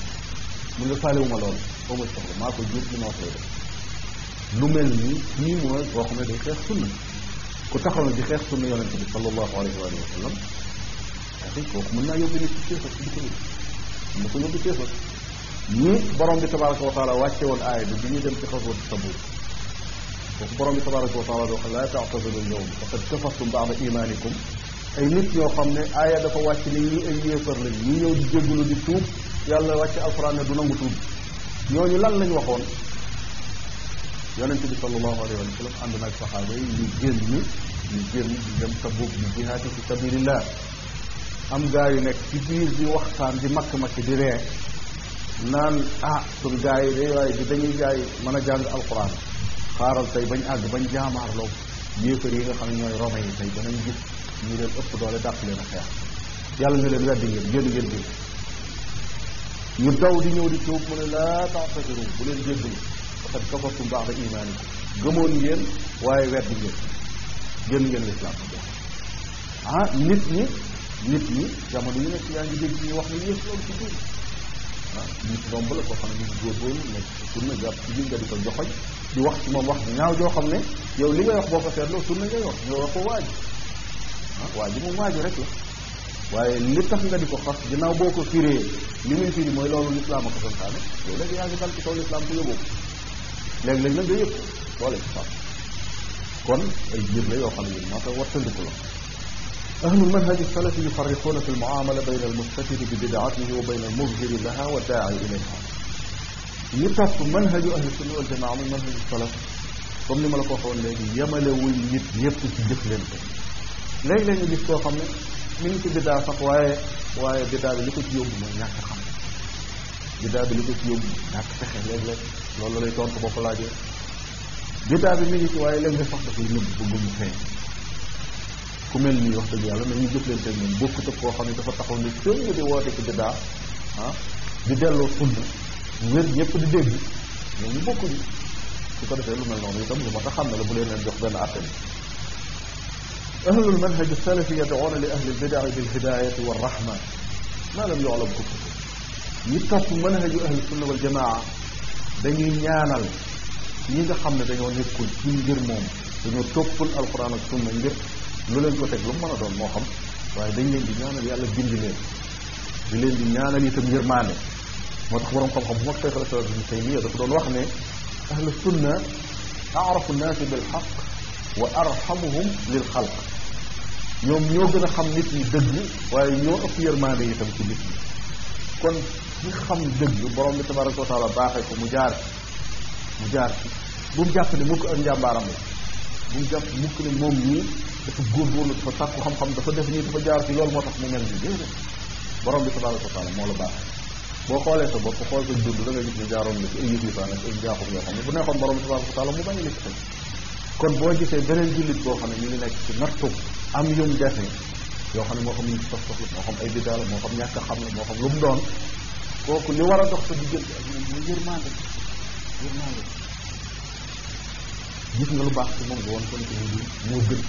wasallam mu ne loolu foo ma soxla maa ko jur li ma wax lay def lu mel nii kii mooy boo xam ne ku taxaw na di xeex sunna yonente bi sallallahu alayhi wa sallam ati kooku mën naa yóbbu nit ci kéefar ci dëkk bi mën ko yóbbu kéefar ñi borom bi tabaraka wa taala wàcce woon aaya bi bi ñuy dem ci xaswatu Tabuuk kooku borom bi tabaraka wa taala wax laa ta'tazilu al-yawma faqad kafartum ba'da imaanikum ay nit yoo xam ne aaya dafa wàcc ne ñi ay yéefar lañ ñu ñëw di jégalu di tuub yàlla wàcce alxuraan ne du nangu tuub ñooñu lan lañ waxoon yonente bi sallallahu alayhi wa sallam ànd naag saxaaba yi ñu génn ñu génn di dem Tabuk di jihaati fi sabilillah am gaa yu nekk ci biir di waxtaan di makk-makk di ree naan ah suñ gaa yi de waaye di dañuy gaa yi mën a jàng alquran xaaral tey bañ àgg bañ jaamaarloo yéefar yi nga xam ne ñooy rome yi tey danañ gis ñu leen ëpp doole dàq leen a xeex yàlla ne leen weddi ngeen génn ngeen bi ñu daw di ñëw di tuub mu ne laa taxtadiru bu leen jéggalu faqad kafartum ba'da imaanikum gëmoon ngeen waaye weddi ngeen génn ngeen lislaam ah nit ñi nit ñi jamono yu nekk yaa ngi dégg ñu wax ne yées loolu ci diin ah nit romb la koo xam ne ñu góorgóorlu nekk ci sunna jàpp ci biir nga wax ci moom wax ñaaw joo xam ne yow li ngay wax boo ko seetloo sunna ngay wax nga wax ko waaji ah waaji moom waaji rek la waaye li tax nga di ko xas ginnaaw boo ko firee li muy firi mooy loolu lislaam a ko santaane yow léegi yaa ngi dal ci kaw lislaam ko yóbboo léeg-léeg nag day yëpp loolu ci fàtt kon ay jiir la yoo xam ne yu mata wattandiku la ahlul manhaji salafi yufarriquuna fi lmuamala bayna almustafidi bi bidaatihi wa bayna almubhiri laha wa daai ilayha ñi topp manhaju ahli sunna wal jamaa muy manhaju salaf comme ni ma la ko waxoon léegi yemalewul nit yépp ci jëflante léeg-léeg nga gis koo xam ne mi ngi ci biddaa sax waaye waaye biddaa bi li ko ci yóbbu mooy bi li ko ci yóbbu ñàkk pexe loolu la lay tontu boo ko laajee jotaa bi mi ngi ci waaye léeg-léeg sax dafay nëbb bëgg mu feeñ ku mel nii wax dëgg yàlla nañu jëflante ak moom bokkut ak koo xam ne dafa taxaw ne sëng di woote ci bidaa ah di delloo sunna wér ñëpp di dégg ñooñu bokkuñu su ko defee lu mel noonu itam lu ma ta xam ne la bu leen leen jox benn atte bi ahlul manhaj salafi yad'una li ahli lbidaai bilhidayati warrahma maa lam yu'lam kufr ñi topp manhaju ahli sunna waljamaa dañuy ñaanal ñi nga xam ne dañoo nekkul ci ngir moom dañoo toppul alxuraan ak sunna ngir lu leen ko teg lu mu mën a doon moo xam waaye dañ leen di ñaanal yàlla bind leen di leen di ñaanal itam yërmaane moo tax borom xam-xam bu mag Cheikh al-Islam Ibn Taymiyya dafa doon wax ne ahlu sunna arafu naasi bil xaq wa arxamuhum lil xalq ñoom ñoo gën a xam nit ñi dëgg waaye ñoo ëpp yërmaande itam ci nit ñi kon ki xam dëgg borom bi tabaraka wa taala baaxee ko mu jaar mu jaar ci bu mu jàpp ne mukk ak njàmbaaram la bu mu jàpp mukk ne moom ñii dafa góorgóorlu dafa sàkku xam-xam dafa def nii dafa jaar ci loolu moo tax mu mel nii déedéet borom bi tabaraka wa taala moo la baaxee boo xoolee sa bopp xool sa dund da nga gis xam ne bu nekkoon borom bi tabaraka wa taala mu bañ a nekk kon beneen jullit boo xam ne ñu ngi nekk ci nattu am yum defe yoo xam ne moo xam ñu ngi ci tos tos la moo xam ay bidaa la moo xam ñàkk xam la moo xam lu mu doon kooku li war a dox sa diggante ak moom mooy yërmande yërmande gis nga lu baax ci moom nga woon kon ci mu di moo gën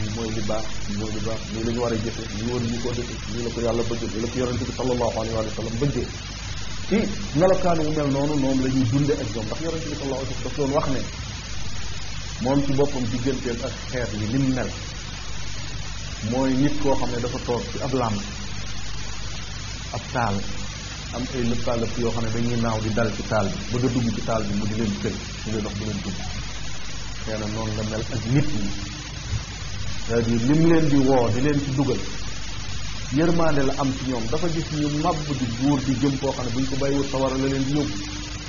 lii mooy li baax lii mooy li baax lii la ñu war a jëfe lii war ñu koo defe lii la ko yàlla bëggee lii la ko yonente bi sallallahu alayhi wa sallam bëggee ci melokaanu mu mel noonu noonu la ñuy dunde ak ñoom ndax yonente bi sallallahu alayhi wa sallam daf doon wax ne moom ci boppam digganteem ak xeet yi ni mu mel mooy nit koo xam ne dafa toog ci ab làmb ab taal am ay lëppalëpp yoo xam ne dañuy naaw di dal ci taal bi bëgg a dugg ci taal bi mu di leen kël mu leen wax di leen na noonu la mel ak nit ñi cest leen di woo di leen ci dugal yërmaande la am ci ñoom dafa gis ñu màbb di góor di jëm koo xam ne bu ñu ko bàyyiwul sawara la leen di yóbbu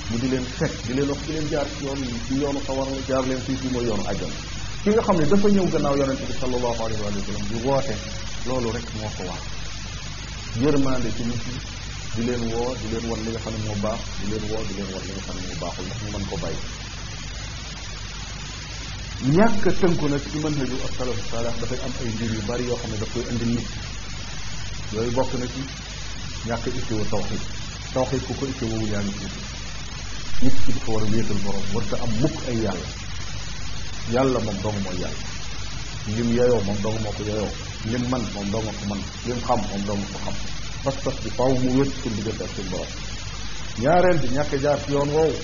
mu di leen fekk di leen wax di leen jaar ci yoon ci yoonu sawara jaar leen fii fii mooy yoonu ajjana ki nga xam ne dafa ñëw gannaaw yonente bi sallallahu alayhi wa sallam di woote loolu rek moo ko wax yërmaande ci nit di leen woo di leen wan li nga xam ne moo baax di leen woo di leen wan li nga xam ne moo baaxul ndax ñu mën ko bàyyi ñàkk tënku nag ci mën naju ak salafu saalih dafay am ay mbir yu bari yoo xam ne daf koy indi nit yooyu bokk na ci ñàkk ittiwu tawxid tawxid ku ko ittiwoowu yaa ngi ci nit ki dafa war a wéetal borom warta am mukk ay yàlla yàlla moom dong mooy yàlla lim yeyoo moom dong moo ko yeyoo lim man moom dong moo man lim xam moom dong moo ko xam pas-pas bi mu wér suñu diggante ak suñu borom ñaareel bi ñàkk jaar ci yoon woowu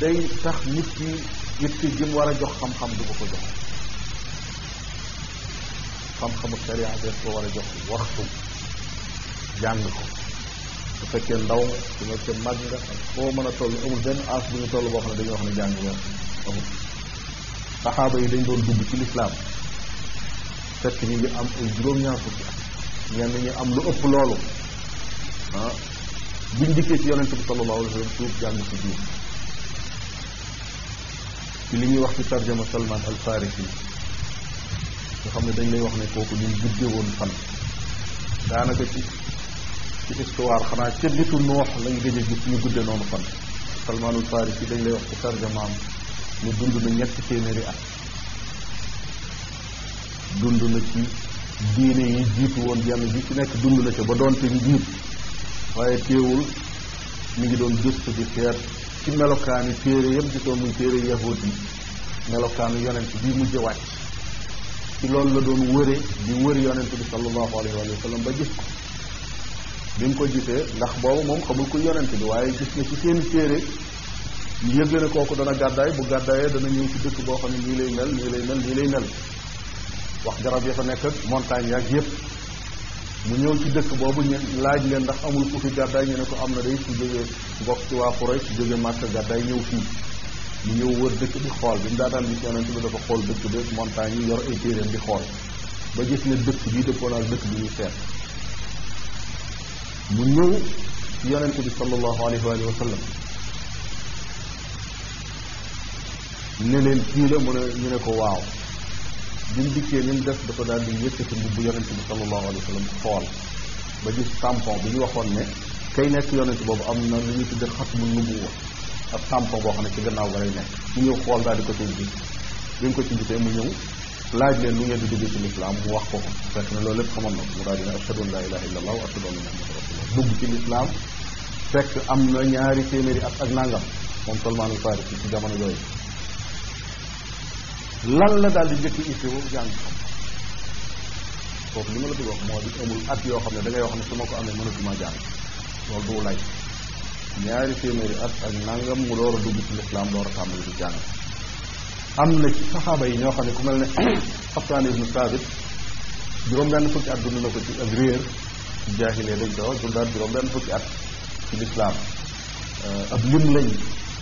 day tax nit ki nit ki jëm war a jox xam-xam du ko ko jox xam-xamu sharia des ko war a jox waxtu jàng ko su fekkee ndaw nga su fekkee mag nga ak mën a toll amul benn as bu ñu toll boo xam ne dañuy wax ne jàng weer yi dañ doon dugg ci lislaam fekk ñu ngi am ay juróom-ñaar fukki ñenn ñi am lu ëpp loolu ah buñ dikkee ci yonente bi sallallahu alayhi wa sallam tuub jàng ci ci li ñuy wax ci tarjama Salman al Farisi nga xam ne dañ lay wax ne kooku ñu gudde woon fan daanaka ci ci histoire xanaa ca nitu noox lañ gëj a gis ñu gudde noonu fan Salman al dañ lay wax ci tarjamaam ne dund na ñetti téeméeri at dund na ci diine yi jiitu woon yenn ji ci nekk dund na ca ba doonte njiit waaye teewul mu ngi doon gëstu di seet ci melokaani téere yëpp gisoon muy téere yahuud yi melokaanu yonent bi mujj wàcc ci loolu la doon wëre di wër yonent bi sallallahu alayhi wa sallam ba gis ko bi mu ko gisee ndax boobu moom xamul ku yonent bi waaye gis na ci seen téere yëg na kooku dana gàddaay bu gàddaayee dana ñëw ci dëkk boo xam ne nii lay mel nii lay mel nii lay mel wax jarab ya fa nekk ak montagne yaag yëpp mu ñëw ci dëkk boobu ñu laaj leen ndax amul ku fi gàddaay ñu ne ko am na day su jógee mbokk ci waa Xurayj su jógee Màkka gàddaay ñëw fii mu ñëw wër dëkk bi xool bi mu daa daan gis yonent bi dafa xool dëkk bi montagne yi yor ay téeréem di xool ba gis ne dëkk bi dëppoon ak dëkk bi ñu seet mu ñëw ci yonent bi sallallahu alayhi wa sallam ne leen kii la mu ne ñu ne ko waaw bi mu dikkee ni mu def dafa daal di yëkkati mbubb yonent bi sallallahu alayhi wa sallam xool ba gis tampon bi ñu waxoon ne kay nekk yonent boobu am na lu ñu tudde xatmu nubuwa ak tampon boo xam ne ci gannaaw ga lay nekk mu ñëw xool daal di ko ciy gis bi ko ci gisee mu ñëw laaj leen lu ngeen di ci lislaam mu wax ko ko fekk ne loolu lépp xamoon na ko mu daal di ne ashhadu an laa ilaha illa allah wa ashhadu anna na ñaari téeméeri at ak nangam moom Salmaan al Faarisi ci jamono yooyu lan la daal di njëkk itteewu jàng foofu li ma la bëgg wax moo di amul at yoo xam ne da wax ne su ma ko amee mënatuma jàng loolu du lay ñaari téeméeri at ak nangam mu door dugg ci lislaam door a tàmbali di jàng am na ci saxaaba yi ñoo xam ne ku mel ne [coughs] Xaftaan ibnu Saabit juróom-benn fukki at dund na ko ci ak réer jaahilee dañ ko wax dundaat juróom-benn fukki at ci lislaam euh, ab lim lañ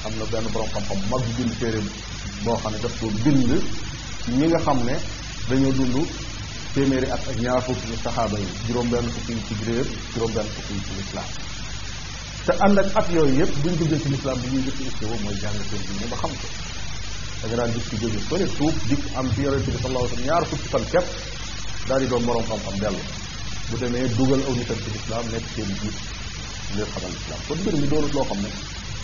am na benn borom xam-xam mag bu bind téere boo xam ne daf ko bind ñi nga xam ne dañoo dund téeméeri at ak ñaar fukki ci saxaaba yi juróom-benn fukki yi ci gréer juróom-benn fukki yi ci lislaam te ànd ak at yooyu yëpp buñ duggee ci lislaam bi ñuy jëkk istewa mooy jàng seen diine da nga daan gis ci jóge fële tuub ci ñaar fukki fan kepp daal di doon borom xam-xam dellu bu demee dugal aw nitam ci lislaam nekk seen jiit leen xamal lislaam kon mbir mi doonut loo xam ne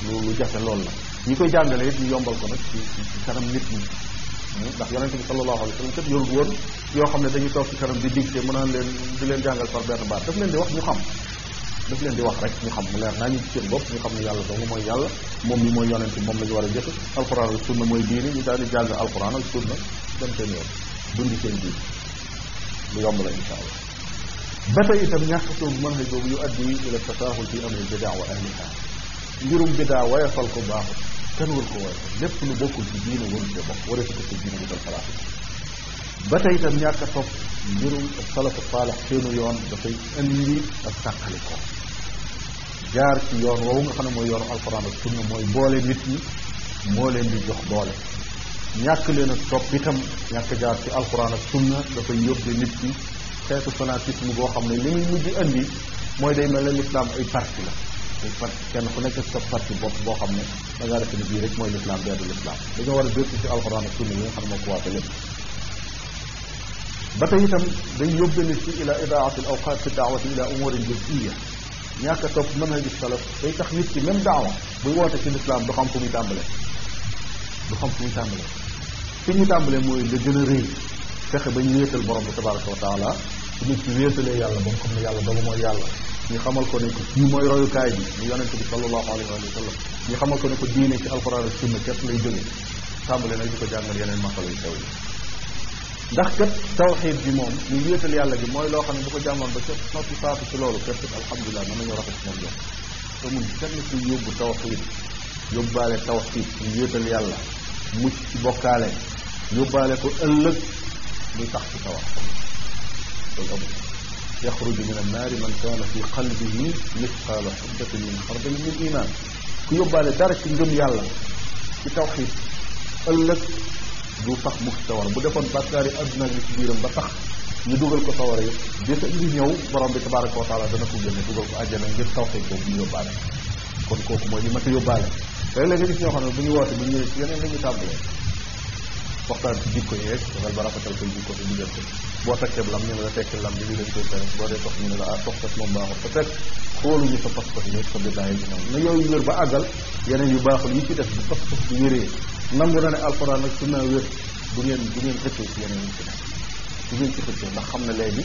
lu jafe loolu la ñi koy jàngale it ñu yombal ko nag ci ci kanam nit ñi hmm? ndax yonente bi sallallahu alayhi wa sallam kat yorul woon yoo xam ne dañuy toog ci kanam di digte mën naan leen di leen jàngal par benn baat daf leen di wax ñu xam daf leen di wax rek ñu xam mu leer naa ñu ci seen bopp ñu xam ne yàlla dong mooy yàlla moom mi mooy yonente moom la ñu war a jëf alquran ak sunna mooy diini ñu daal di jàng alquran ak sunna dem seen yoon dundi seen diin lu yomb la insha allah ba tey itam ñàkk soobu mën xëy boobu yu addi ila tasahul fi amri bidaa wa ahliha mbirum bidaa woyofal ko baaxul kenn war ko woyofal lépp lu bokkul ci diine waru cee bokk waree ko ci diine wutal xalaat ba tey itam ñàkk a topp mbirum salafu saalax seenu yoon dafay indi ak sàqali ko jaar ci yoon woowu nga xam ne mooy yoonu alxuraan ak sunna mooy boole nit ñi moo leen di jox doole ñàkk leen a topp itam ñàkk jaar ci alxuraan ak sunna dafay yóbbe nit ñi xeetu fanatisme boo xam ne li muy mujj indi mooy day mel ne lislaam ay parti la te pat kenn ku nekk sa parti bopp boo xam ne da ngaa ne bii mooy lislaam dee du lislaam dañoo war a dëkk ci alxuraan ak sunna yi nga xam ne moo ko waate lépp ba tey itam ila idaati al awqat fi daawati ila umurin juz'iyya ñàkk a topp mën a gis salaf day tax nit ki même daawa buy woote ci lislaam du xam fu muy tàmbale du xam tàmbale fi ñu tàmbale mooy la gën a rëy fexe ba ñu wéetal borom bi tabaraka wa taala su nit ki yàlla ba mu xam ne yàlla doomu mooy yàlla ñu xamal ko ne ko kii mooy bi ñu yonent bi sallallahu alayhi wa sallam ñu xamal ko ne ko diine ci alquran ak sunna képp lay jóge tàmbale nag di ko jàngal yeneen masala yu sew yi ndax kat tawxiid bi moom ñu wéetal yàlla ji mooy loo xam ne bu ko jàngoon ba képp noppi faatu ci loolu képp alhamdulilah mën nañoo rafet moom jox te mun kenn kuy yóbbu tawxiid yóbbaale tawxiid ñu wéetal yàlla mucc ci bokkaale yóbbaale ko ëllëg muy tax ci tawam loolu amul yaxruju min annaari man kaana fi qalbihi misqaala xubbatin min xardalin min iman ku yóbbaale dara ci ngëm yàlla ci tawxiid ëllëg du tax mu fi sawar bu defoon bàkkaari àdduna ak li ci biiram ba tax ñu dugal ko sawara yi bés li ñëw borom bi tabaraka wa taala dana ko génne dugal ko àjjana ngir tawxiid boobu ñu yóbbaale kon kooku mooy li ma ta yóbbaale léeg-léeg nga gis ñoo xam ne bu ñu woote bu ñu ñëwee ci yeneen la ñu tàmbalee waxtaan ci jikko yeeg dafal ba rafetal koy jikko si diggante boo takkee lam ñu ne la tekki lam bi lii dañ koy tere boo dee tox ñu ne la ah tox kat moom baaxul te fekk xooluñu sa pas-pas yeeg sa bidaa yi ci def bu pas-pas bu wéree nangu na ne alxuraan nag sunna wér du ngeen du ngeen xëccoo ci yeneen yi ci def du ngeen ci xëccoo ndax xam ne léegi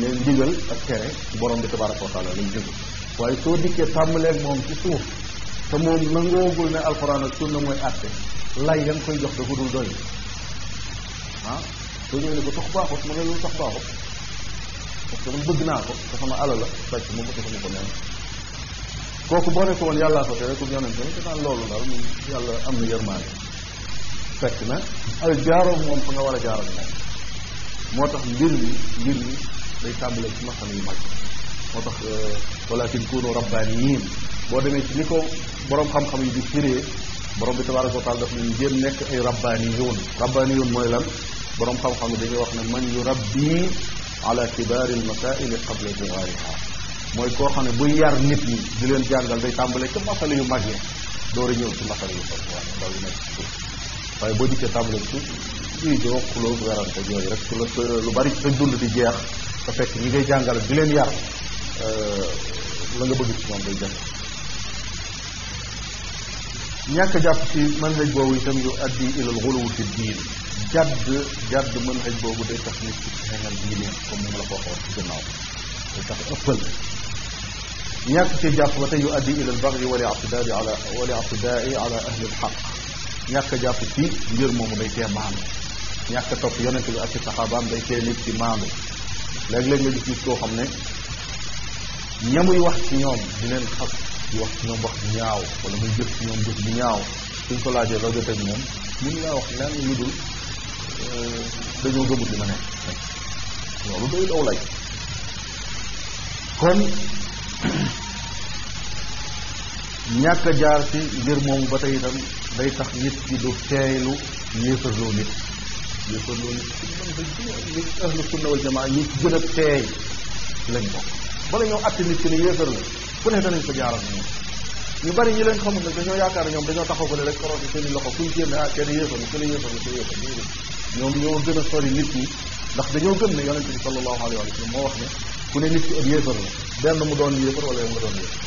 ne ndigal ak tere borom bi tabaraka wa taala lay jóge waaye soo dikkee tàmmaleeg moom ci suuf te moom nangoogul ne alxuraan ak sunna mooy àtte lay da nga koy jox da ko dul doy ah soo ñëwee ne ko tax baaxut mu ne lu tax baaxut parce que man bëgg naa ko te sama alal la fekk moom dafa ma ko neen kooku boo ne ko woon yàllaa ko tere comme yonente ne danaan loolu daal moom yàlla am na yërmaane fekk na ay jaaroo moom fa nga war a jaaral moom moo tax mbir mi mbir mi day tàmbalee ci maxam yu mag moo tax euh, walakin kunu rabbaniyin boo demee ci ni ko boroom xam-xam yi di firee borom bi tabaraka wa taala daf leen ngeen nekk ay rabbaaniyuun rabbaaniyuun mooy lan borom xam-xam ne dañuy wax ne man yu rabbi ala kibaari almasaili qabla digaariha mooy koo xam ne buy yar nit ñi di leen jàngal day tàmbalee ca masale yu mag yi door a ñëw ci masale yu soxla yu nekk waaye boo dikkee tàmbalee ci suuf luy joo xuloo garante yooyu rek su la lu bari sa dund di jeex te fekk ñi ngay jàngal di leen yar euh, la nga bëgg ci ñoom day jëf ñàkk jàpp ci manhaj boobu itam yu addi ilal xuluw fi diin jàdd jàdd manhaj boobu day tax nit ci xengal diineem comme ni ma la ko waxoon ci gannaaw day tax ëppal ñàkk ci jàpp ba tey yu addi ilal baxyi wali atidaadi ala wali atidaai ala ahli lxaq ñàkk jàpp ci mbir moomu day tee maandu ñàkk topp yonent bi ak ci saxaabaam day tee nit ci maandu léeg-léeg nga gis nit koo xam ne ñamuy wax ci ñoom di leen xas di wax ñoom wax bu ñaaw wala muy jëf ñoom jëf bu ñaaw suñ ko laajee loo jotee ñoom mun laa wax lenn lu dul euh, dañoo gëmut li ma nekk loolu kon ñàkk jaar ci ngir moomu ba tey day tax nit ki du teeylu yéefarloo nit yéefarloo nit nit ahlu sunna wal jamaa gën a teey lañ bokk bala ñoo àtte ki ne yéefar la fu ne danañ ko jaaral ñoom ñu bari ñi leen xamul nag dañoo yaakaar ñoom dañoo taxawale ko koroo rek seen i loxo kuy génn ah kenn yéefar la kenn yéefar la kenn yéefar la ñoom ñoo a sori nit ñi ndax dañoo gëm ne yonente bi sallallahu alayhi wa sallam moo wax ne ku ne nit la benn mu doon yéefar wala yow nga doon yéefar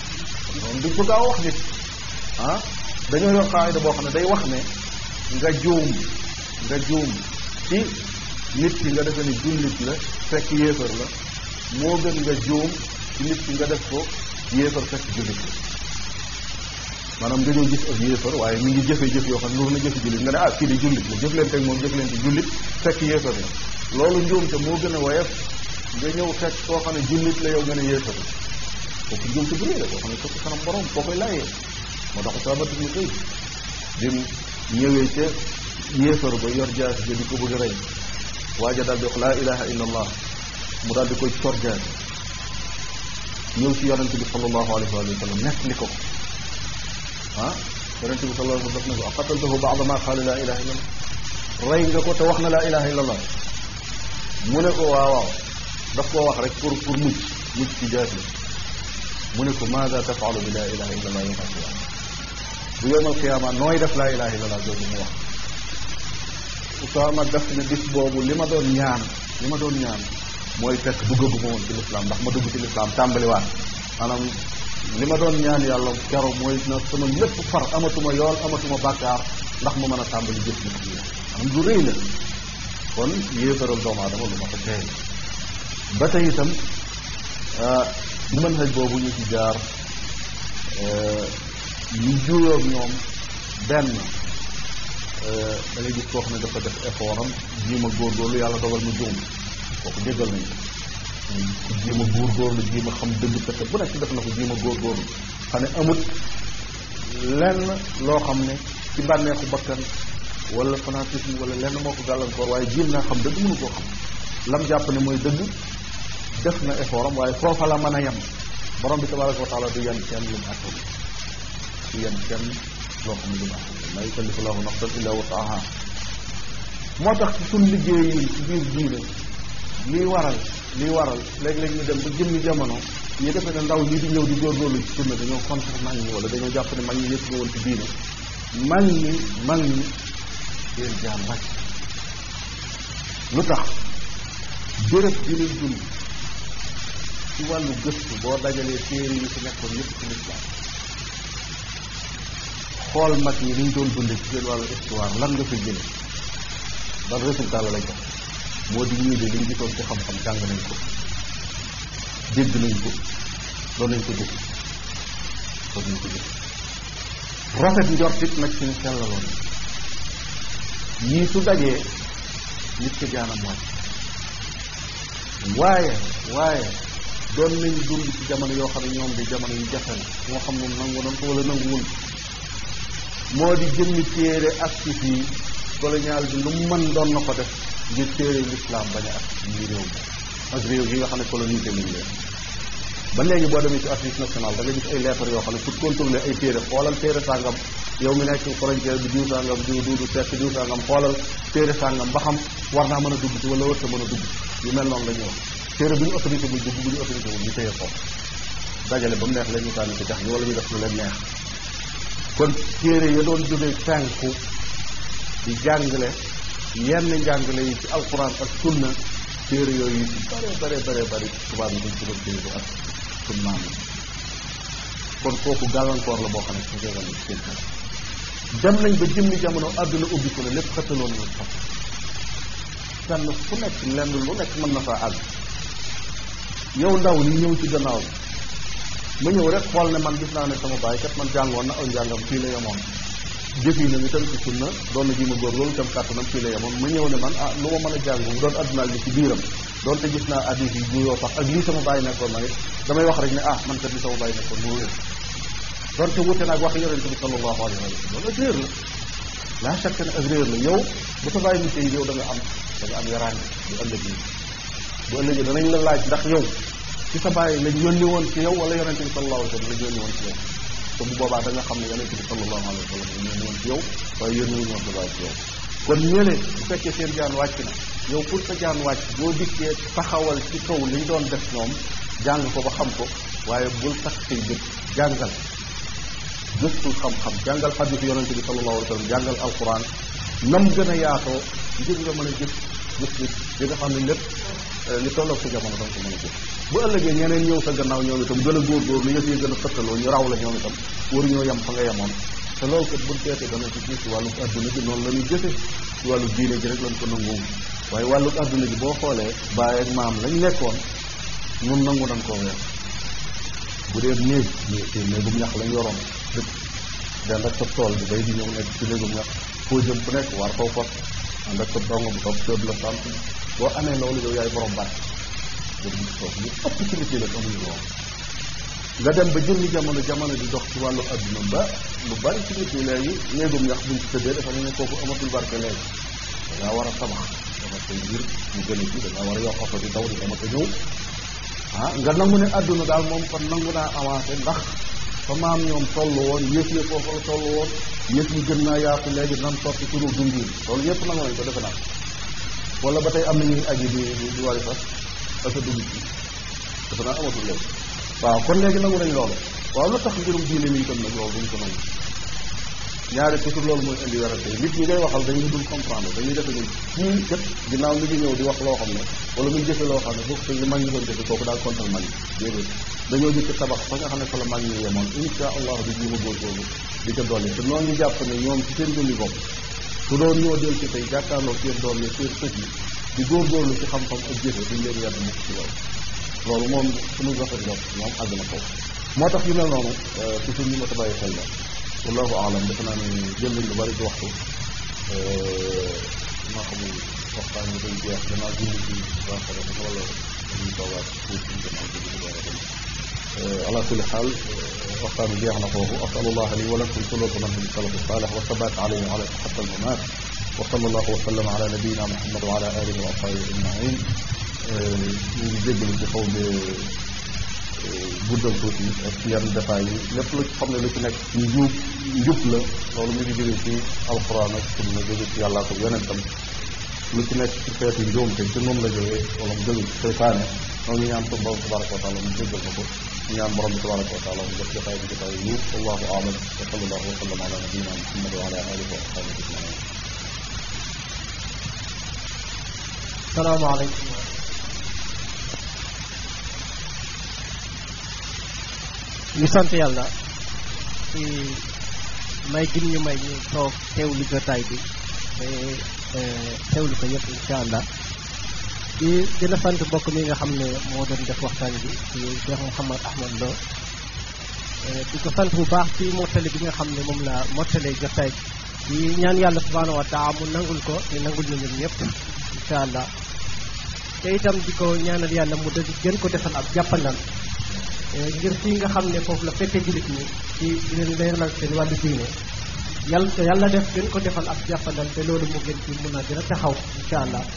ñoom duñ ko gaaw wax nit ah, dañoo yor xaayida boo xam ne day wax ne nga juum nga juum ci nit ki nga defe ni jullit la fekk yéefar la moo gën nga juum ci nit ki nga def ko yéefar fekk jullit la maanaam nga ñëw gis ak yéefar waaye mi ngi jëfe-jëf yoo xam ne na jëfe jullit nga ne ah kii di jullit la jëf leen teg moom jëf leen ci jullit fekk yéefar la loolu njuumte moo gën a woyof nga ñëw fekk koo xam ne jullit la yow nga ne yéefar la kooku njuumte bu rëy la koo xam ne kooku kanam borom koo koy laajee moo tax Usaama ibn Zayd bi mu ñëwee ca yéefar ba yor jaas ja di ko bëgg a rey waaja daal di wax laa mu daal di koy cor jaas ñëw ci yonente bi sallallahu alayhi wa sallam nett li ko ah yonente bi sallallahu alayhi wa sallam def na ko aqataltahu baada ma qaala laa ilaha illa allah rey nga ko te wax na laa ilaha illa allah mu ne ko waaw waaw daf koo wax rek pour pour mucc mucc ci jaasi mu ne ko maada tafalu bi laa ilaha illa allah yowm alqiyaama bu yowm alqiyaama nooy def laa ilaha illa allah jooju mu wax Usaama def ne bis boobu li ma doon ñaan li ma doon ñaan mooy fekk duggaguma woon ci lislaam ndax ma dugg ci lislaam tàmbaliwaat maanaam li ma doon ñaan yàlla kero mooy na sama lépp far amatuma yool amatuma bàkkaar ndax ma mën a tàmbali jëf nit ñi am lu la ma ko teey ba tey itam ah, boobu ñu ci jaar ah, ñu juróom ñoom benn ah, da ngay gis ne dafa def effort am ma góorgóorlu yàlla dogal ma juum kooku déggal nañu ko jéem a góorgóorlu jéem a xam dëgg pexe bu nekk def na ko jéem a góorgóorlu xam ne amut lenn loo xam ne ci bànneexu bakkan wala fanatisme wala lenn moo ko gàllankoor waaye jéem naa xam dëgg mënu ko xam lam jàpp ne mooy dëgg def na effort am waaye foofa la mën a yem borom bi tabaraka wa taala du yenn kenn lu mu attan du yenn kenn loo xam ne lu mu attan la yukallifu llahu nafsan illa wusaha moo tax ci suñ liggéey yi ci biir diine liy waral liy waral léeg-léeg dem ba jëmmi jamono ñu defee ne ndaw ñi di ñëw di góorgóorlu ci sunna dañoo contre mag ñi wala dañoo jàpp ne mag ñi yëpp nga woon ci diine mag ñi mag ñi seen lu tax béréb bi dund ci wàllu gëstu boo dajalee téere yi ci nekkoon yëpp ci lislaam xool mag ñi liñ doon dund ci seen wàllu histoire lan nga fa jële ban résultat la lay jox moo di ñii de liñ gisoon ci xam-xam jàng nañ ko dégg nañ ko loolu nañ ko jëf loolu nañ ko jëf rafet njortit nag ci ni sellaloon yii su dajee nit ko jaanam waaye waaye doon nañ dund ci jamono yoo xam ne ñoom di jamono yu jafe la moo xam ne nangu nan ko wala nangu wun moo di jëmmi téere ak ci fii colonial bi lu mën doon na ko def ngir téere lislaam bañ a ak ñi réew mi ak réew yi nga xam ne colonité lañ leen ba léegi boo demee ci archives national da nga ay lettres yoo xam ne pour contourner ay téere xoolal téere sàngam yow mi nekk frontière bi diw sàngam diw duudu tekk diw sàngam xoolal téere sàngam ba xam war naa mën a dugg ci wala warta mën a dugg yu mel noonu la ñuy wax téere bu ñu autorisé bul dugg bu ñu autorisé bul ñu téye ko dajale ba mu neex leen ñu sànni ci tax yi wala ñu def lu leen neex kon téere ya doon jógee fenku di jàngale yenn njàngale yi ci alquran ak sunna téere yooyu yi ci bare bare bare bari tubaab yi dañ ko doon téere ak kon kooku gàllankoor la boo xam ne su nañ ba jëmmi jamono àdduna ubbi lépp xëttaloon na sax nekk lenn lu nekk mën na faa àgg yow ndaw li ñëw ci gannaaw ma ñëw rek xool ne man gis naa ne sama baay kat man jàngoon na aw njàngam fii la yemoon jëfinam itam ci sunna doon na ji ma góor loolu itam kàttanam fii la yemoon ma ñëw ne man ah lu ma mën a jàng mu doon addunaal bi ci biiram doonte gis naa addis yi bu yoo tax ak lii sama bàyyi nekkoon ma it damay wax rek ne ah man kat lii sama bàyyi nekkoon mu wér doonte wute naag wax yonente bi sallallahu alayhi wa ak réer la laa chaque ne ak réer la yow bu sa bàyyi musie yi yow da am da nga am yaraange bu ëllëg yi bu ëllëg yi danañ la laaj ndax yow ci sa bàyyi lañ woon wa sallam lañ yónni te bu boobaa da nga xam ne yonente bi sallallahu alayhi wa sallam ñoo ñëwoon ci yow waaye yéen ñoo ñëwoon ci yow kon ñële bu fekkee seen jaan wàcc na yow pour sa jaan wàcc boo dikkee taxawal ci kaw li ñu doon def ñoom jàng ko ba xam ko waaye bul tax say bët jàngal gëstul xam-xam jàngal xadis yonente bi sallallahu alayhi wa sallam jàngal alquran nam gën a yaatoo ngir nga mën a gis gis bi nga xam ne lépp Euh, li tolloog sa jamono danga ko mën a jël bu ëllëgee ñeneen ñëw sa gannaaw ñoom itam gën a góorgóor lu yëf yi gën a xëttaloo ñu raw la ñoom itam war ñoo yem fa nga yemoon te loolu kat buñ teetee dana ci gis wàllu adduna bi noonu la ñuy jëfe ci wàllu diine ji rek lañ ko nanguwu waaye wàllu adduna bi boo xoolee baay ak maam lañ nekkoon ñun nangu nañ koo weer bu dee néeg néegum ñax lañ yoroon dëkk dend ak tool bi bay di ñëw nekk si néegum ñax foo jëm bu nekk war koo fot ànd ak sa dongo bu topp sëb la sant boo amee loolu yow yaay borom barke boobu ñu toog ñu ëpp ci nit amuñu loolu nga dem ba jëmmi jamono jamono di dox ci wàllu àdduna ba lu bari ci nit ñi léegi néegum ñax buñ ci tëddee dafa ne kooku amatul barke léegi dangaa war a tabax dama koy ngir ñu gëne ci dangaa a yokk oto di daw di ma ko ñëw ah nga nangu ne àdduna daal moom kon nangu naa avancé ndax fa maam ñoom toll woon yëf yi foofu la toll woon yëf yi gën naa yaatu léegi nan topp ci lu dund yi loolu nangu nañ ko defe naa wala ba tey am na ñuy aji di di wari fas ak a dugg ci dafa naa amatul léegi waaw kon léegi nangu nañ loolu waaw lu tax mbirum diine mi itam nag loolu duñ ko nangu ñaari toujours indi werante nit ñi ngay waxal dañ la dul comprendre dañuy defe ni kii kat ginnaaw mi di wax loo xam ne wala muy jëfe loo xam ne bokk li mag ñi doon jëfe kooku daal kontal mag ñi déedéet dañoo jëkk tabax fa nga xam ne fa la mag ñi yemoon insha allah di jiima góorgóorlu di ca dolli te noonu ñu jàpp ne ñoom ci seen dundi bopp su doon ñoo del ci tey jàkkaarloo seen doom ya seen sët yi di góorgóorlu ci xam-xam ak jëfe duñ leen yàgg mukk ci loolu loolu moom suñu rafet ñoom moom àgg na foofu moo tax yu mel noonu toujours ñu ma ta bàyyi xel la wallahu alam defe naa ne jël nañ lu bari ci waxtu euh, maa xamul waxtaan yi dañ jeex danaa julli ci baaxale wala dañuy toogaat tuuti gannaaw Euh, ala kulli xaal waxtaan bi jeex na foofu asalullah li wa lakum suluutan min salafi saalih wa sabat alayhi ala xatta almamat wa sallallahu wa sallam ala nabiyina muhammad wa ala alihi wa ashabihi ajmain euh, ñu ngi jéggalu ci xaw de euh, guddal tuuti ak ci yenn détails yi lépp lu ci xam ne lu ci nekk njub njub la loolu mu ngi jóge ci alquran ak sunna jóge ci yàllaa ko yonentam lu ci nekk ci xeetu njuumte ci moom la jógee wala mu jóge ci seytaane noonu ñu ñaan suñu borom tabaraka wa taala mu jéggal na ko ñu ñaan borom bi tabaraka wa taala mu def jotaay bi jotaay yi wallahu aalam wa sallallahu wa sallam ala nabiyina muhammad wa ala alihi wa ashabihi ajmain salaamaaleykum ñu sant yàlla ci may gim ñu may ñu toog teewlu jotaay bi Eh, xewlu ko yëpp incha allah di gën a sant mbokk mi nga xam ne moo doon def waxtaan bi ci Cheikh Mouhamad Ahmad Lo eh, ko sant bu baax ci mottali bi nga xam ne moom la mottalee jotaay di ñaan yàlla subhaanahu wa taala mu nangul ko te nangul ñu ñun ñëpp incha allah te itam di ko ñaanal yàlla mu dëgg gën ko defal ab jàppandal eh, ngir fii nga xam ne foofu la fekkee jullit ñi ci di leen leeral seen wàllu diine yàlla yàlla def gën ko defal ab jàppandal te loolu mu gën ci mun a gën a taxaw allah